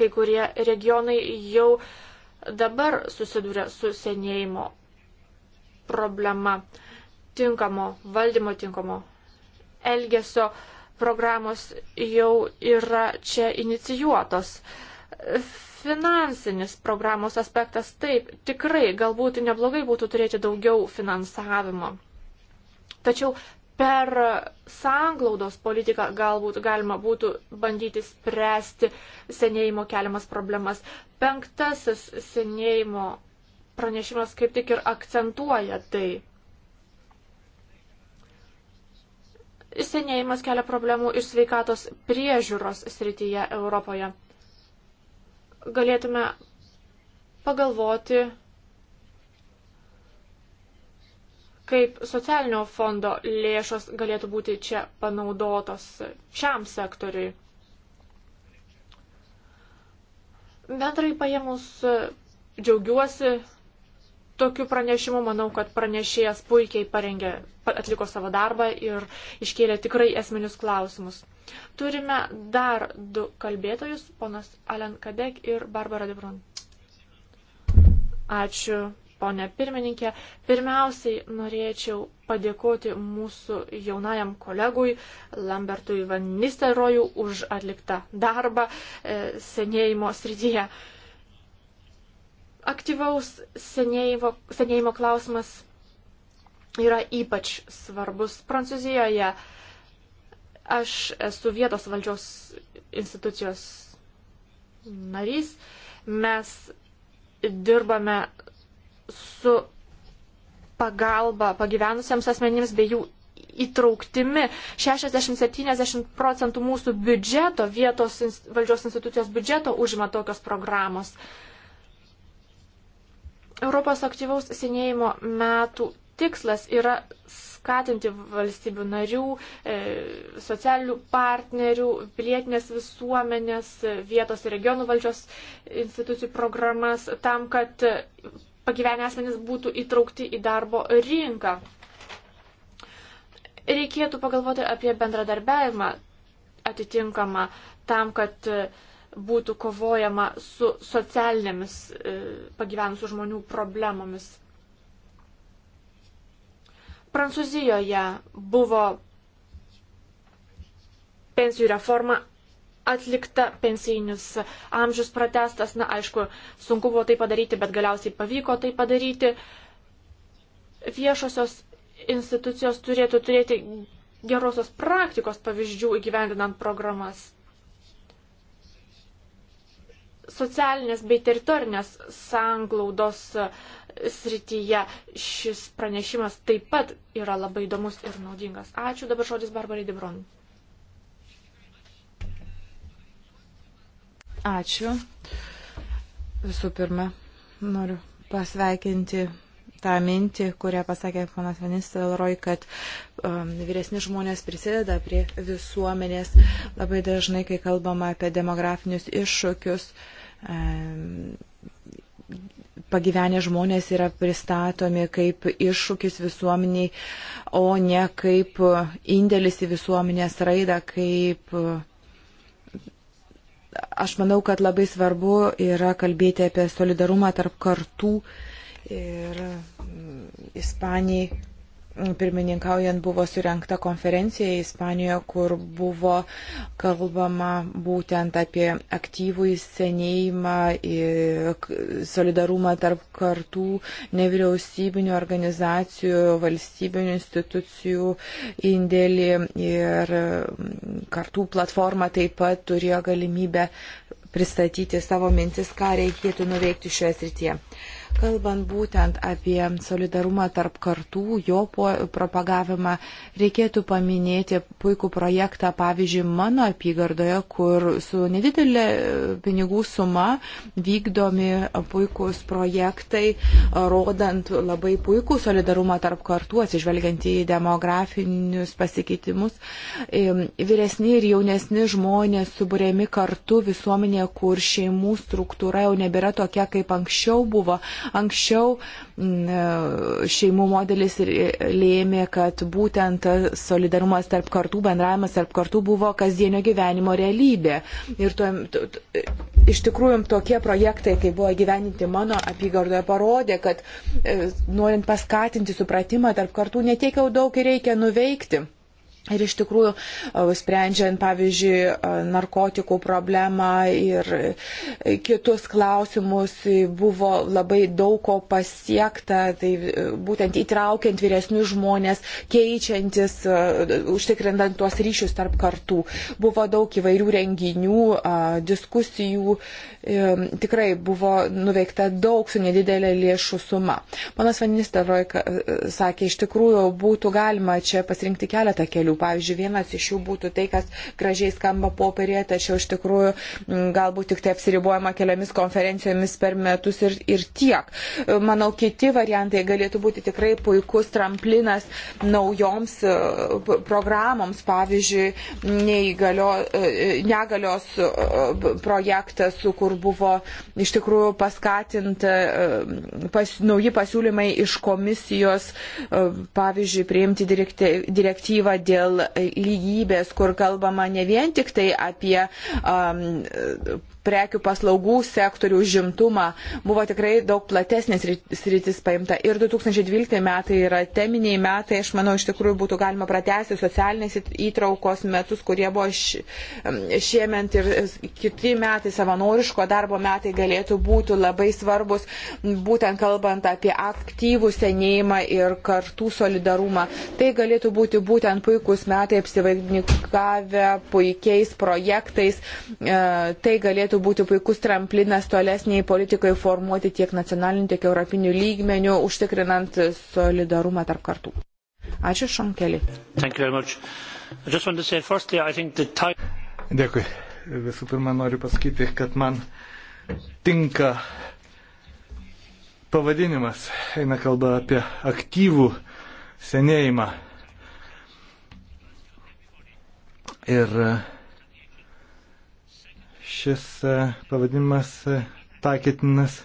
Kai kurie regionai jau dabar susiduria su senėjimo problema tinkamo valdymo, tinkamo elgesio programos jau yra čia inicijuotos. Finansinis programos aspektas taip, tikrai galbūt neblogai būtų turėti daugiau finansavimo. Tačiau per sanglaudos politiką galbūt galima būtų bandyti spręsti senėjimo keliamas problemas. Penktasis senėjimo pranešimas kaip tik ir akcentuoja tai. Senėjimas kelia problemų ir sveikatos priežiūros srityje Europoje. Galėtume pagalvoti kaip socialinio fondo lėšos galėtų būti čia panaudotos šiam sektoriui. Bendrai paėmus džiaugiuosi tokiu pranešimu, manau, kad pranešėjas puikiai parengė, atliko savo darbą ir iškėlė tikrai esminius klausimus. Turime dar du kalbėtojus, ponas Alen Kadek ir Barbara Debron. Ačiū, ponė pirmininkė. Pirmiausiai norėčiau padėkoti mūsų jaunajam kolegui Lambertui Van Nisterojų už atliktą darbą e, senėjimo srityje. Aktyvaus senėjimo, senėjimo klausimas yra ypač svarbus Prancūzijoje. Aš esu vietos valdžios institucijos narys. Mes dirbame su pagalba pagyvenusiems asmenims bei jų įtrauktimi. 60-70 procentų mūsų biudžeto, vietos valdžios institucijos biudžeto užima tokios programos. Europos aktyvaus senėjimo metų tikslas yra skatinti valstybių narių, e, socialinių partnerių, pilietinės visuomenės, vietos ir regionų valdžios institucijų programas tam, kad pagyvenę asmenys būtų įtraukti į darbo rinką. Reikėtų pagalvoti apie bendradarbiavimą atitinkamą tam, kad e, būtų kovojama su socialinėmis e, pagyvenusių žmonių problemomis. Prancūzijoje buvo pensijų reforma atlikta pensijinis amžius pratestas. Na, aišku, sunku buvo tai padaryti, bet galiausiai pavyko tai padaryti. Viešosios institucijos turėtų turėti gerosios praktikos pavyzdžių įgyvendinant programas. Socialinės bei teritorinės sanglaudos srityje šis pranešimas taip pat yra labai įdomus ir naudingas. Ačiū, dabar žodis Barbarai Dibron. Ačiū. Visų pirma, noriu pasveikinti tą mintį, kurią pasakė panas Vanistelroj, kad um, vyresni žmonės prisideda prie visuomenės. Labai dažnai, kai kalbama apie demografinius iššūkius, um, pagyvenę žmonės yra pristatomi kaip iššūkis visuomeniai, o ne kaip uh, indėlis į visuomenės raidą, kaip uh, Aš manau, kad labai svarbu yra kalbėti apie solidarumą tarp kartų ir mm, Ispanijai pirmininkaujant buvo surinkta konferencija Ispanijoje, kur buvo kalbama būtent apie aktyvų įsenėjimą, solidarumą tarp kartų, nevyriausybinių organizacijų, valstybinių institucijų indėlį ir kartų platforma taip pat turėjo galimybę pristatyti savo mintis, ką reikėtų nuveikti šioje srityje. Kalbant būtent apie solidarumą tarp kartų, jo propagavimą, reikėtų paminėti puikų projektą, pavyzdžiui, mano apygardoje, kur su nedidelė pinigų suma vykdomi puikūs projektai, rodant labai puikų solidarumą tarp kartų, atsižvelgiant į demografinius pasikeitimus. Vyresni ir jaunesni žmonės suburiami kartu visuomenėje, kur šeimų struktūra jau nebėra tokia, kaip anksčiau buvo Anksčiau šeimų modelis e, lėmė, kad būtent solidarumas tarp kartų, bendravimas tarp kartų buvo kasdienio gyvenimo realybė. Ir to, to, iš tikrųjų tokie projektai, kai buvo gyveninti mano apygardoje, parodė, kad e, norint paskatinti supratimą tarp kartų, netiek jau daug ir reikia nuveikti. Ir iš tikrųjų, sprendžiant, pavyzdžiui, narkotikų problemą ir e, kitus klausimus, e, buvo labai daug ko pasiekta, tai e, būtent įtraukiant vyresnius žmonės, keičiantis, užtikrintant tuos ryšius tarp kartų. Buvo daug įvairių renginių, diskusijų, tikrai buvo nuveikta daug su nedidelė lėšų suma. Panas Vanistaroj sakė, iš tikrųjų, būtų galima čia pasirinkti keletą kelių rodiklių. Pavyzdžiui, vienas iš jų būtų tai, kas gražiai skamba popierėje, tačiau iš tikrųjų mm, galbūt tik tai apsiribuojama keliomis konferencijomis per metus ir, ir tiek. Manau, kiti variantai galėtų būti tikrai puikus tramplinas naujoms e, programoms, pavyzdžiui, neįgalio, e, e, negalios projektas, kur buvo iš tikrųjų paskatinta pas, nauji pasiūlymai iš komisijos, pavyzdžiui, priimti direktyvą dėl dėl lygybės, kur kalbama ne vien tik tai apie um, prekių paslaugų sektorių žimtumą, buvo tikrai daug platesnės sritis paimta. Ir 2012 metai yra teminiai metai, aš manau, iš tikrųjų būtų galima pratesti socialinės įtraukos metus, kurie buvo šiemet ir kiti metai savanoriško darbo metai galėtų būti labai svarbus, būtent kalbant apie aktyvų senėjimą ir kartų solidarumą. Tai galėtų būti būtent puikus puikus metai apsivainikavę puikiais projektais. E, tai galėtų būti puikus tramplinas tolesniai politikai formuoti tiek nacionaliniu, tiek europiniu lygmeniu, užtikrinant solidarumą tarp kartų. Ačiū, Šonkelį. Dėkui. Visų pirma, noriu pasakyti, kad man tinka pavadinimas. Eina kalba apie aktyvų senėjimą. Ir šis e, pavadinimas e, taikytinas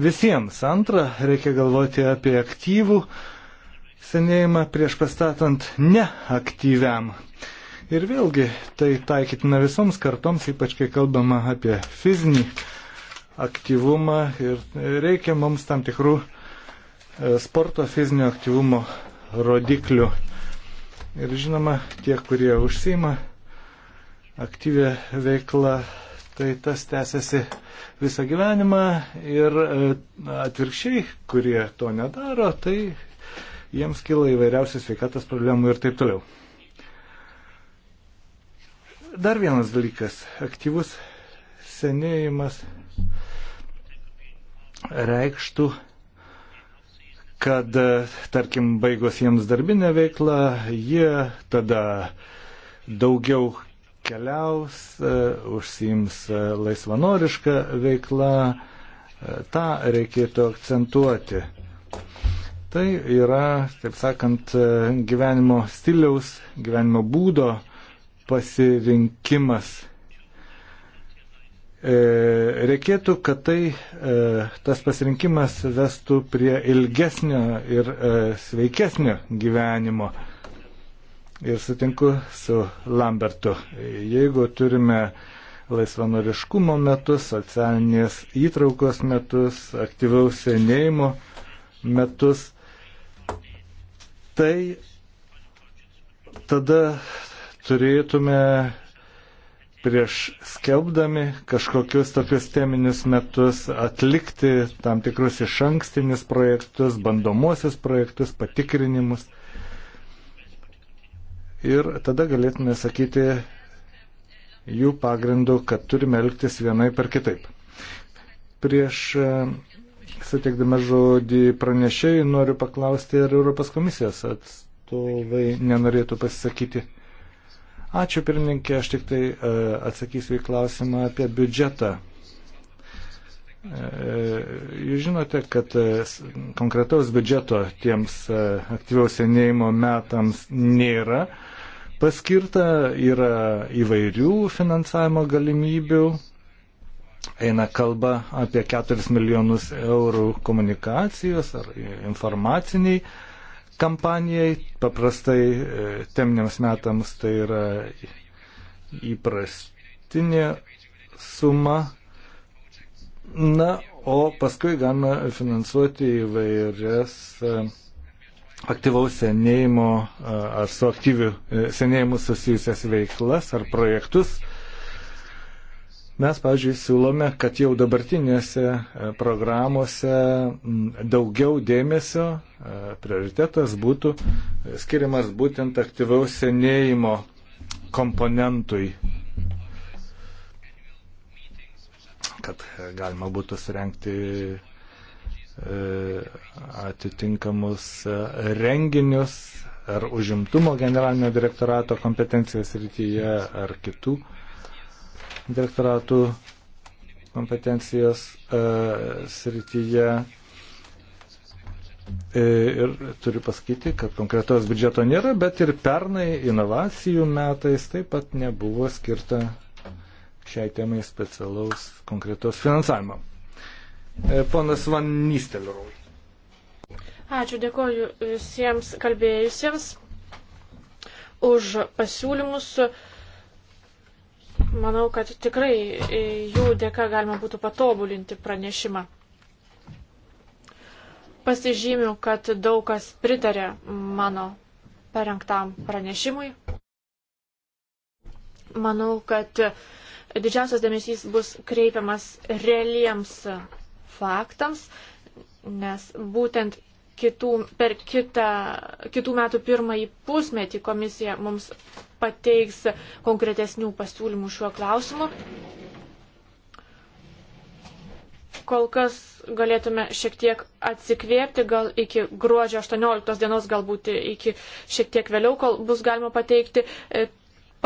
visiems. Antra, reikia galvoti apie aktyvų senėjimą prieš pastatant neaktyviam. Ir vėlgi tai taikytina visoms kartoms, ypač kai kalbama apie fizinį aktyvumą ir reikia mums tam tikrų e, sporto fizinio aktyvumo rodiklių Ir žinoma, tie, kurie užsima aktyvę veiklą, tai tas tęsiasi visą gyvenimą ir e, atvirkščiai, kurie to nedaro, tai jiems kyla įvairiausios sveikatos problemų ir taip toliau. Dar vienas dalykas - aktyvus senėjimas reikštų kad, e, tarkim, baigus jiems darbinę veiklą, jie tada daugiau keliaus, e, užsiims e, laisvanorišką veiklą. Ta reikėtų akcentuoti. Tai yra, taip sakant, gyvenimo stiliaus, gyvenimo būdo pasirinkimas E, reikėtų, kad tai, e, tas pasirinkimas vestų prie ilgesnio ir e, sveikesnio gyvenimo. Ir sutinku su Lambertu. Jeigu turime laisvanoriškumo metus, socialinės įtraukos metus, aktyvaus senėjimo metus, tai tada turėtume prieš skelbdami kažkokius tokius teminius metus atlikti tam tikrus iš ankstinius projektus, bandomuosius projektus, patikrinimus. Ir tada galėtume sakyti jų pagrindų, kad turime elgtis vienai per kitaip. Prieš e, suteikdama žodį pranešėjai noriu paklausti, ar Europos komisijos atstovai nenorėtų pasisakyti. Ačiū pirmininkė, aš tik tai e, atsakysiu į klausimą apie biudžetą. E, jūs žinote, kad e, konkretaus biudžeto tiems aktyviaus senėjimo metams nėra paskirta, yra įvairių finansavimo galimybių. Eina kalba apie 4 milijonus eurų komunikacijos ar informaciniai kampanijai. Paprastai e, teminiams metams tai yra įprastinė suma. Na, o paskui galima finansuoti įvairias e, aktyvaus senėjimo e, ar su aktyviu senėjimu susijusias veiklas ar projektus. Mes, pažiūrėjau, siūlome, kad jau dabartinėse e, programuose daugiau dėmesio e, prioritetas būtų e, skiriamas būtent aktyvaus senėjimo komponentui, kad galima būtų surenkti atitinkamus renginius ar užimtumo generalinio direktorato kompetencijos rytyje ar kitų direktoratų kompetencijos e, srityje. E, ir turiu pasakyti, kad konkretos biudžeto nėra, bet ir pernai inovacijų metais taip pat nebuvo skirta šiai temai specialaus konkretos finansavimo. E, ponas Van Nistelrooy. Ačiū, dėkoju visiems kalbėjusiems už pasiūlymus. Manau, kad tikrai e, jų dėka galima būtų patobulinti pranešimą. Pasižymiu, kad daug kas pritarė mano parengtam pranešimui. Manau, kad didžiausias dėmesys bus kreipiamas realiems faktams, nes būtent kitų, per kitą, kitų metų pirmąjį pusmetį komisija mums pateiks konkretesnių pasiūlymų šiuo klausimu. Kol kas galėtume šiek tiek atsikvėpti, gal iki gruodžio 18 dienos, galbūt iki šiek tiek vėliau, kol bus galima pateikti e,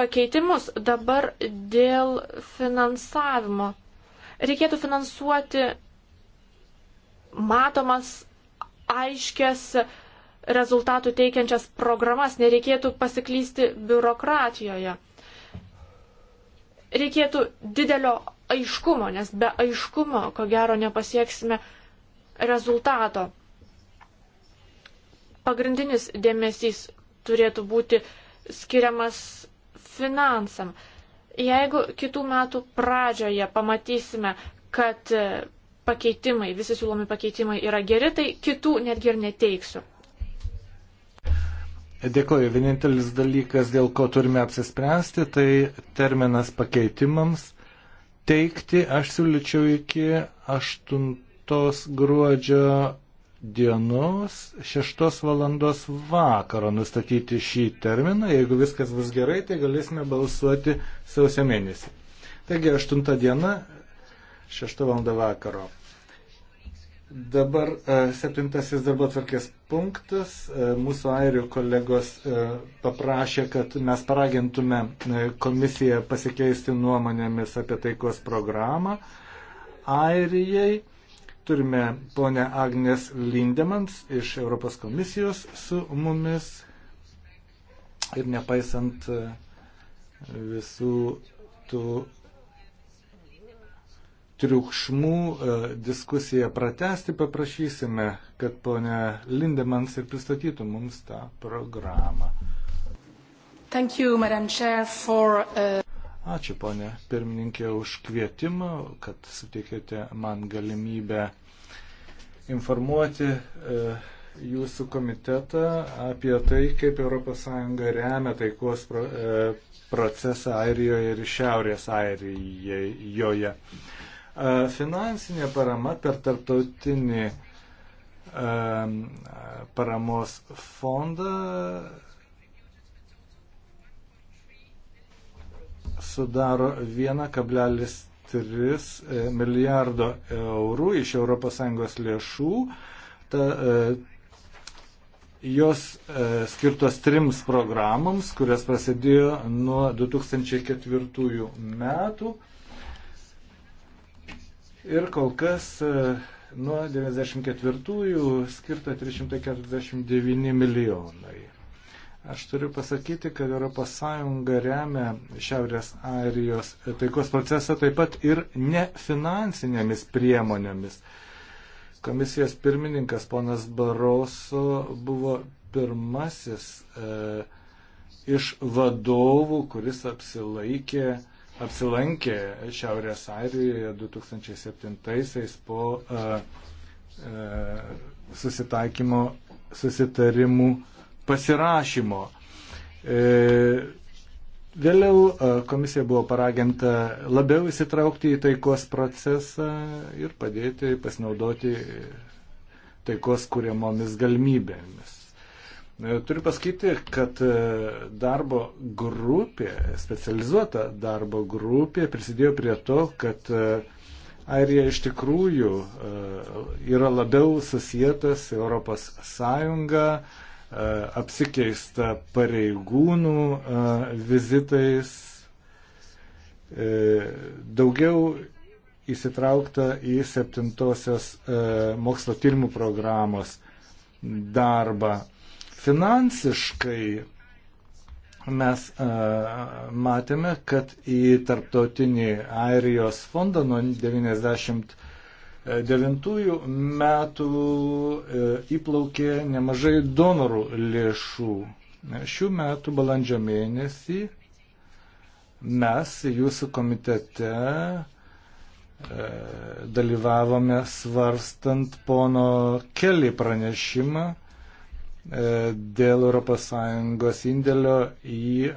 pakeitimus. Dabar dėl finansavimo. Reikėtų finansuoti matomas aiškės rezultatų teikiančias programas, nereikėtų pasiklysti biurokratijoje. Reikėtų didelio aiškumo, nes be aiškumo, ko gero, nepasieksime rezultato. Pagrindinis dėmesys turėtų būti skiriamas finansam. Jeigu kitų metų pradžioje pamatysime, kad pakeitimai, visi siūlomi pakeitimai yra geri, tai kitų netgi ir neteiksiu. Dėkoju. Vienintelis dalykas, dėl ko turime apsispręsti, tai terminas pakeitimams teikti aš siūlyčiau iki 8 gruodžio dienos 6 valandos vakaro nustatyti šį terminą. Jeigu viskas bus gerai, tai galėsime balsuoti sausio mėnesį. Taigi 8 diena 6 val. vakaro. Dabar e, septintasis darbo atvarkės punktas. E, mūsų airių kolegos e, paprašė, kad mes paragintume komisiją pasikeisti nuomonėmis apie taikos programą. Airijai turime ponę Agnes Lindemans iš Europos komisijos su mumis. Ir nepaisant visų tų triukšmų e, diskusiją pratesti, paprašysime, kad ponia Lindemans ir pristatytų mums tą programą. Thank you, Madam Chair, for, uh... Ačiū, ponė pirmininkė, už kvietimą, kad sutikėte man galimybę informuoti uh, jūsų komitetą apie tai, kaip ES remia taikos pro, uh, procesą Airijoje ir Šiaurės Airijoje. Finansinė parama per tarptautinį paramos fondą sudaro 1,3 e, milijardo eurų iš ES lėšų. Ta, e, jos e, skirtos trims programoms, kurias prasidėjo nuo 2004 metų. Ir kol kas e, nuo 94-ųjų skirta 349 milijonai. Aš turiu pasakyti, kad ES remia Šiaurės Airijos taikos procesą taip pat ir nefinansinėmis priemonėmis. Komisijos pirmininkas ponas Baroso buvo pirmasis e, iš vadovų, kuris apsilaikė e, apsilankė Šiaurės Airijoje 2007-aisiais po a, e, a, e, susitaikymo susitarimų pasirašymo. E, vėliau a, e, komisija buvo paraginta labiau įsitraukti į taikos procesą ir padėti pasinaudoti taikos kūriamomis galimybėmis. E, turiu pasakyti, kad e, darbo grupė, specializuota darbo grupė prisidėjo prie to, kad e, Airija iš tikrųjų yra labiau susijęs Europos Sąjunga, apsikeista pareigūnų vizitais, daugiau įsitraukta į septintosios mokslo tyrimų programos darbą Finansiškai mes e, matėme, kad į tarptautinį Airijos fondą nuo 99 metų e, įplaukė nemažai donorų lėšų. Šių metų balandžio mėnesį mes jūsų komitete e, dalyvavome svarstant pono Kelį pranešimą E, dėl ES indėlio į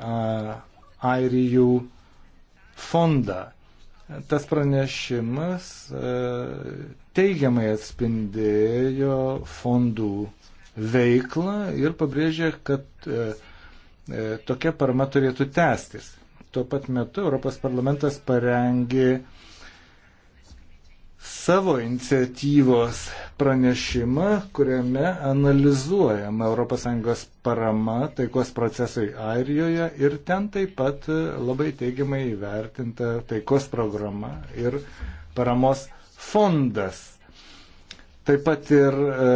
Airijų fondą. Tas pranešimas e, teigiamai atspindėjo fondų veiklą ir pabrėžė, kad e, tokia parama turėtų tęstis. Tuo pat metu Europos parlamentas parengė savo iniciatyvos pranešimą, kuriame analizuojama ES parama taikos procesui Airijoje ir ten taip pat labai teigiamai įvertinta taikos programa ir paramos fondas. Taip pat ir e,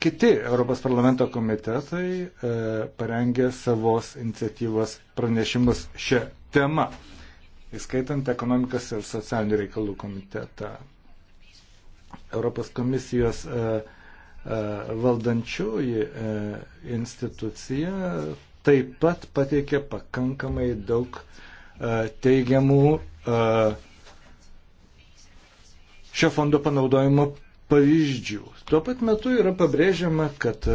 kiti Europos parlamento komitetai e, parengė savos iniciatyvos pranešimus šią temą, įskaitant ekonomikos ir socialinių reikalų komitetą. Europos komisijos e, e, valdančioji e, institucija taip pat pateikė pakankamai daug teigiamų šio fondo panaudojimo pavyzdžių. Tuo pat metu yra pabrėžiama, kad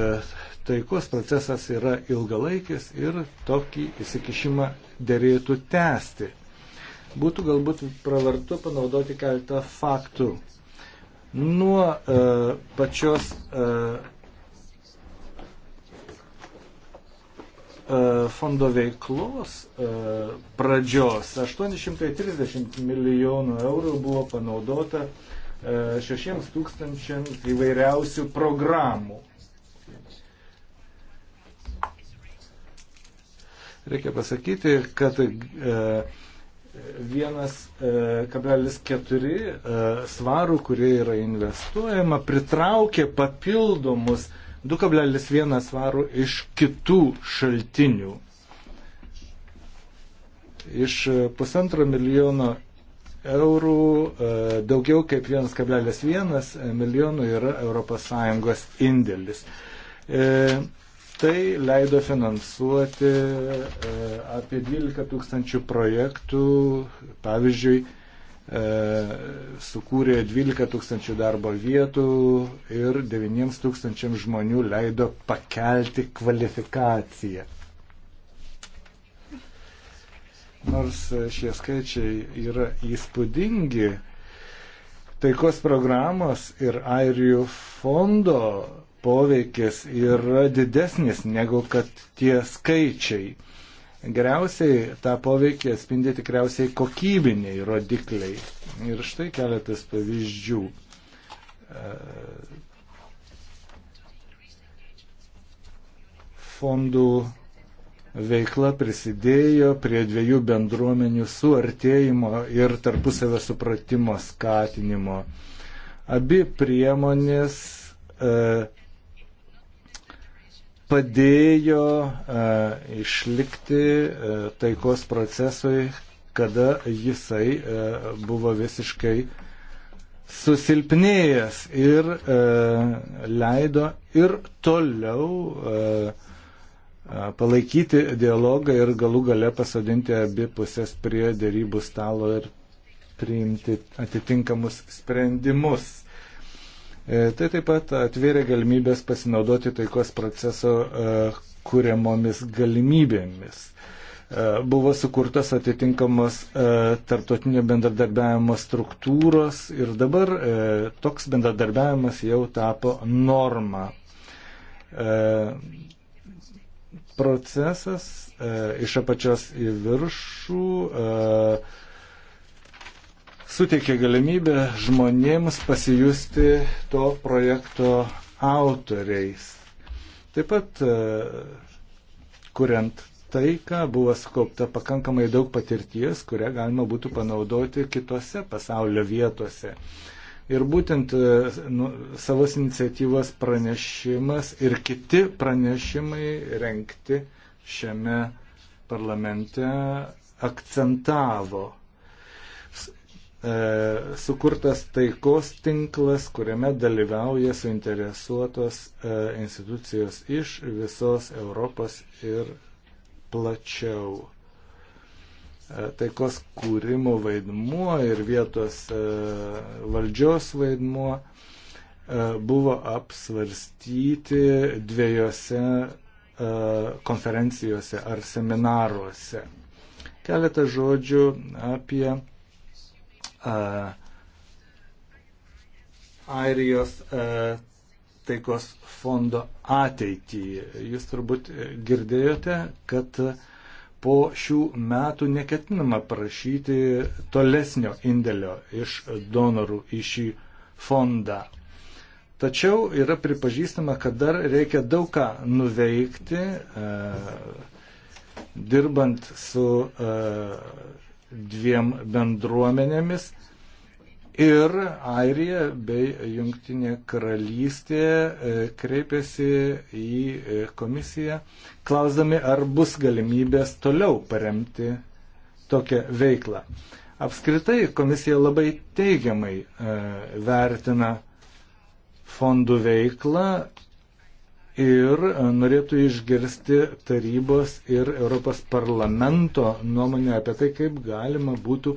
taikos procesas yra ilgalaikis ir tokį įsikišimą dėrėtų tęsti. Būtų galbūt pravartu panaudoti keletą faktų nuo e, pačios e, e fondo veiklos e, pradžios 830 milijonų eurų buvo panaudota 6 e, tūkstančiams įvairiausių programų. Reikia pasakyti, kad 1,4 e, e, svarų, kurie yra investuojama, pritraukė papildomus 2,1 svarų iš kitų šaltinių. Iš pusantro milijono eurų e, daugiau kaip 1,1 milijonų yra ES indėlis. Tai leido finansuoti e, apie 12 tūkstančių projektų, pavyzdžiui, e, sukūrė 12 tūkstančių darbo vietų ir 9 tūkstančiam žmonių leido pakelti kvalifikaciją. Nors šie skaičiai yra įspūdingi, taikos programos ir airijų fondo poveikis yra didesnis negu kad tie skaičiai. Geriausiai tą poveikį atspindi tikriausiai kokybiniai rodikliai. Ir štai keletas pavyzdžių. Fondų veikla prisidėjo prie dviejų bendruomenių suartėjimo ir tarpusavio supratimo skatinimo. Abi priemonės e, padėjo e, išlikti e, taikos procesui, kada jisai e, buvo visiškai susilpnėjęs ir e, leido ir toliau e, palaikyti dialogą ir galų gale pasodinti abi pusės prie dėrybų stalo ir priimti atitinkamus sprendimus. E, tai taip pat atvėrė galimybės pasinaudoti taikos proceso e, kūriamomis galimybėmis. E, buvo sukurtas atitinkamos tarptautinio bendradarbiavimo struktūros ir dabar toks bendradarbiavimas jau tapo norma. Procesas iš apačios į viršų suteikia galimybę žmonėms pasijusti to projekto autoriais. Taip pat, e, kuriant taiką, buvo skaupta pakankamai daug patirties, kurią galima būtų panaudoti kitose pasaulio vietose. Ir būtent e, nu, savos iniciatyvos pranešimas ir kiti pranešimai renkti šiame parlamente akcentavo E, sukurtas taikos tinklas, kuriame dalyvauja suinteresuotos e, institucijos iš visos Europos ir plačiau. E, taikos kūrimo vaidmuo ir vietos valdžios vaidmuo buvo apsvarstyti dviejose konferencijose ar seminaruose. Keletą žodžių apie E, Airijos e, taikos fondo ateitį. Jūs turbūt girdėjote, kad po šių metų neketinama prašyti tolesnio indėlio iš donorų į šį fondą. Tačiau yra pripažįstama, kad dar reikia daug ką nuveikti, e, dirbant su e, dviem bendruomenėmis. Ir Airija bei Junktinė karalystė e, kreipėsi į e, komisiją, klausdami, ar bus galimybės toliau paremti tokią veiklą. Apskritai komisija labai teigiamai e, vertina fondų veiklą ir e, norėtų išgirsti tarybos ir Europos parlamento nuomonę apie tai, kaip galima būtų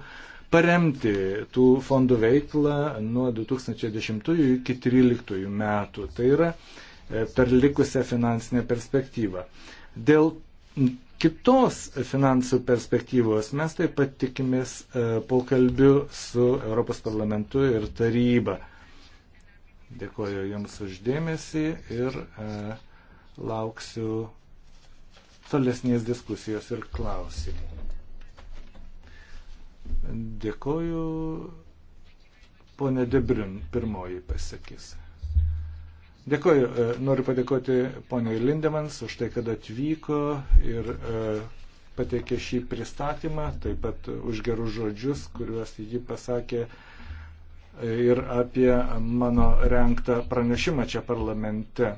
paremti tų fondų veiklą nuo 2010 iki 2013 metų. Tai yra e, per likusią finansinę perspektyvą. Dėl kitos finansų perspektyvos mes taip pat tikimės e, pokalbių su Europos parlamentu ir taryba. Dėkuoju Jums uždėmesį ir e, lauksiu tolesnės diskusijos ir klausimų. Dėkuoju, ponė Debrin, pirmoji pasakys. Dėkuoju, e, noriu padėkoti poniai Lindemans už tai, kad atvyko ir e, pateikė šį pristatymą, taip pat už gerus žodžius, kuriuos ji pasakė e, ir apie mano renktą pranešimą čia parlamente.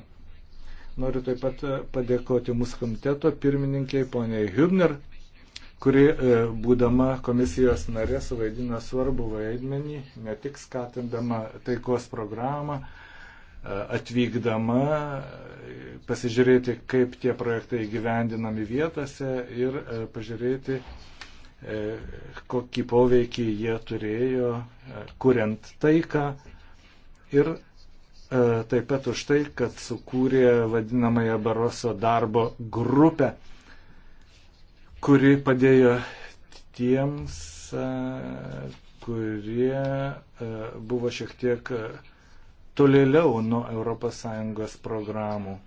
Noriu taip pat e, padėkoti mūsų komiteto pirmininkiai, poniai Hübner, kuri, e, būdama komisijos narė, suvaidino svarbu vaidmenį, ne tik skatindama taikos programą, e, atvykdama, pasižiūrėti, kaip tie projektai gyvendinami vietose ir pažiūrėti, E, kokį poveikį jie turėjo, e, kuriant taiką ir e, taip pat už tai, kad sukūrė vadinamąją Baroso darbo grupę, kuri padėjo tiems, kurie buvo šiek tiek tolėliau nuo ES programų.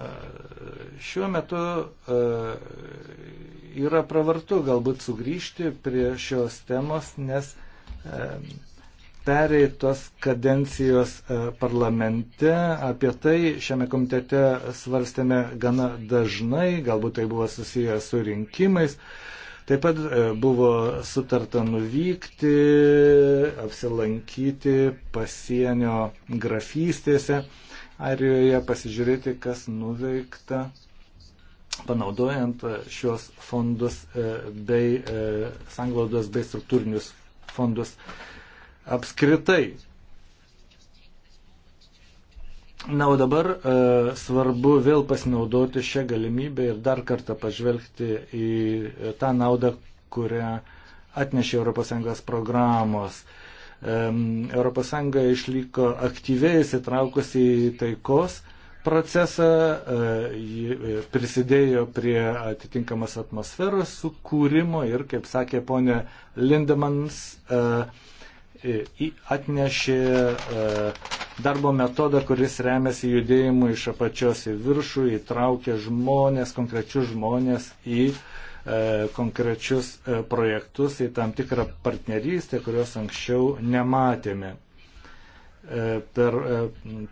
E, šiuo metu e, yra pravartu galbūt sugrįžti prie šios temos, nes e, pereitos kadencijos parlamente apie tai šiame komitete svarstėme gana dažnai, galbūt tai buvo susiję su rinkimais. Taip pat buvo sutarta nuvykti, apsilankyti pasienio grafystėse. Airijoje pasižiūrėti, kas nuveikta panaudojant šios fondus e, bei e, sanglaudos bei struktūrinius fondus apskritai. Na, o dabar e, svarbu vėl pasinaudoti šią galimybę ir dar kartą pažvelgti į tą naudą, kurią atnešė ES programos. E, ES išliko aktyviai įsitraukusi į taikos procesą, e, prisidėjo prie atitinkamas atmosferos sukūrimo ir, kaip sakė ponė Lindemans, e, atnešė e, darbo metodą, kuris remiasi judėjimu iš apačios į viršų, įtraukė žmonės, konkrečius žmonės į uh, E, konkrečius e, projektus į tam tikrą partnerystę, kurios anksčiau nematėme. E, per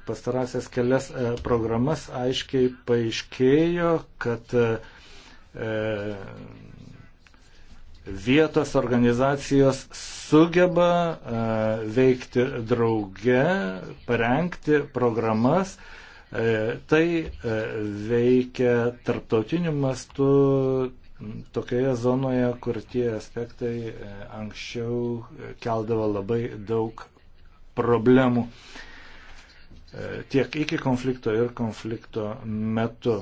pastarąsias kelias programas aiškiai paaiškėjo, kad vietos organizacijos sugeba veikti drauge, parengti programas. Tai veikia tarptautiniu mastu, tokioje zonoje, kur tie aspektai e, anksčiau e, keldavo labai daug problemų e, tiek iki konflikto ir konflikto metu.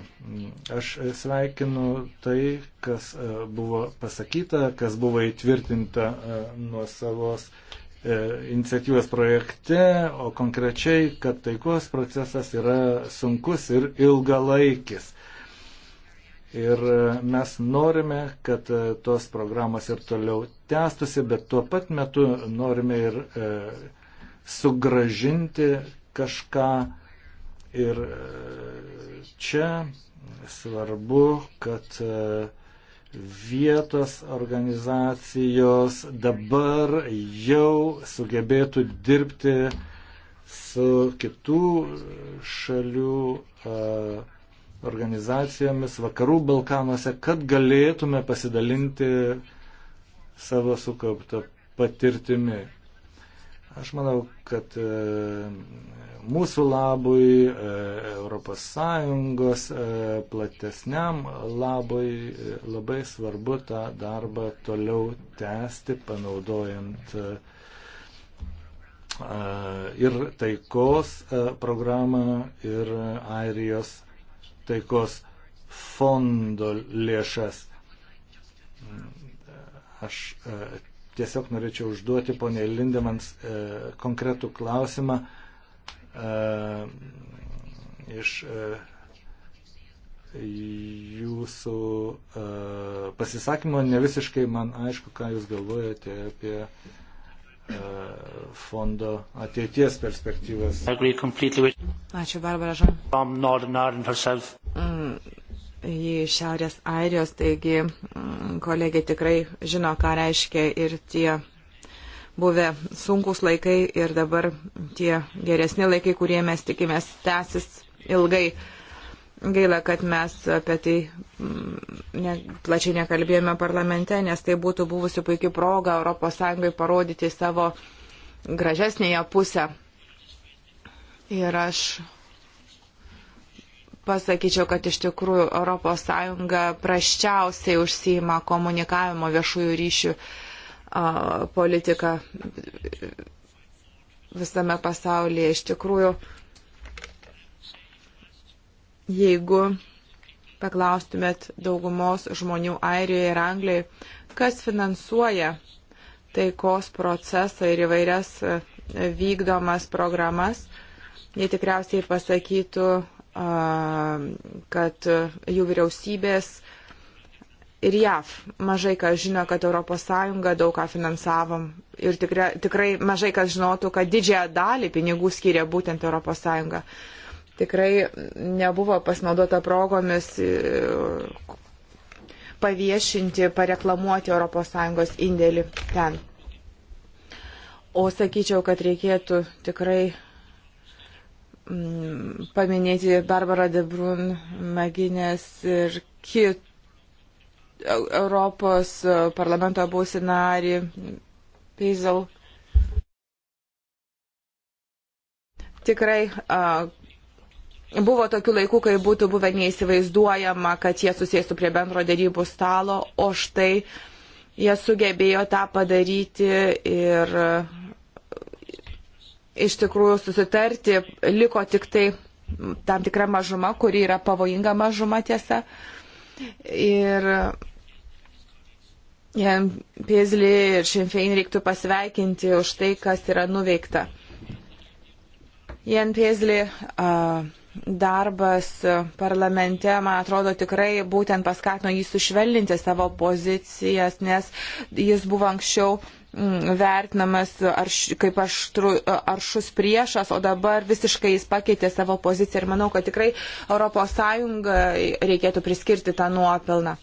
Aš sveikinu tai, kas buvo pasakyta, kas buvo įtvirtinta nuo savos iniciatyvos projekte, o konkrečiai, kad taikos procesas yra sunkus ir ilgalaikis. Ir e, mes norime, kad e, tos programos ir toliau tęstusi, bet tuo pat metu norime ir e, sugražinti kažką. Ir e, čia svarbu, kad e, vietos organizacijos dabar jau sugebėtų dirbti su kitų šalių uh, organizacijomis vakarų Balkanuose, kad galėtume pasidalinti savo sukauptą patirtimi. Aš manau, kad e, mūsų labui, ES e, platesniam labui e, labai svarbu tą darbą toliau tęsti, panaudojant ir taikos programą, ir Airijos taikos fondo lėšas. Aš e, tiesiog norėčiau užduoti ponė Lindemans e, konkretų klausimą e, iš jūsų pasisakymo. Ne visiškai man aišku, ką jūs galvojate apie fondo ateities perspektyvas. Ačiū, Barbara Žan. Mm, Jį iš Šiaurės Airijos, taigi mm, kolegė tikrai žino, ką reiškia ir tie buvę sunkus laikai ir dabar tie geresni laikai, kurie mes tikimės tęsis ilgai. Gaila, kad mes apie tai mm, ne, plačiai nekalbėjome parlamente, nes tai būtų buvusi puikia proga ES parodyti savo gražesnėje pusę. Ir aš pasakyčiau, kad iš tikrųjų ES praščiausiai užsijima komunikavimo viešųjų ryšių politiką visame pasaulyje. Iš tikrųjų, uh, jeigu paklaustumėt daugumos žmonių Airijoje ir Anglijoje, kas finansuoja taikos procesą ir įvairias e, vykdomas programas, jie tikriausiai pasakytų, kad jų vyriausybės ir JAV mažai kas žino, kad ES daug ką finansavom ir tikrai, tikrai mažai kas žinotų, kad didžiąją dalį pinigų skiria būtent ES tikrai nebuvo pasinaudota progomis e, paviešinti, pareklamuoti ES indėlį ten. O sakyčiau, kad reikėtų tikrai mm, paminėti Barbara Debrun, Maginės ir kitų Europos parlamento būsį narį Peizal. Tikrai Buvo tokių laikų, kai būtų buvę neįsivaizduojama, kad jie susėstų prie bendro dėrybų stalo, o štai jie sugebėjo tą padaryti ir e, iš tikrųjų susitarti. Liko tik tai tam tikra mažuma, kuri yra pavojinga mažuma tiesa. Ir e, Jan Pėzlį ir Šimfein reiktų pasveikinti už tai, kas yra nuveikta. Jan Pėzlį. Uh, darbas parlamente, man atrodo, tikrai būtent paskatino jį sušvelninti savo pozicijas, nes jis buvo anksčiau mm, vertinamas arš, kaip aštru, aršus priešas, o dabar visiškai jis pakeitė savo poziciją ir manau, kad tikrai ES reikėtų priskirti tą nuopelną.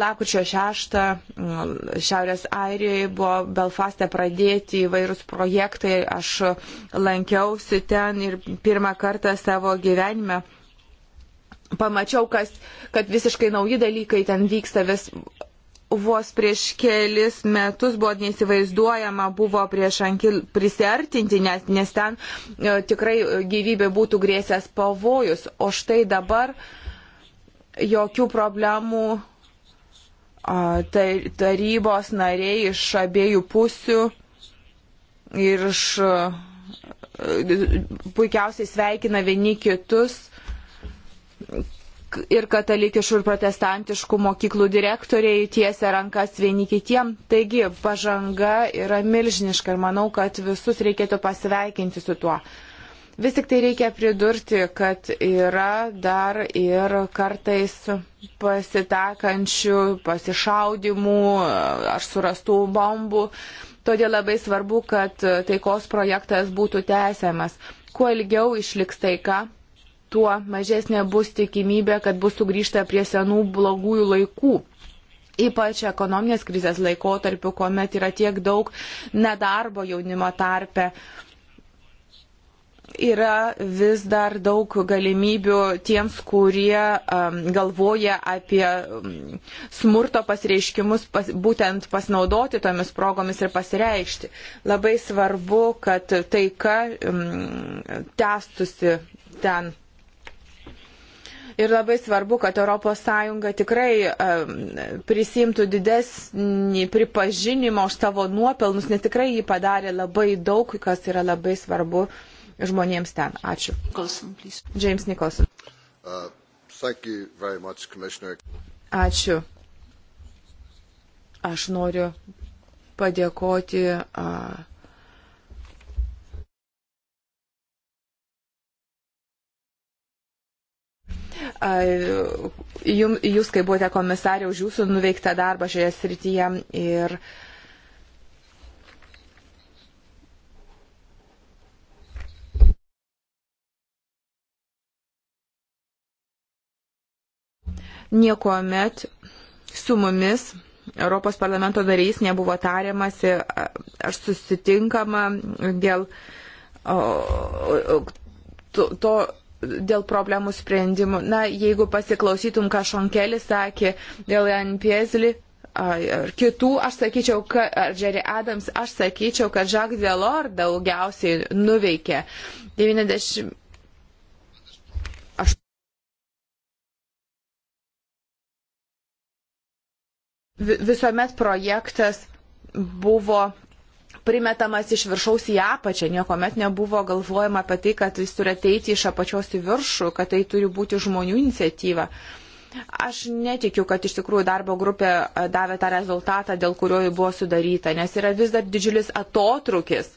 Lakučio 6 Šiaurės Airijoje buvo Belfaste pradėti įvairūs projektai. Aš lankiausi ten ir pirmą kartą savo gyvenime pamačiau, kas, kad visiškai nauji dalykai ten vyksta vis vos prieš kelis metus buvo neįsivaizduojama, buvo prieš ankil prisertinti, nes, nes ten e, tikrai gyvybė būtų grėsęs pavojus. O štai dabar e, jokių problemų. Tarybos nariai iš abiejų pusių ir iš puikiausiai sveikina vieni kitus ir katalikiškų ir protestantiškų mokyklų direktoriai tiesia rankas vieni kitiem. Taigi pažanga yra milžiniška ir manau, kad visus reikėtų pasveikinti su tuo. Uh, Vis tik tai reikia pridurti, kad yra dar ir kartais pasitakančių pasišaudimų ar surastų bombų. Todėl labai svarbu, kad taikos projektas būtų tęsiamas. Kuo ilgiau išliks taika, tuo mažesnė bus tikimybė, kad bus sugrįžta prie senų blogųjų laikų. Ypač ekonominės krizės laikotarpiu, kuomet yra tiek daug nedarbo jaunimo tarpe. Uh, yra vis dar daug galimybių tiems, kurie um, galvoja apie um, smurto pasireiškimus, pas, būtent pasinaudoti tomis progomis ir pasireikšti. Labai svarbu, kad taika um, tęstusi ten. Ir labai svarbu, kad ES tikrai um, prisimtų didesnį pripažinimą už savo nuopelnus, nes tikrai jį padarė labai daug, kas yra labai svarbu uh, žmonėms ten. Ačiū. Nicholson, please. James Nicholson. Uh, much, Ačiū. Aš noriu padėkoti. Uh, Jums, jūs, kai buvote komisarė, už jūsų nuveiktą darbą šioje srityje ir uh, niekuomet su mumis Europos parlamento nariais nebuvo tariamasi ar susitinkama dėl to, to dėl problemų sprendimų. Na, jeigu pasiklausytum, ką Šonkelis sakė dėl Jan Piezli ar kitų, aš sakyčiau, kad, ar Jerry Adams, aš sakyčiau, kad Jacques Delors daugiausiai nuveikė. 90 visuomet projektas buvo primetamas iš viršaus į apačią, niekuomet nebuvo galvojama apie tai, kad jis turi ateiti iš apačios į viršų, kad tai turi būti žmonių iniciatyva. Aš netikiu, kad iš tikrųjų darbo grupė davė tą rezultatą, dėl kurio ji buvo sudaryta, nes yra vis dar didžiulis atotrukis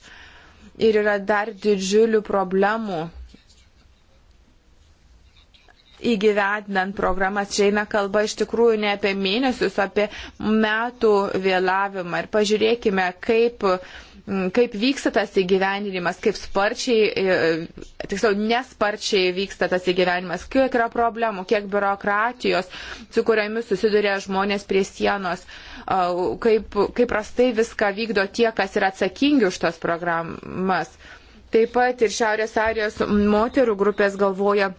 ir yra dar didžiulių problemų įgyvendinant programas. Čia eina kalba iš tikrųjų ne apie mėnesius, apie metų vėlavimą. Ir pažiūrėkime, kaip kaip vyksta tas įgyvendinimas, kaip sparčiai, e, e, tiksliau nesparčiai vyksta tas įgyvendinimas, kiek yra problemų, kiek biurokratijos, su kuriamis susiduria žmonės prie sienos, e, kaip, kaip prastai viską vykdo tie, kas yra atsakingi už tas programas. Taip pat ir Šiaurės Arijos moterų grupės galvoja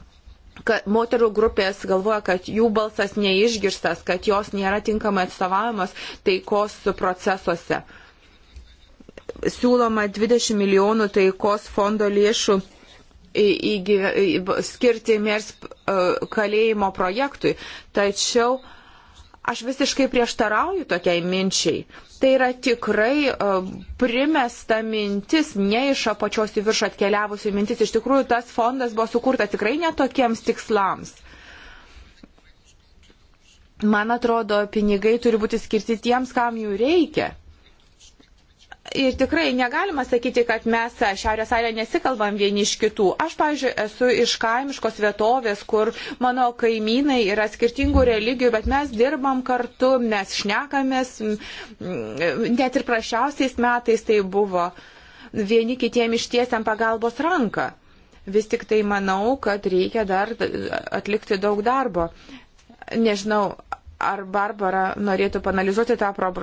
kad moterų grupės galvoja, kad jų balsas neišgirstas, kad jos nėra tinkamai atstovavimas taikos procesuose. Siūloma 20 milijonų taikos fondo lėšų skirti mers e, kalėjimo projektui. Tačiau uh, Aš visiškai prieštarauju tokiai minčiai. Tai yra tikrai uh, primesta mintis, ne iš apačios į viršų atkeliavusi mintis. Iš tikrųjų, tas fondas buvo sukurtas tikrai netokiems tikslams. Man atrodo, pinigai turi būti skirti tiems, kam jų reikia. Ir tikrai negalima sakyti, kad mes Šiaurės Airija nesikalbam vieni iš kitų. Aš, pavyzdžiui, esu iš kaimiškos vietovės, kur mano kaimynai yra skirtingų religijų, bet mes dirbam kartu, mes šnekamės, mm, net ir prašiausiais metais tai buvo. Vieni kitiem ištiesiam pagalbos ranką. Vis tik tai manau, kad reikia dar atlikti daug darbo. Nežinau, ar Barbara norėtų panalizuoti tą, pro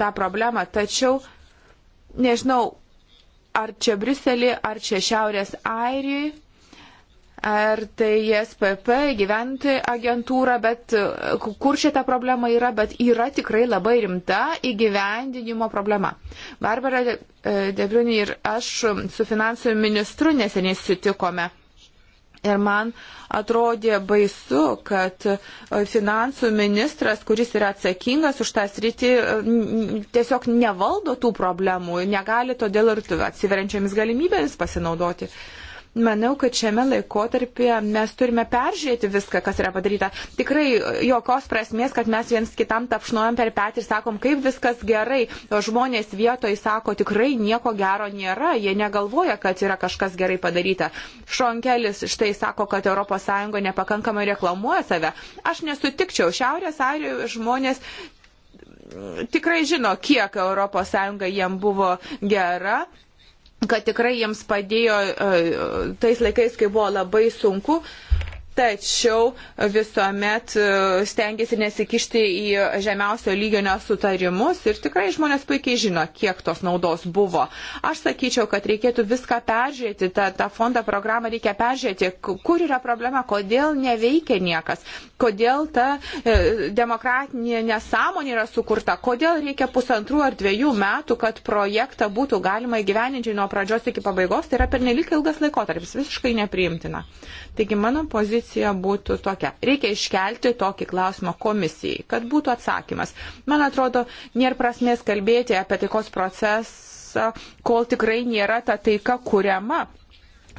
tą problemą, tačiau nežinau, ar čia Briselį, ar čia Šiaurės Airijai, ar tai SPP, gyventi agentūra, bet e, kur šita problema yra, bet yra tikrai labai rimta įgyvendinimo problema. Barbara e, Debriuni ir aš su finansų ministru neseniai sutikome. Ir man atrodė baisu, kad e, finansų ministras, kuris yra atsakingas už tą sritį, e, tiesiog nevaldo tų problemų, negali todėl ir atsiveriančiamis galimybėmis pasinaudoti. Uh, manau, kad šiame laikotarpyje mes turime peržiūrėti viską, kas yra padaryta. Tikrai jokios prasmės, kad mes viens kitam tapšnuojam per petį ir sakom, kaip viskas gerai, o žmonės vietoj sako, tikrai nieko gero nėra, jie negalvoja, kad yra kažkas gerai padaryta. Šonkelis štai sako, kad ES nepakankamai reklamuoja save. Aš nesutikčiau, Šiaurės Airijoje žmonės tikrai žino, kiek ES jiem buvo gera kad tikrai jiems padėjo e, e, tais laikais, kai buvo labai sunku, tačiau visuomet e, stengiasi nesikišti į žemiausio lygio nesutarimus ir tikrai žmonės puikiai žino, kiek tos naudos buvo. Aš sakyčiau, kad reikėtų viską peržiūrėti, tą, tą fondą programą reikia peržiūrėti, kur yra problema, kodėl neveikia niekas, kodėl ta e, demokratinė nesąmonė yra sukurta, kodėl reikia pusantrų ar dviejų metų, kad projektą būtų galima įgyveninti nuo pradžios iki pabaigos, tai yra pernelik ilgas laikotarpis, visiškai nepriimtina. Taigi mano pozicija pozicija būtų tokia. Reikia iškelti tokį klausimą komisijai, kad būtų atsakymas. Man atrodo, nėra prasmės kalbėti apie taikos procesą, kol tikrai nėra ta taika kuriama.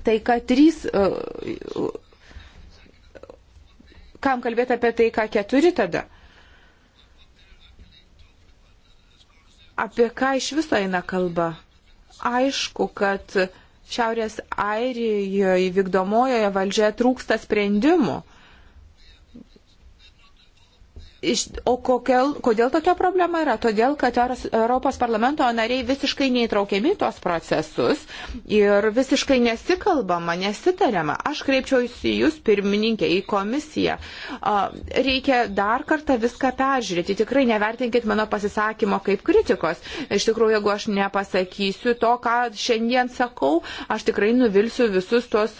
Taika 3. Uh, kam kalbėti apie taiką 4 tada? Apie ką iš viso eina kalba? Aišku, kad Šiaurės Airijoje vykdomojoje valdžioje trūksta sprendimų. Iš, o kokiel, kodėl tokia problema yra? Todėl, kad Europos parlamento nariai visiškai neįtraukiami tuos procesus ir visiškai nesikalbama, nesitariama. Aš kreipčiausi jūs pirmininkė į komisiją. Reikia dar kartą viską peržiūrėti. Tikrai nevertinkit mano pasisakymo kaip kritikos. Iš tikrųjų, jeigu aš nepasakysiu to, ką šiandien sakau, aš tikrai nuvilsiu visus tos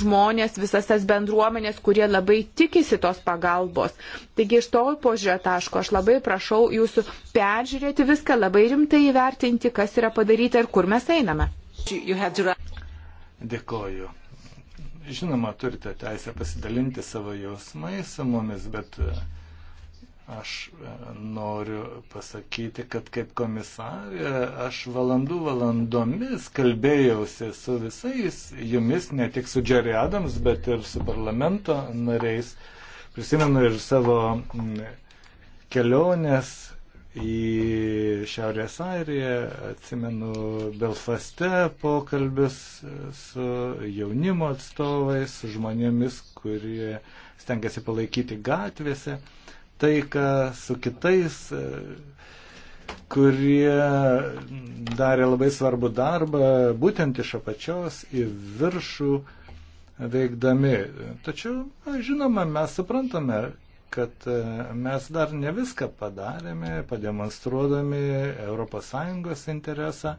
žmonės, visas tas bendruomenės, kurie labai tikisi tos pagalbos. Taigi iš to požiūrio taško. Aš labai prašau jūsų peržiūrėti viską, labai rimtai įvertinti, kas yra padaryta ir kur mes einame. Dėkoju. Žinoma, turite teisę pasidalinti savo jausmais su mumis, bet e, aš e, noriu pasakyti, kad kaip komisarė aš valandų valandomis kalbėjausi su visais jumis, ne tik su Džeriadams, bet ir su parlamento nariais. Prisimenu ir savo mm, keliones į Šiaurės Airiją, atsimenu Belfaste pokalbius su jaunimo atstovais, su žmonėmis, kurie stengiasi palaikyti gatvėse taiką su kitais, kurie darė labai svarbų darbą būtent iš apačios į viršų veikdami. Tačiau, žinoma, mes suprantame, kad e, mes dar ne viską padarėme, pademonstruodami ES interesą.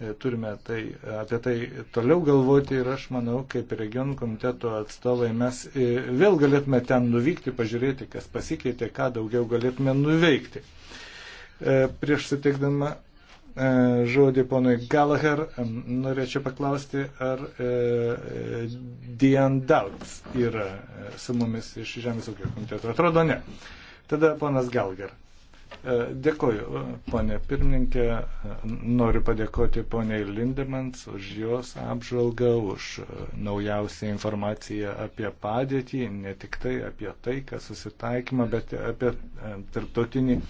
E, turime tai, apie tai toliau galvoti ir aš manau, kaip regionų komiteto atstovai, mes e, vėl galėtume ten nuvykti, pažiūrėti, kas pasikeitė, ką daugiau galėtume nuveikti. Prieš sutikdama E, žodį ponui Gallagher, norėčiau paklausti, ar e, e Dian Dalks yra e, su mumis iš Žemės ūkio komiteto. Atrodo, ne. Tada ponas Gallagher. E, dėkoju, ponė pirmininkė. Noriu padėkoti poniai Lindemans už jos apžvalgą, už naujausią informaciją apie padėtį, ne tik tai apie tai, kas susitaikymą, bet apie tarptautinį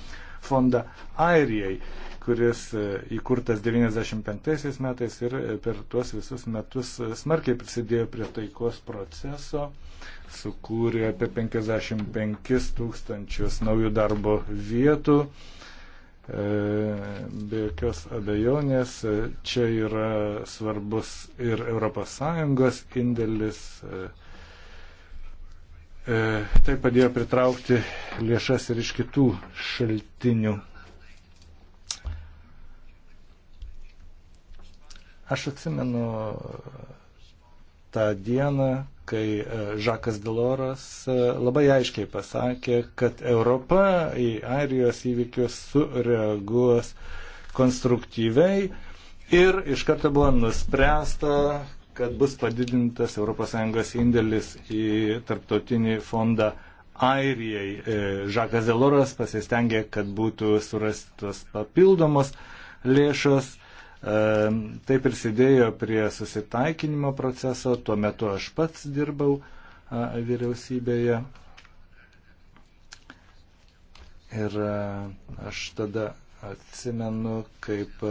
fondą Airijai kuris e, įkurtas 95 metais ir e, per tuos visus metus e, smarkiai prisidėjo prie taikos proceso, sukūrė apie 55 tūkstančius naujų darbo vietų. Be jokios abejonės, čia yra svarbus ir ES indėlis Tai padėjo pritraukti lėšas ir iš kitų šaltinių. Aš atsimenu tą dieną, kai e, Žakas Deloras e, labai aiškiai pasakė, kad Europa į Airijos įvykius sureaguos konstruktyviai ir iš karto buvo nuspręsta, kad bus padidintas ES indėlis į tarptautinį fondą Airijai. E, Žakas Deloras pasistengė, kad būtų surastos papildomos lėšos Tai prisidėjo prie susitaikinimo proceso, tuo metu aš pats dirbau vyriausybėje. Ir aš tada atsimenu, kaip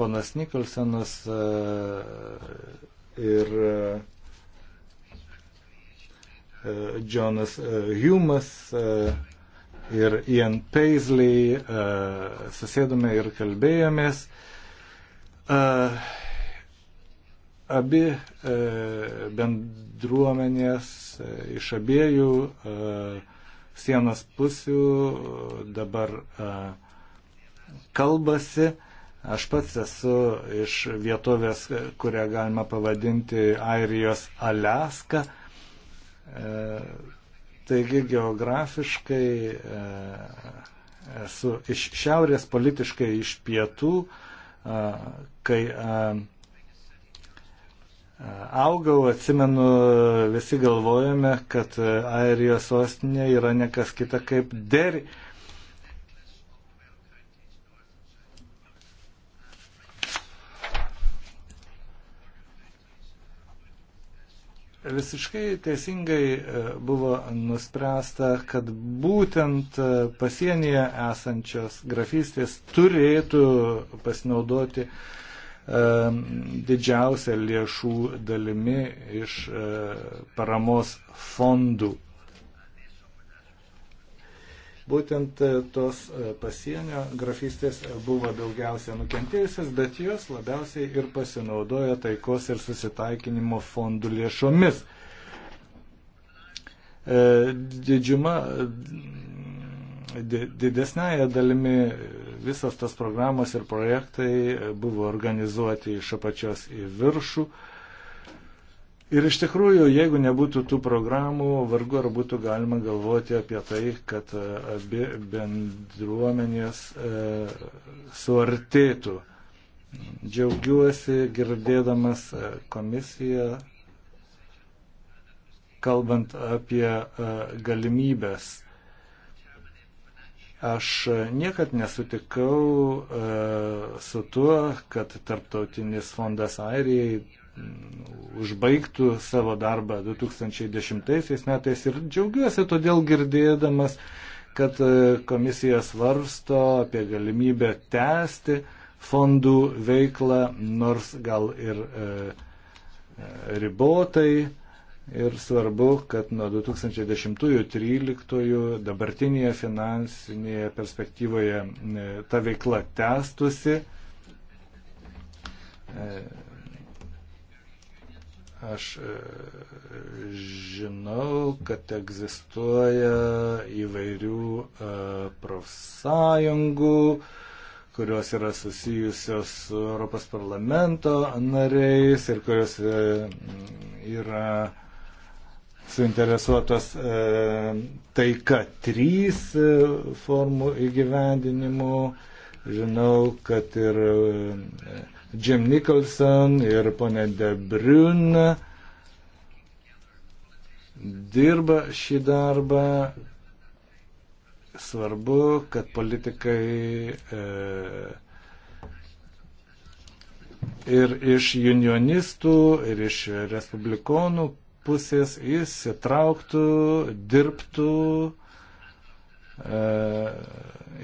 ponas Nikolsenas ir Jonas Humas ir Ian Paisley susėdome ir kalbėjomės. Abi e, bendruomenės e, iš abiejų e, sienos pusių dabar kalbasi. Aš pats esu iš vietovės, kurią galima pavadinti Airijos Aleska. Taigi geografiškai esu iš šiaurės, politiškai iš pietų. E, Kai augau, atsimenu, visi galvojame, kad Airijos sostinė yra nekas kita kaip Deri. Visiškai teisingai e, buvo nuspręsta, kad būtent e, pasienyje esančios grafystės turėtų pasinaudoti e, didžiausia lėšų dalimi iš paramos fondų. Būtent e, tos e, pasienio grafystės buvo daugiausia nukentėjusios, bet jos labiausiai ir pasinaudojo taikos ir susitaikinimo fondų lėšomis. E, didžiuma didesnėje dalimi visos tos programos ir projektai buvo organizuoti iš apačios į viršų. Ir iš tikrųjų, jeigu nebūtų tų programų, vargu ar būtų galima galvoti apie tai, kad e, abi bendruomenės e, suartėtų. Džiaugiuosi girdėdamas e, komisiją, kalbant apie e, galimybės. Aš niekad nesutikau e, su tuo, kad Tarptautinis fondas Airijai užbaigtų savo darbą 2010 metais ir džiaugiuosi todėl girdėdamas, kad e, komisija svarsto apie galimybę tęsti fondų veiklą, nors gal ir e, e ribotai. Ir svarbu, kad nuo 2010-2013 dabartinėje finansinėje perspektyvoje e, ta veikla tęstusi. E, Aš e, žinau, kad egzistuoja įvairių e, profsąjungų, kurios yra susijusios su Europos parlamento nariais ir kurios e, yra suinteresuotos taika trys formų įgyvendinimu. Žinau, kad ir Jim Nicholson ir ponė Debriun dirba šį darbą. Svarbu, kad politikai e, ir iš unionistų, ir iš respublikonų pusės įsitrauktų, dirbtų e,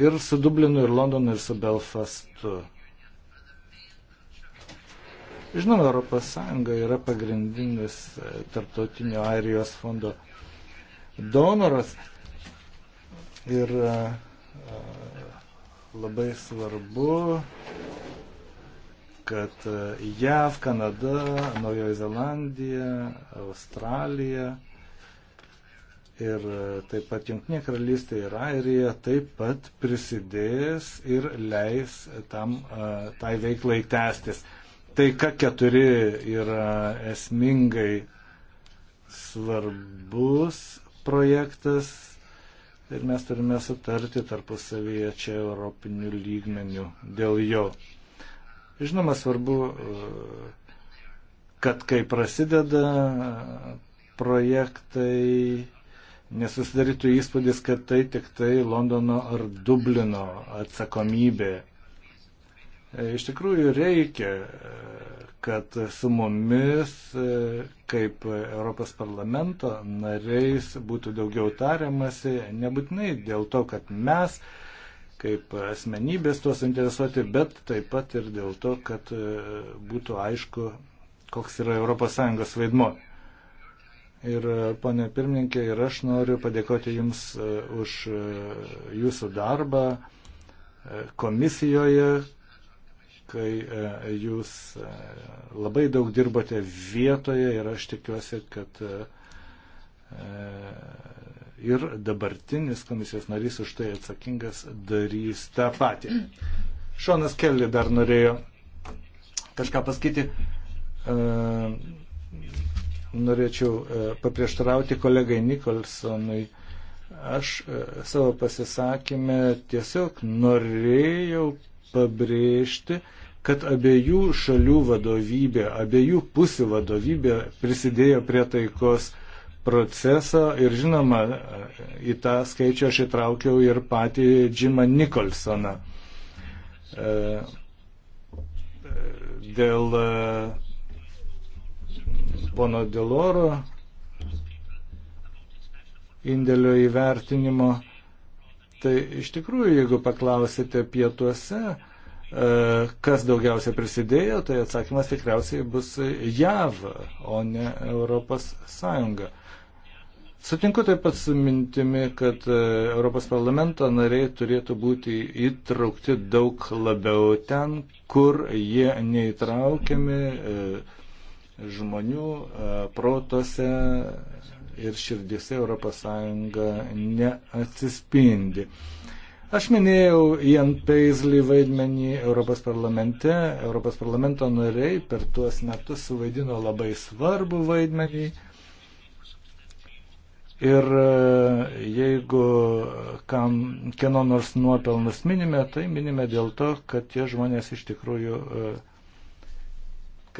ir su Dublinu, ir Londonu, ir su Belfastu. Žinoma, ES yra pagrindinis e, tarptautinio Airijos fondo donoras ir e, e, labai svarbu, kad JAV, Kanada, Naujoji Zelandija, Australija ir taip pat Junktinė karalystė ir Airija taip pat prisidės ir leis tam, tai veiklai tęstis. Taika 4 yra esmingai svarbus projektas ir mes turime sutarti tarpusavyje čia europinių lygmenių dėl jo. Žinoma, svarbu, kad kai prasideda projektai, nesusidarytų įspūdis, kad tai tik tai Londono ar Dublino atsakomybė E, iš tikrųjų reikia, e, kad su mumis, e, kaip Europos parlamento nariais, būtų daugiau tariamasi, nebūtinai dėl to, kad mes kaip asmenybės tuos interesuoti, bet taip pat ir dėl to, kad būtų aišku, koks yra ES vaidmo. Ir, ponė pirmininkė, ir aš noriu padėkoti Jums už Jūsų darbą komisijoje, kai e, jūs e, labai daug dirbote vietoje ir aš tikiuosi, kad e, ir dabartinis komisijos narys už tai atsakingas darys tą patį. Šonas Kelly dar norėjo kažką pasakyti. Norėčiau paprieštarauti kolegai Nikolsonui. Aš savo pasisakymę tiesiog norėjau pabrėžti, kad abiejų šalių vadovybė, abiejų pusių vadovybė prisidėjo prie taikos proceso ir žinoma, į tą skaičių aš įtraukiau ir patį Džimą Nikolsoną. E, dėl e, pono Deloro indėlio įvertinimo, tai iš tikrųjų, jeigu paklausite pietuose, E, kas daugiausia prisidėjo, tai atsakymas tikriausiai bus JAV, o ne Europos Sąjunga. Sutinku taip pat su mintimi, kad e, Europos parlamento nariai turėtų būti įtraukti daug labiau ten, kur jie neįtraukiami e, žmonių protose ir širdise Europos Sąjunga neatsispindi. Aš minėjau Ian Paisley vaidmenį Europos parlamente. Europos parlamento nariai per tuos metus suvaidino labai svarbų vaidmenį. Ir e, jeigu kam, kieno nors nuopelnus minime, tai minime dėl to, kad tie žmonės iš tikrųjų e,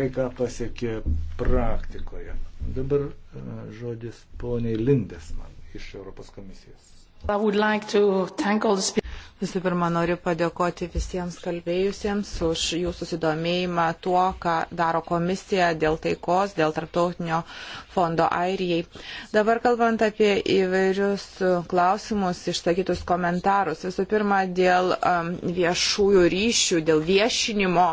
kai ką pasiekė praktikoje. Dabar e, žodis poniai Lindesman iš Europos komisijos. Like Visų pirma, noriu padėkoti visiems kalbėjusiems už jų susidomėjimą tuo, ką daro komisija dėl taikos, dėl tarptautinio fondo Airijai. Dabar kalbant apie įvairius klausimus, išsakytus komentarus. Visų pirma, dėl um, viešųjų ryšių, dėl viešinimo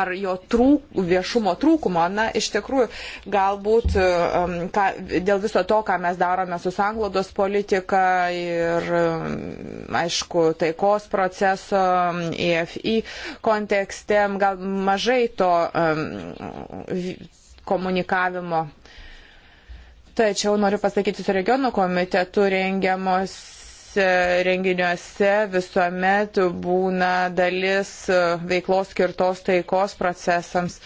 ar jo trūk, viešumo trūkumo. Na, iš tikrųjų, galbūt um, ką, dėl viso to, ką mes darome su sanglodos politika ir, um, aišku, taiko taikos proceso mm, EFI kontekste, mm, gal mažai to mm, komunikavimo. Tačiau noriu pasakyti, su regionų komitetu rengiamos renginiuose visuomet būna dalis veiklos skirtos taikos procesams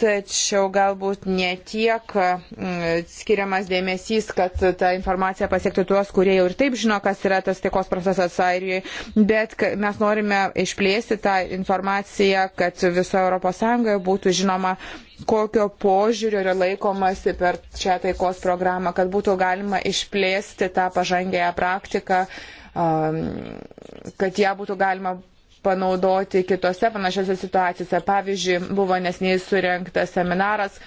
tačiau galbūt ne tiek mm, skiriamas dėmesys, kad ta informacija pasiektų tuos, kurie jau ir taip žino, kas yra tas taikos procesas Airijoje, bet mes norime išplėsti tą informaciją, kad viso ES būtų žinoma, kokio požiūrio yra laikomasi per šią taikos programą, kad būtų galima išplėsti tą pažangėją praktiką kad ją būtų galima panaudoti kitose panašiose situacijose. Pavyzdžiui, buvo nesniai surinktas seminaras.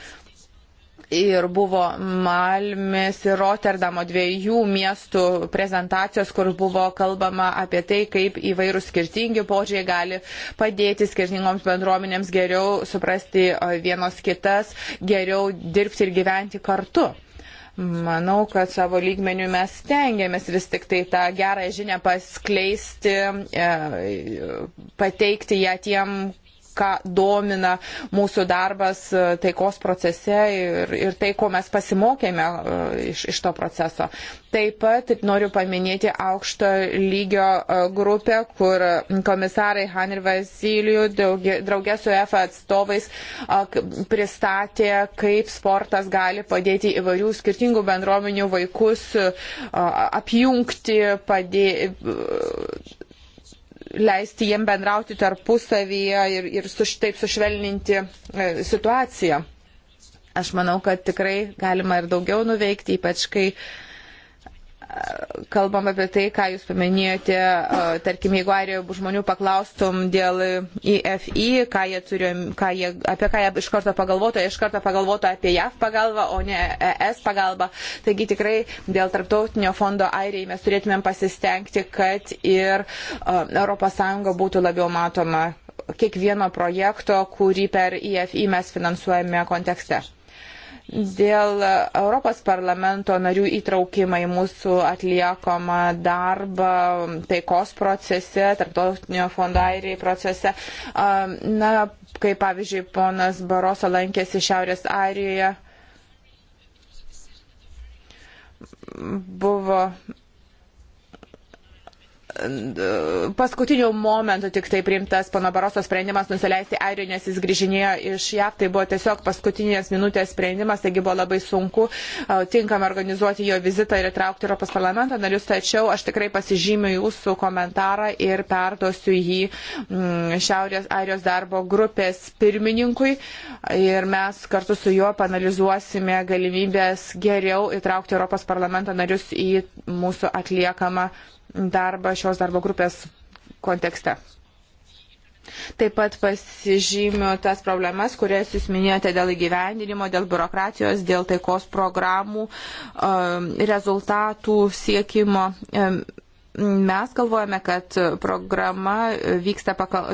Ir buvo Malmės ir Rotterdamo dviejų miestų prezentacijos, kur buvo kalbama apie tai, kaip įvairūs skirtingi požiūriai gali padėti skirtingoms bendruomenėms geriau suprasti vienos kitas, geriau dirbti ir gyventi kartu. Manau, kad savo lygmenių mes stengiamės vis tik tai tą gerą žinią paskleisti, e, pateikti ją tiem, ką domina mūsų darbas e, taikos procese ir, ir tai, ko mes pasimokėme e, iš, iš to proceso. Taip pat noriu paminėti aukšto lygio e, grupę, kur komisarai Han ir Vasilijų draugė su EFA atstovais pristatė, kaip sportas gali padėti įvairių skirtingų bendruomenių vaikus apjungti, padė, leisti jiem bendrauti tarpusavyje ir, ir su, taip sušvelninti e, situaciją. Aš manau, kad tikrai galima ir daugiau nuveikti, ypač kai kalbam apie tai, ką jūs paminėjote, tarkim, jeigu airijoje žmonių paklaustum dėl IFI, e ką jie turi, ką jie, apie ką jie iš karto pagalvotų, jie iš karto pagalvotų apie JAV pagalbą, o ne ES pagalbą. Taigi tikrai dėl tarptautinio fondo airijai mes turėtumėm pasistengti, kad ir ES būtų labiau matoma kiekvieno projekto, kurį per IFI e mes finansuojame kontekste dėl Europos parlamento narių įtraukimą į mūsų atliekamą darbą taikos procese, tarptautinio fondo airiai procese. Na, kaip pavyzdžiui, ponas Baroso lankėsi Šiaurės Airijoje, buvo paskutiniu momentu tik tai priimtas pono Baroso sprendimas nusileisti airiui, nes jis grįžinėjo iš JAV, tai buvo tiesiog paskutinės minutės sprendimas, taigi buvo labai sunku tinkamai organizuoti jo vizitą ir įtraukti Europos parlamento narius, tačiau aš tikrai pasižymiu jūsų komentarą ir perduosiu jį mm, Šiaurės Airijos darbo grupės pirmininkui ir mes kartu su juo panalizuosime galimybės geriau įtraukti Europos parlamento narius į mūsų atliekamą darbą šios darbo grupės kontekste. Taip pat pasižymiu tas problemas, kurias jūs minėjote dėl įgyvendinimo, dėl biurokratijos, dėl taikos programų, um, rezultatų siekimo. Um, mes galvojame, kad programa vyksta pakal,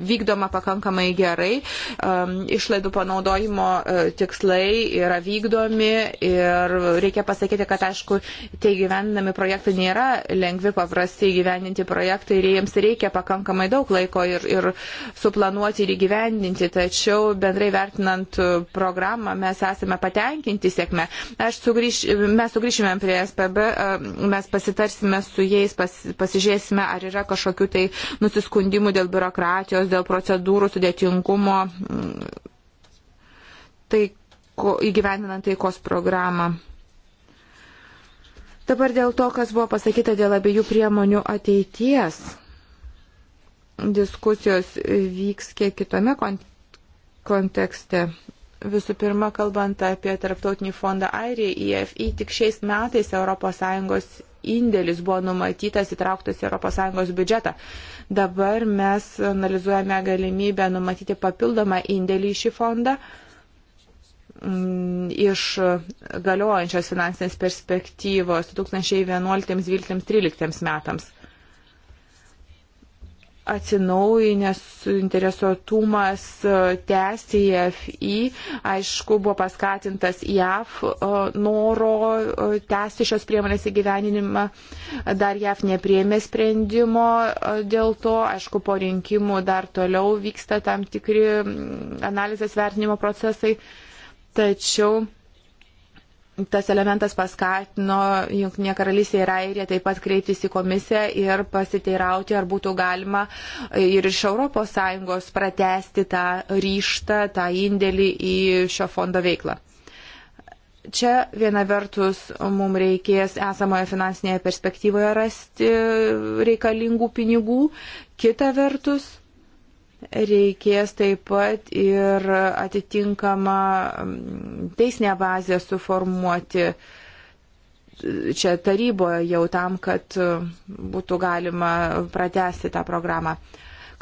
vykdoma pakankamai gerai, ehm, išlaidų panaudojimo e, tikslai yra vykdomi ir reikia pasakyti, kad aišku, tie gyvendinami projektai nėra lengvi, paprasti įgyvendinti projektai ir jiems reikia pakankamai daug laiko ir, ir suplanuoti ir įgyvendinti, tačiau bendrai vertinant programą mes esame patenkinti sėkme. Sugrįž, mes sugrįšime prie SPB, e, mes pasitarsime su jais jais, pas, pasižiūrėsime, ar yra kažkokių tai nusiskundimų dėl biurokratijos, dėl procedūrų sudėtingumo. Mm, tai ko, įgyvendinant taikos programą. Dabar dėl to, kas buvo pasakyta dėl abiejų priemonių ateities. Diskusijos vyks kiek kitame kont kontekste. Visų pirma, kalbant apie Tarptautinį fondą Airijai, IFI, tik šiais metais ES indėlis buvo numatytas įtrauktas į ES biudžetą. Dabar mes analizuojame galimybę numatyti papildomą indėlį į šį fondą mm, iš galiojančios finansinės perspektyvos 2011-2012-2013 metams atsinaujinęs suinteresuotumas e, tęsti FI, aišku, buvo paskatintas JAF e, noro e, tęsti šios priemonės įgyveninimą. Dar JAF nepriemė sprendimo dėl to, aišku, po rinkimų dar toliau vyksta tam tikri analizės vertinimo procesai. Tačiau tas elementas paskatino Junktinė karalystė ir Airija taip pat kreiptis į komisiją ir pasiteirauti, ar būtų galima ir iš ES pratesti tą ryštą, tą indėlį į šio fondo veiklą. Čia viena vertus mums reikės esamoje finansinėje perspektyvoje rasti reikalingų pinigų, kita vertus reikės taip pat ir atitinkamą teisinę bazę suformuoti čia taryboje jau tam, kad e, būtų galima pratesti tą programą.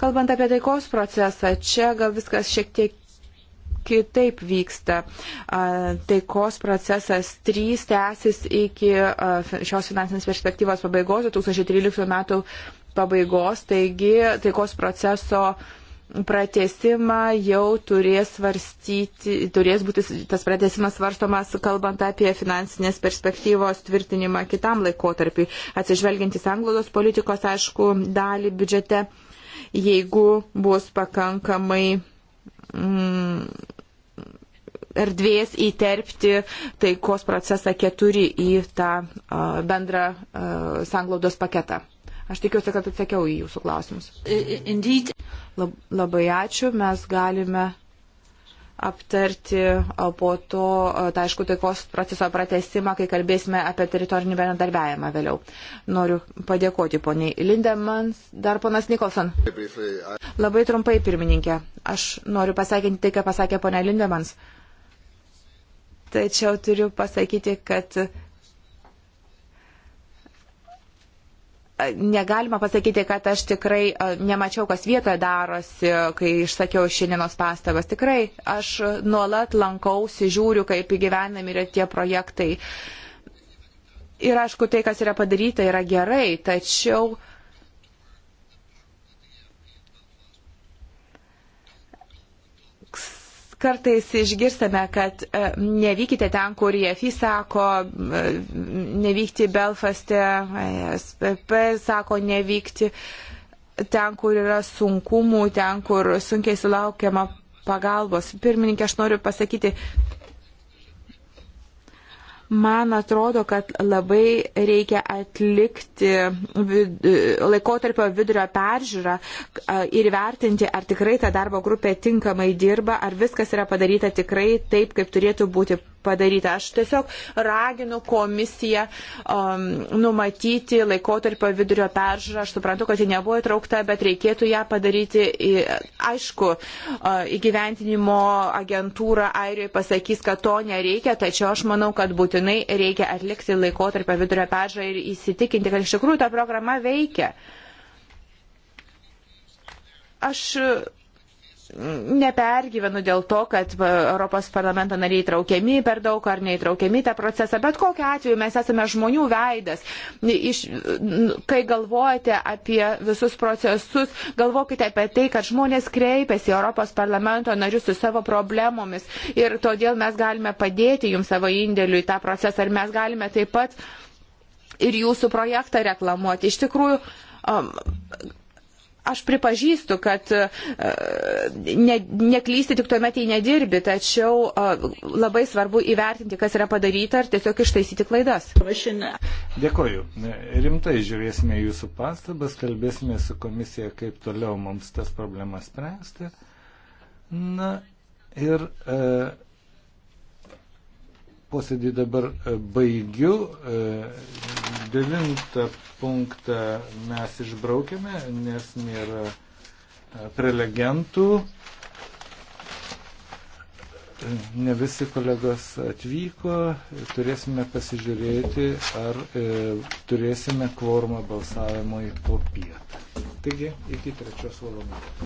Kalbant apie taikos procesą, čia gal viskas šiek tiek kitaip vyksta. Taikos procesas 3 tęsis iki šios finansinės perspektyvos pabaigos, 2013 metų pabaigos, taigi taikos proceso uh, pratesimą jau turės svarstyti, turės būti tas pratesimas svarstomas, kalbant apie finansinės perspektyvos tvirtinimą kitam laikotarpiui, atsižvelgiant į sanglaudos politikos, aišku, dalį biudžete, jeigu bus pakankamai. Mm, erdvės įterpti taikos procesą keturi į tą uh, bendrą uh, sanglaudos paketą. Aš tikiuosi, kad atsakiau į jūsų klausimus. Indeed. Lab, labai ačiū. Mes galime aptarti po to, tai aišku, taikos proceso pratesimą, kai kalbėsime apie teritorinį bendradarbiavimą vėliau. Noriu padėkoti poniai Lindemans, dar ponas Nikolson. Labai trumpai, pirmininkė. Aš noriu pasakinti tai, ką pasakė ponia Lindemans. Tačiau turiu pasakyti, kad negalima pasakyti, kad aš tikrai e, nemačiau, kas vietoje darosi, kai išsakiau šiandienos pastabas. Tikrai aš nuolat lankausi, žiūriu, kaip įgyvenami yra tie projektai. Ir aišku, tai, kas yra padaryta, yra gerai, tačiau uh, kartais išgirstame, kad e, nevykite ten, kur JFI sako, e, nevykti Belfaste, SP sako nevykti ten, kur yra sunkumų, ten, kur sunkiai sulaukiama pagalbos. Pirmininkė, aš noriu pasakyti, Man atrodo, kad labai reikia atlikti vid laikotarpio vidurio peržiūrą ir vertinti, ar tikrai ta darbo grupė tinkamai dirba, ar viskas yra padaryta tikrai taip, kaip turėtų būti padaryta. Aš tiesiog raginu komisiją um, numatyti laikotarpio vidurio peržiūrą. Aš suprantu, kad ji nebuvo įtraukta, bet reikėtų ją padaryti. Aišku, uh, įgyventinimo agentūra Airijoje pasakys, kad to nereikia, tačiau aš manau, kad būtinai reikia atlikti laikotarpio vidurio peržiūrą ir įsitikinti, kad iš tikrųjų ta programa veikia. Aš nepergyvenu dėl to, kad Europos parlamento nariai įtraukiami per daug ar neįtraukiami tą procesą, bet kokiu atveju mes esame žmonių veidas. Iš, kai galvojate apie visus procesus, galvokite apie tai, kad žmonės kreipiasi Europos parlamento narius su savo problemomis ir todėl mes galime padėti jums savo indėliu į tą procesą ir mes galime taip pat ir jūsų projektą reklamuoti. Iš tikrųjų, um, aš pripažįstu, kad e, ne, neklysti tik tuomet, jei nedirbi, tačiau e, labai svarbu įvertinti, kas yra padaryta ir tiesiog ištaisyti klaidas. Dėkoju. Rimtai žiūrėsime jūsų pastabas, kalbėsime su komisija, kaip toliau mums tas problemas spręsti. Na ir e, posėdį dabar e, baigiu. E, Devintą punktą mes išbraukėme, nes nėra e, prelegentų. Ne visi kolegos atvyko, turėsime pasižiūrėti, ar e, turėsime kvormą balsavimui po pietą. Taigi, iki trečios valandos.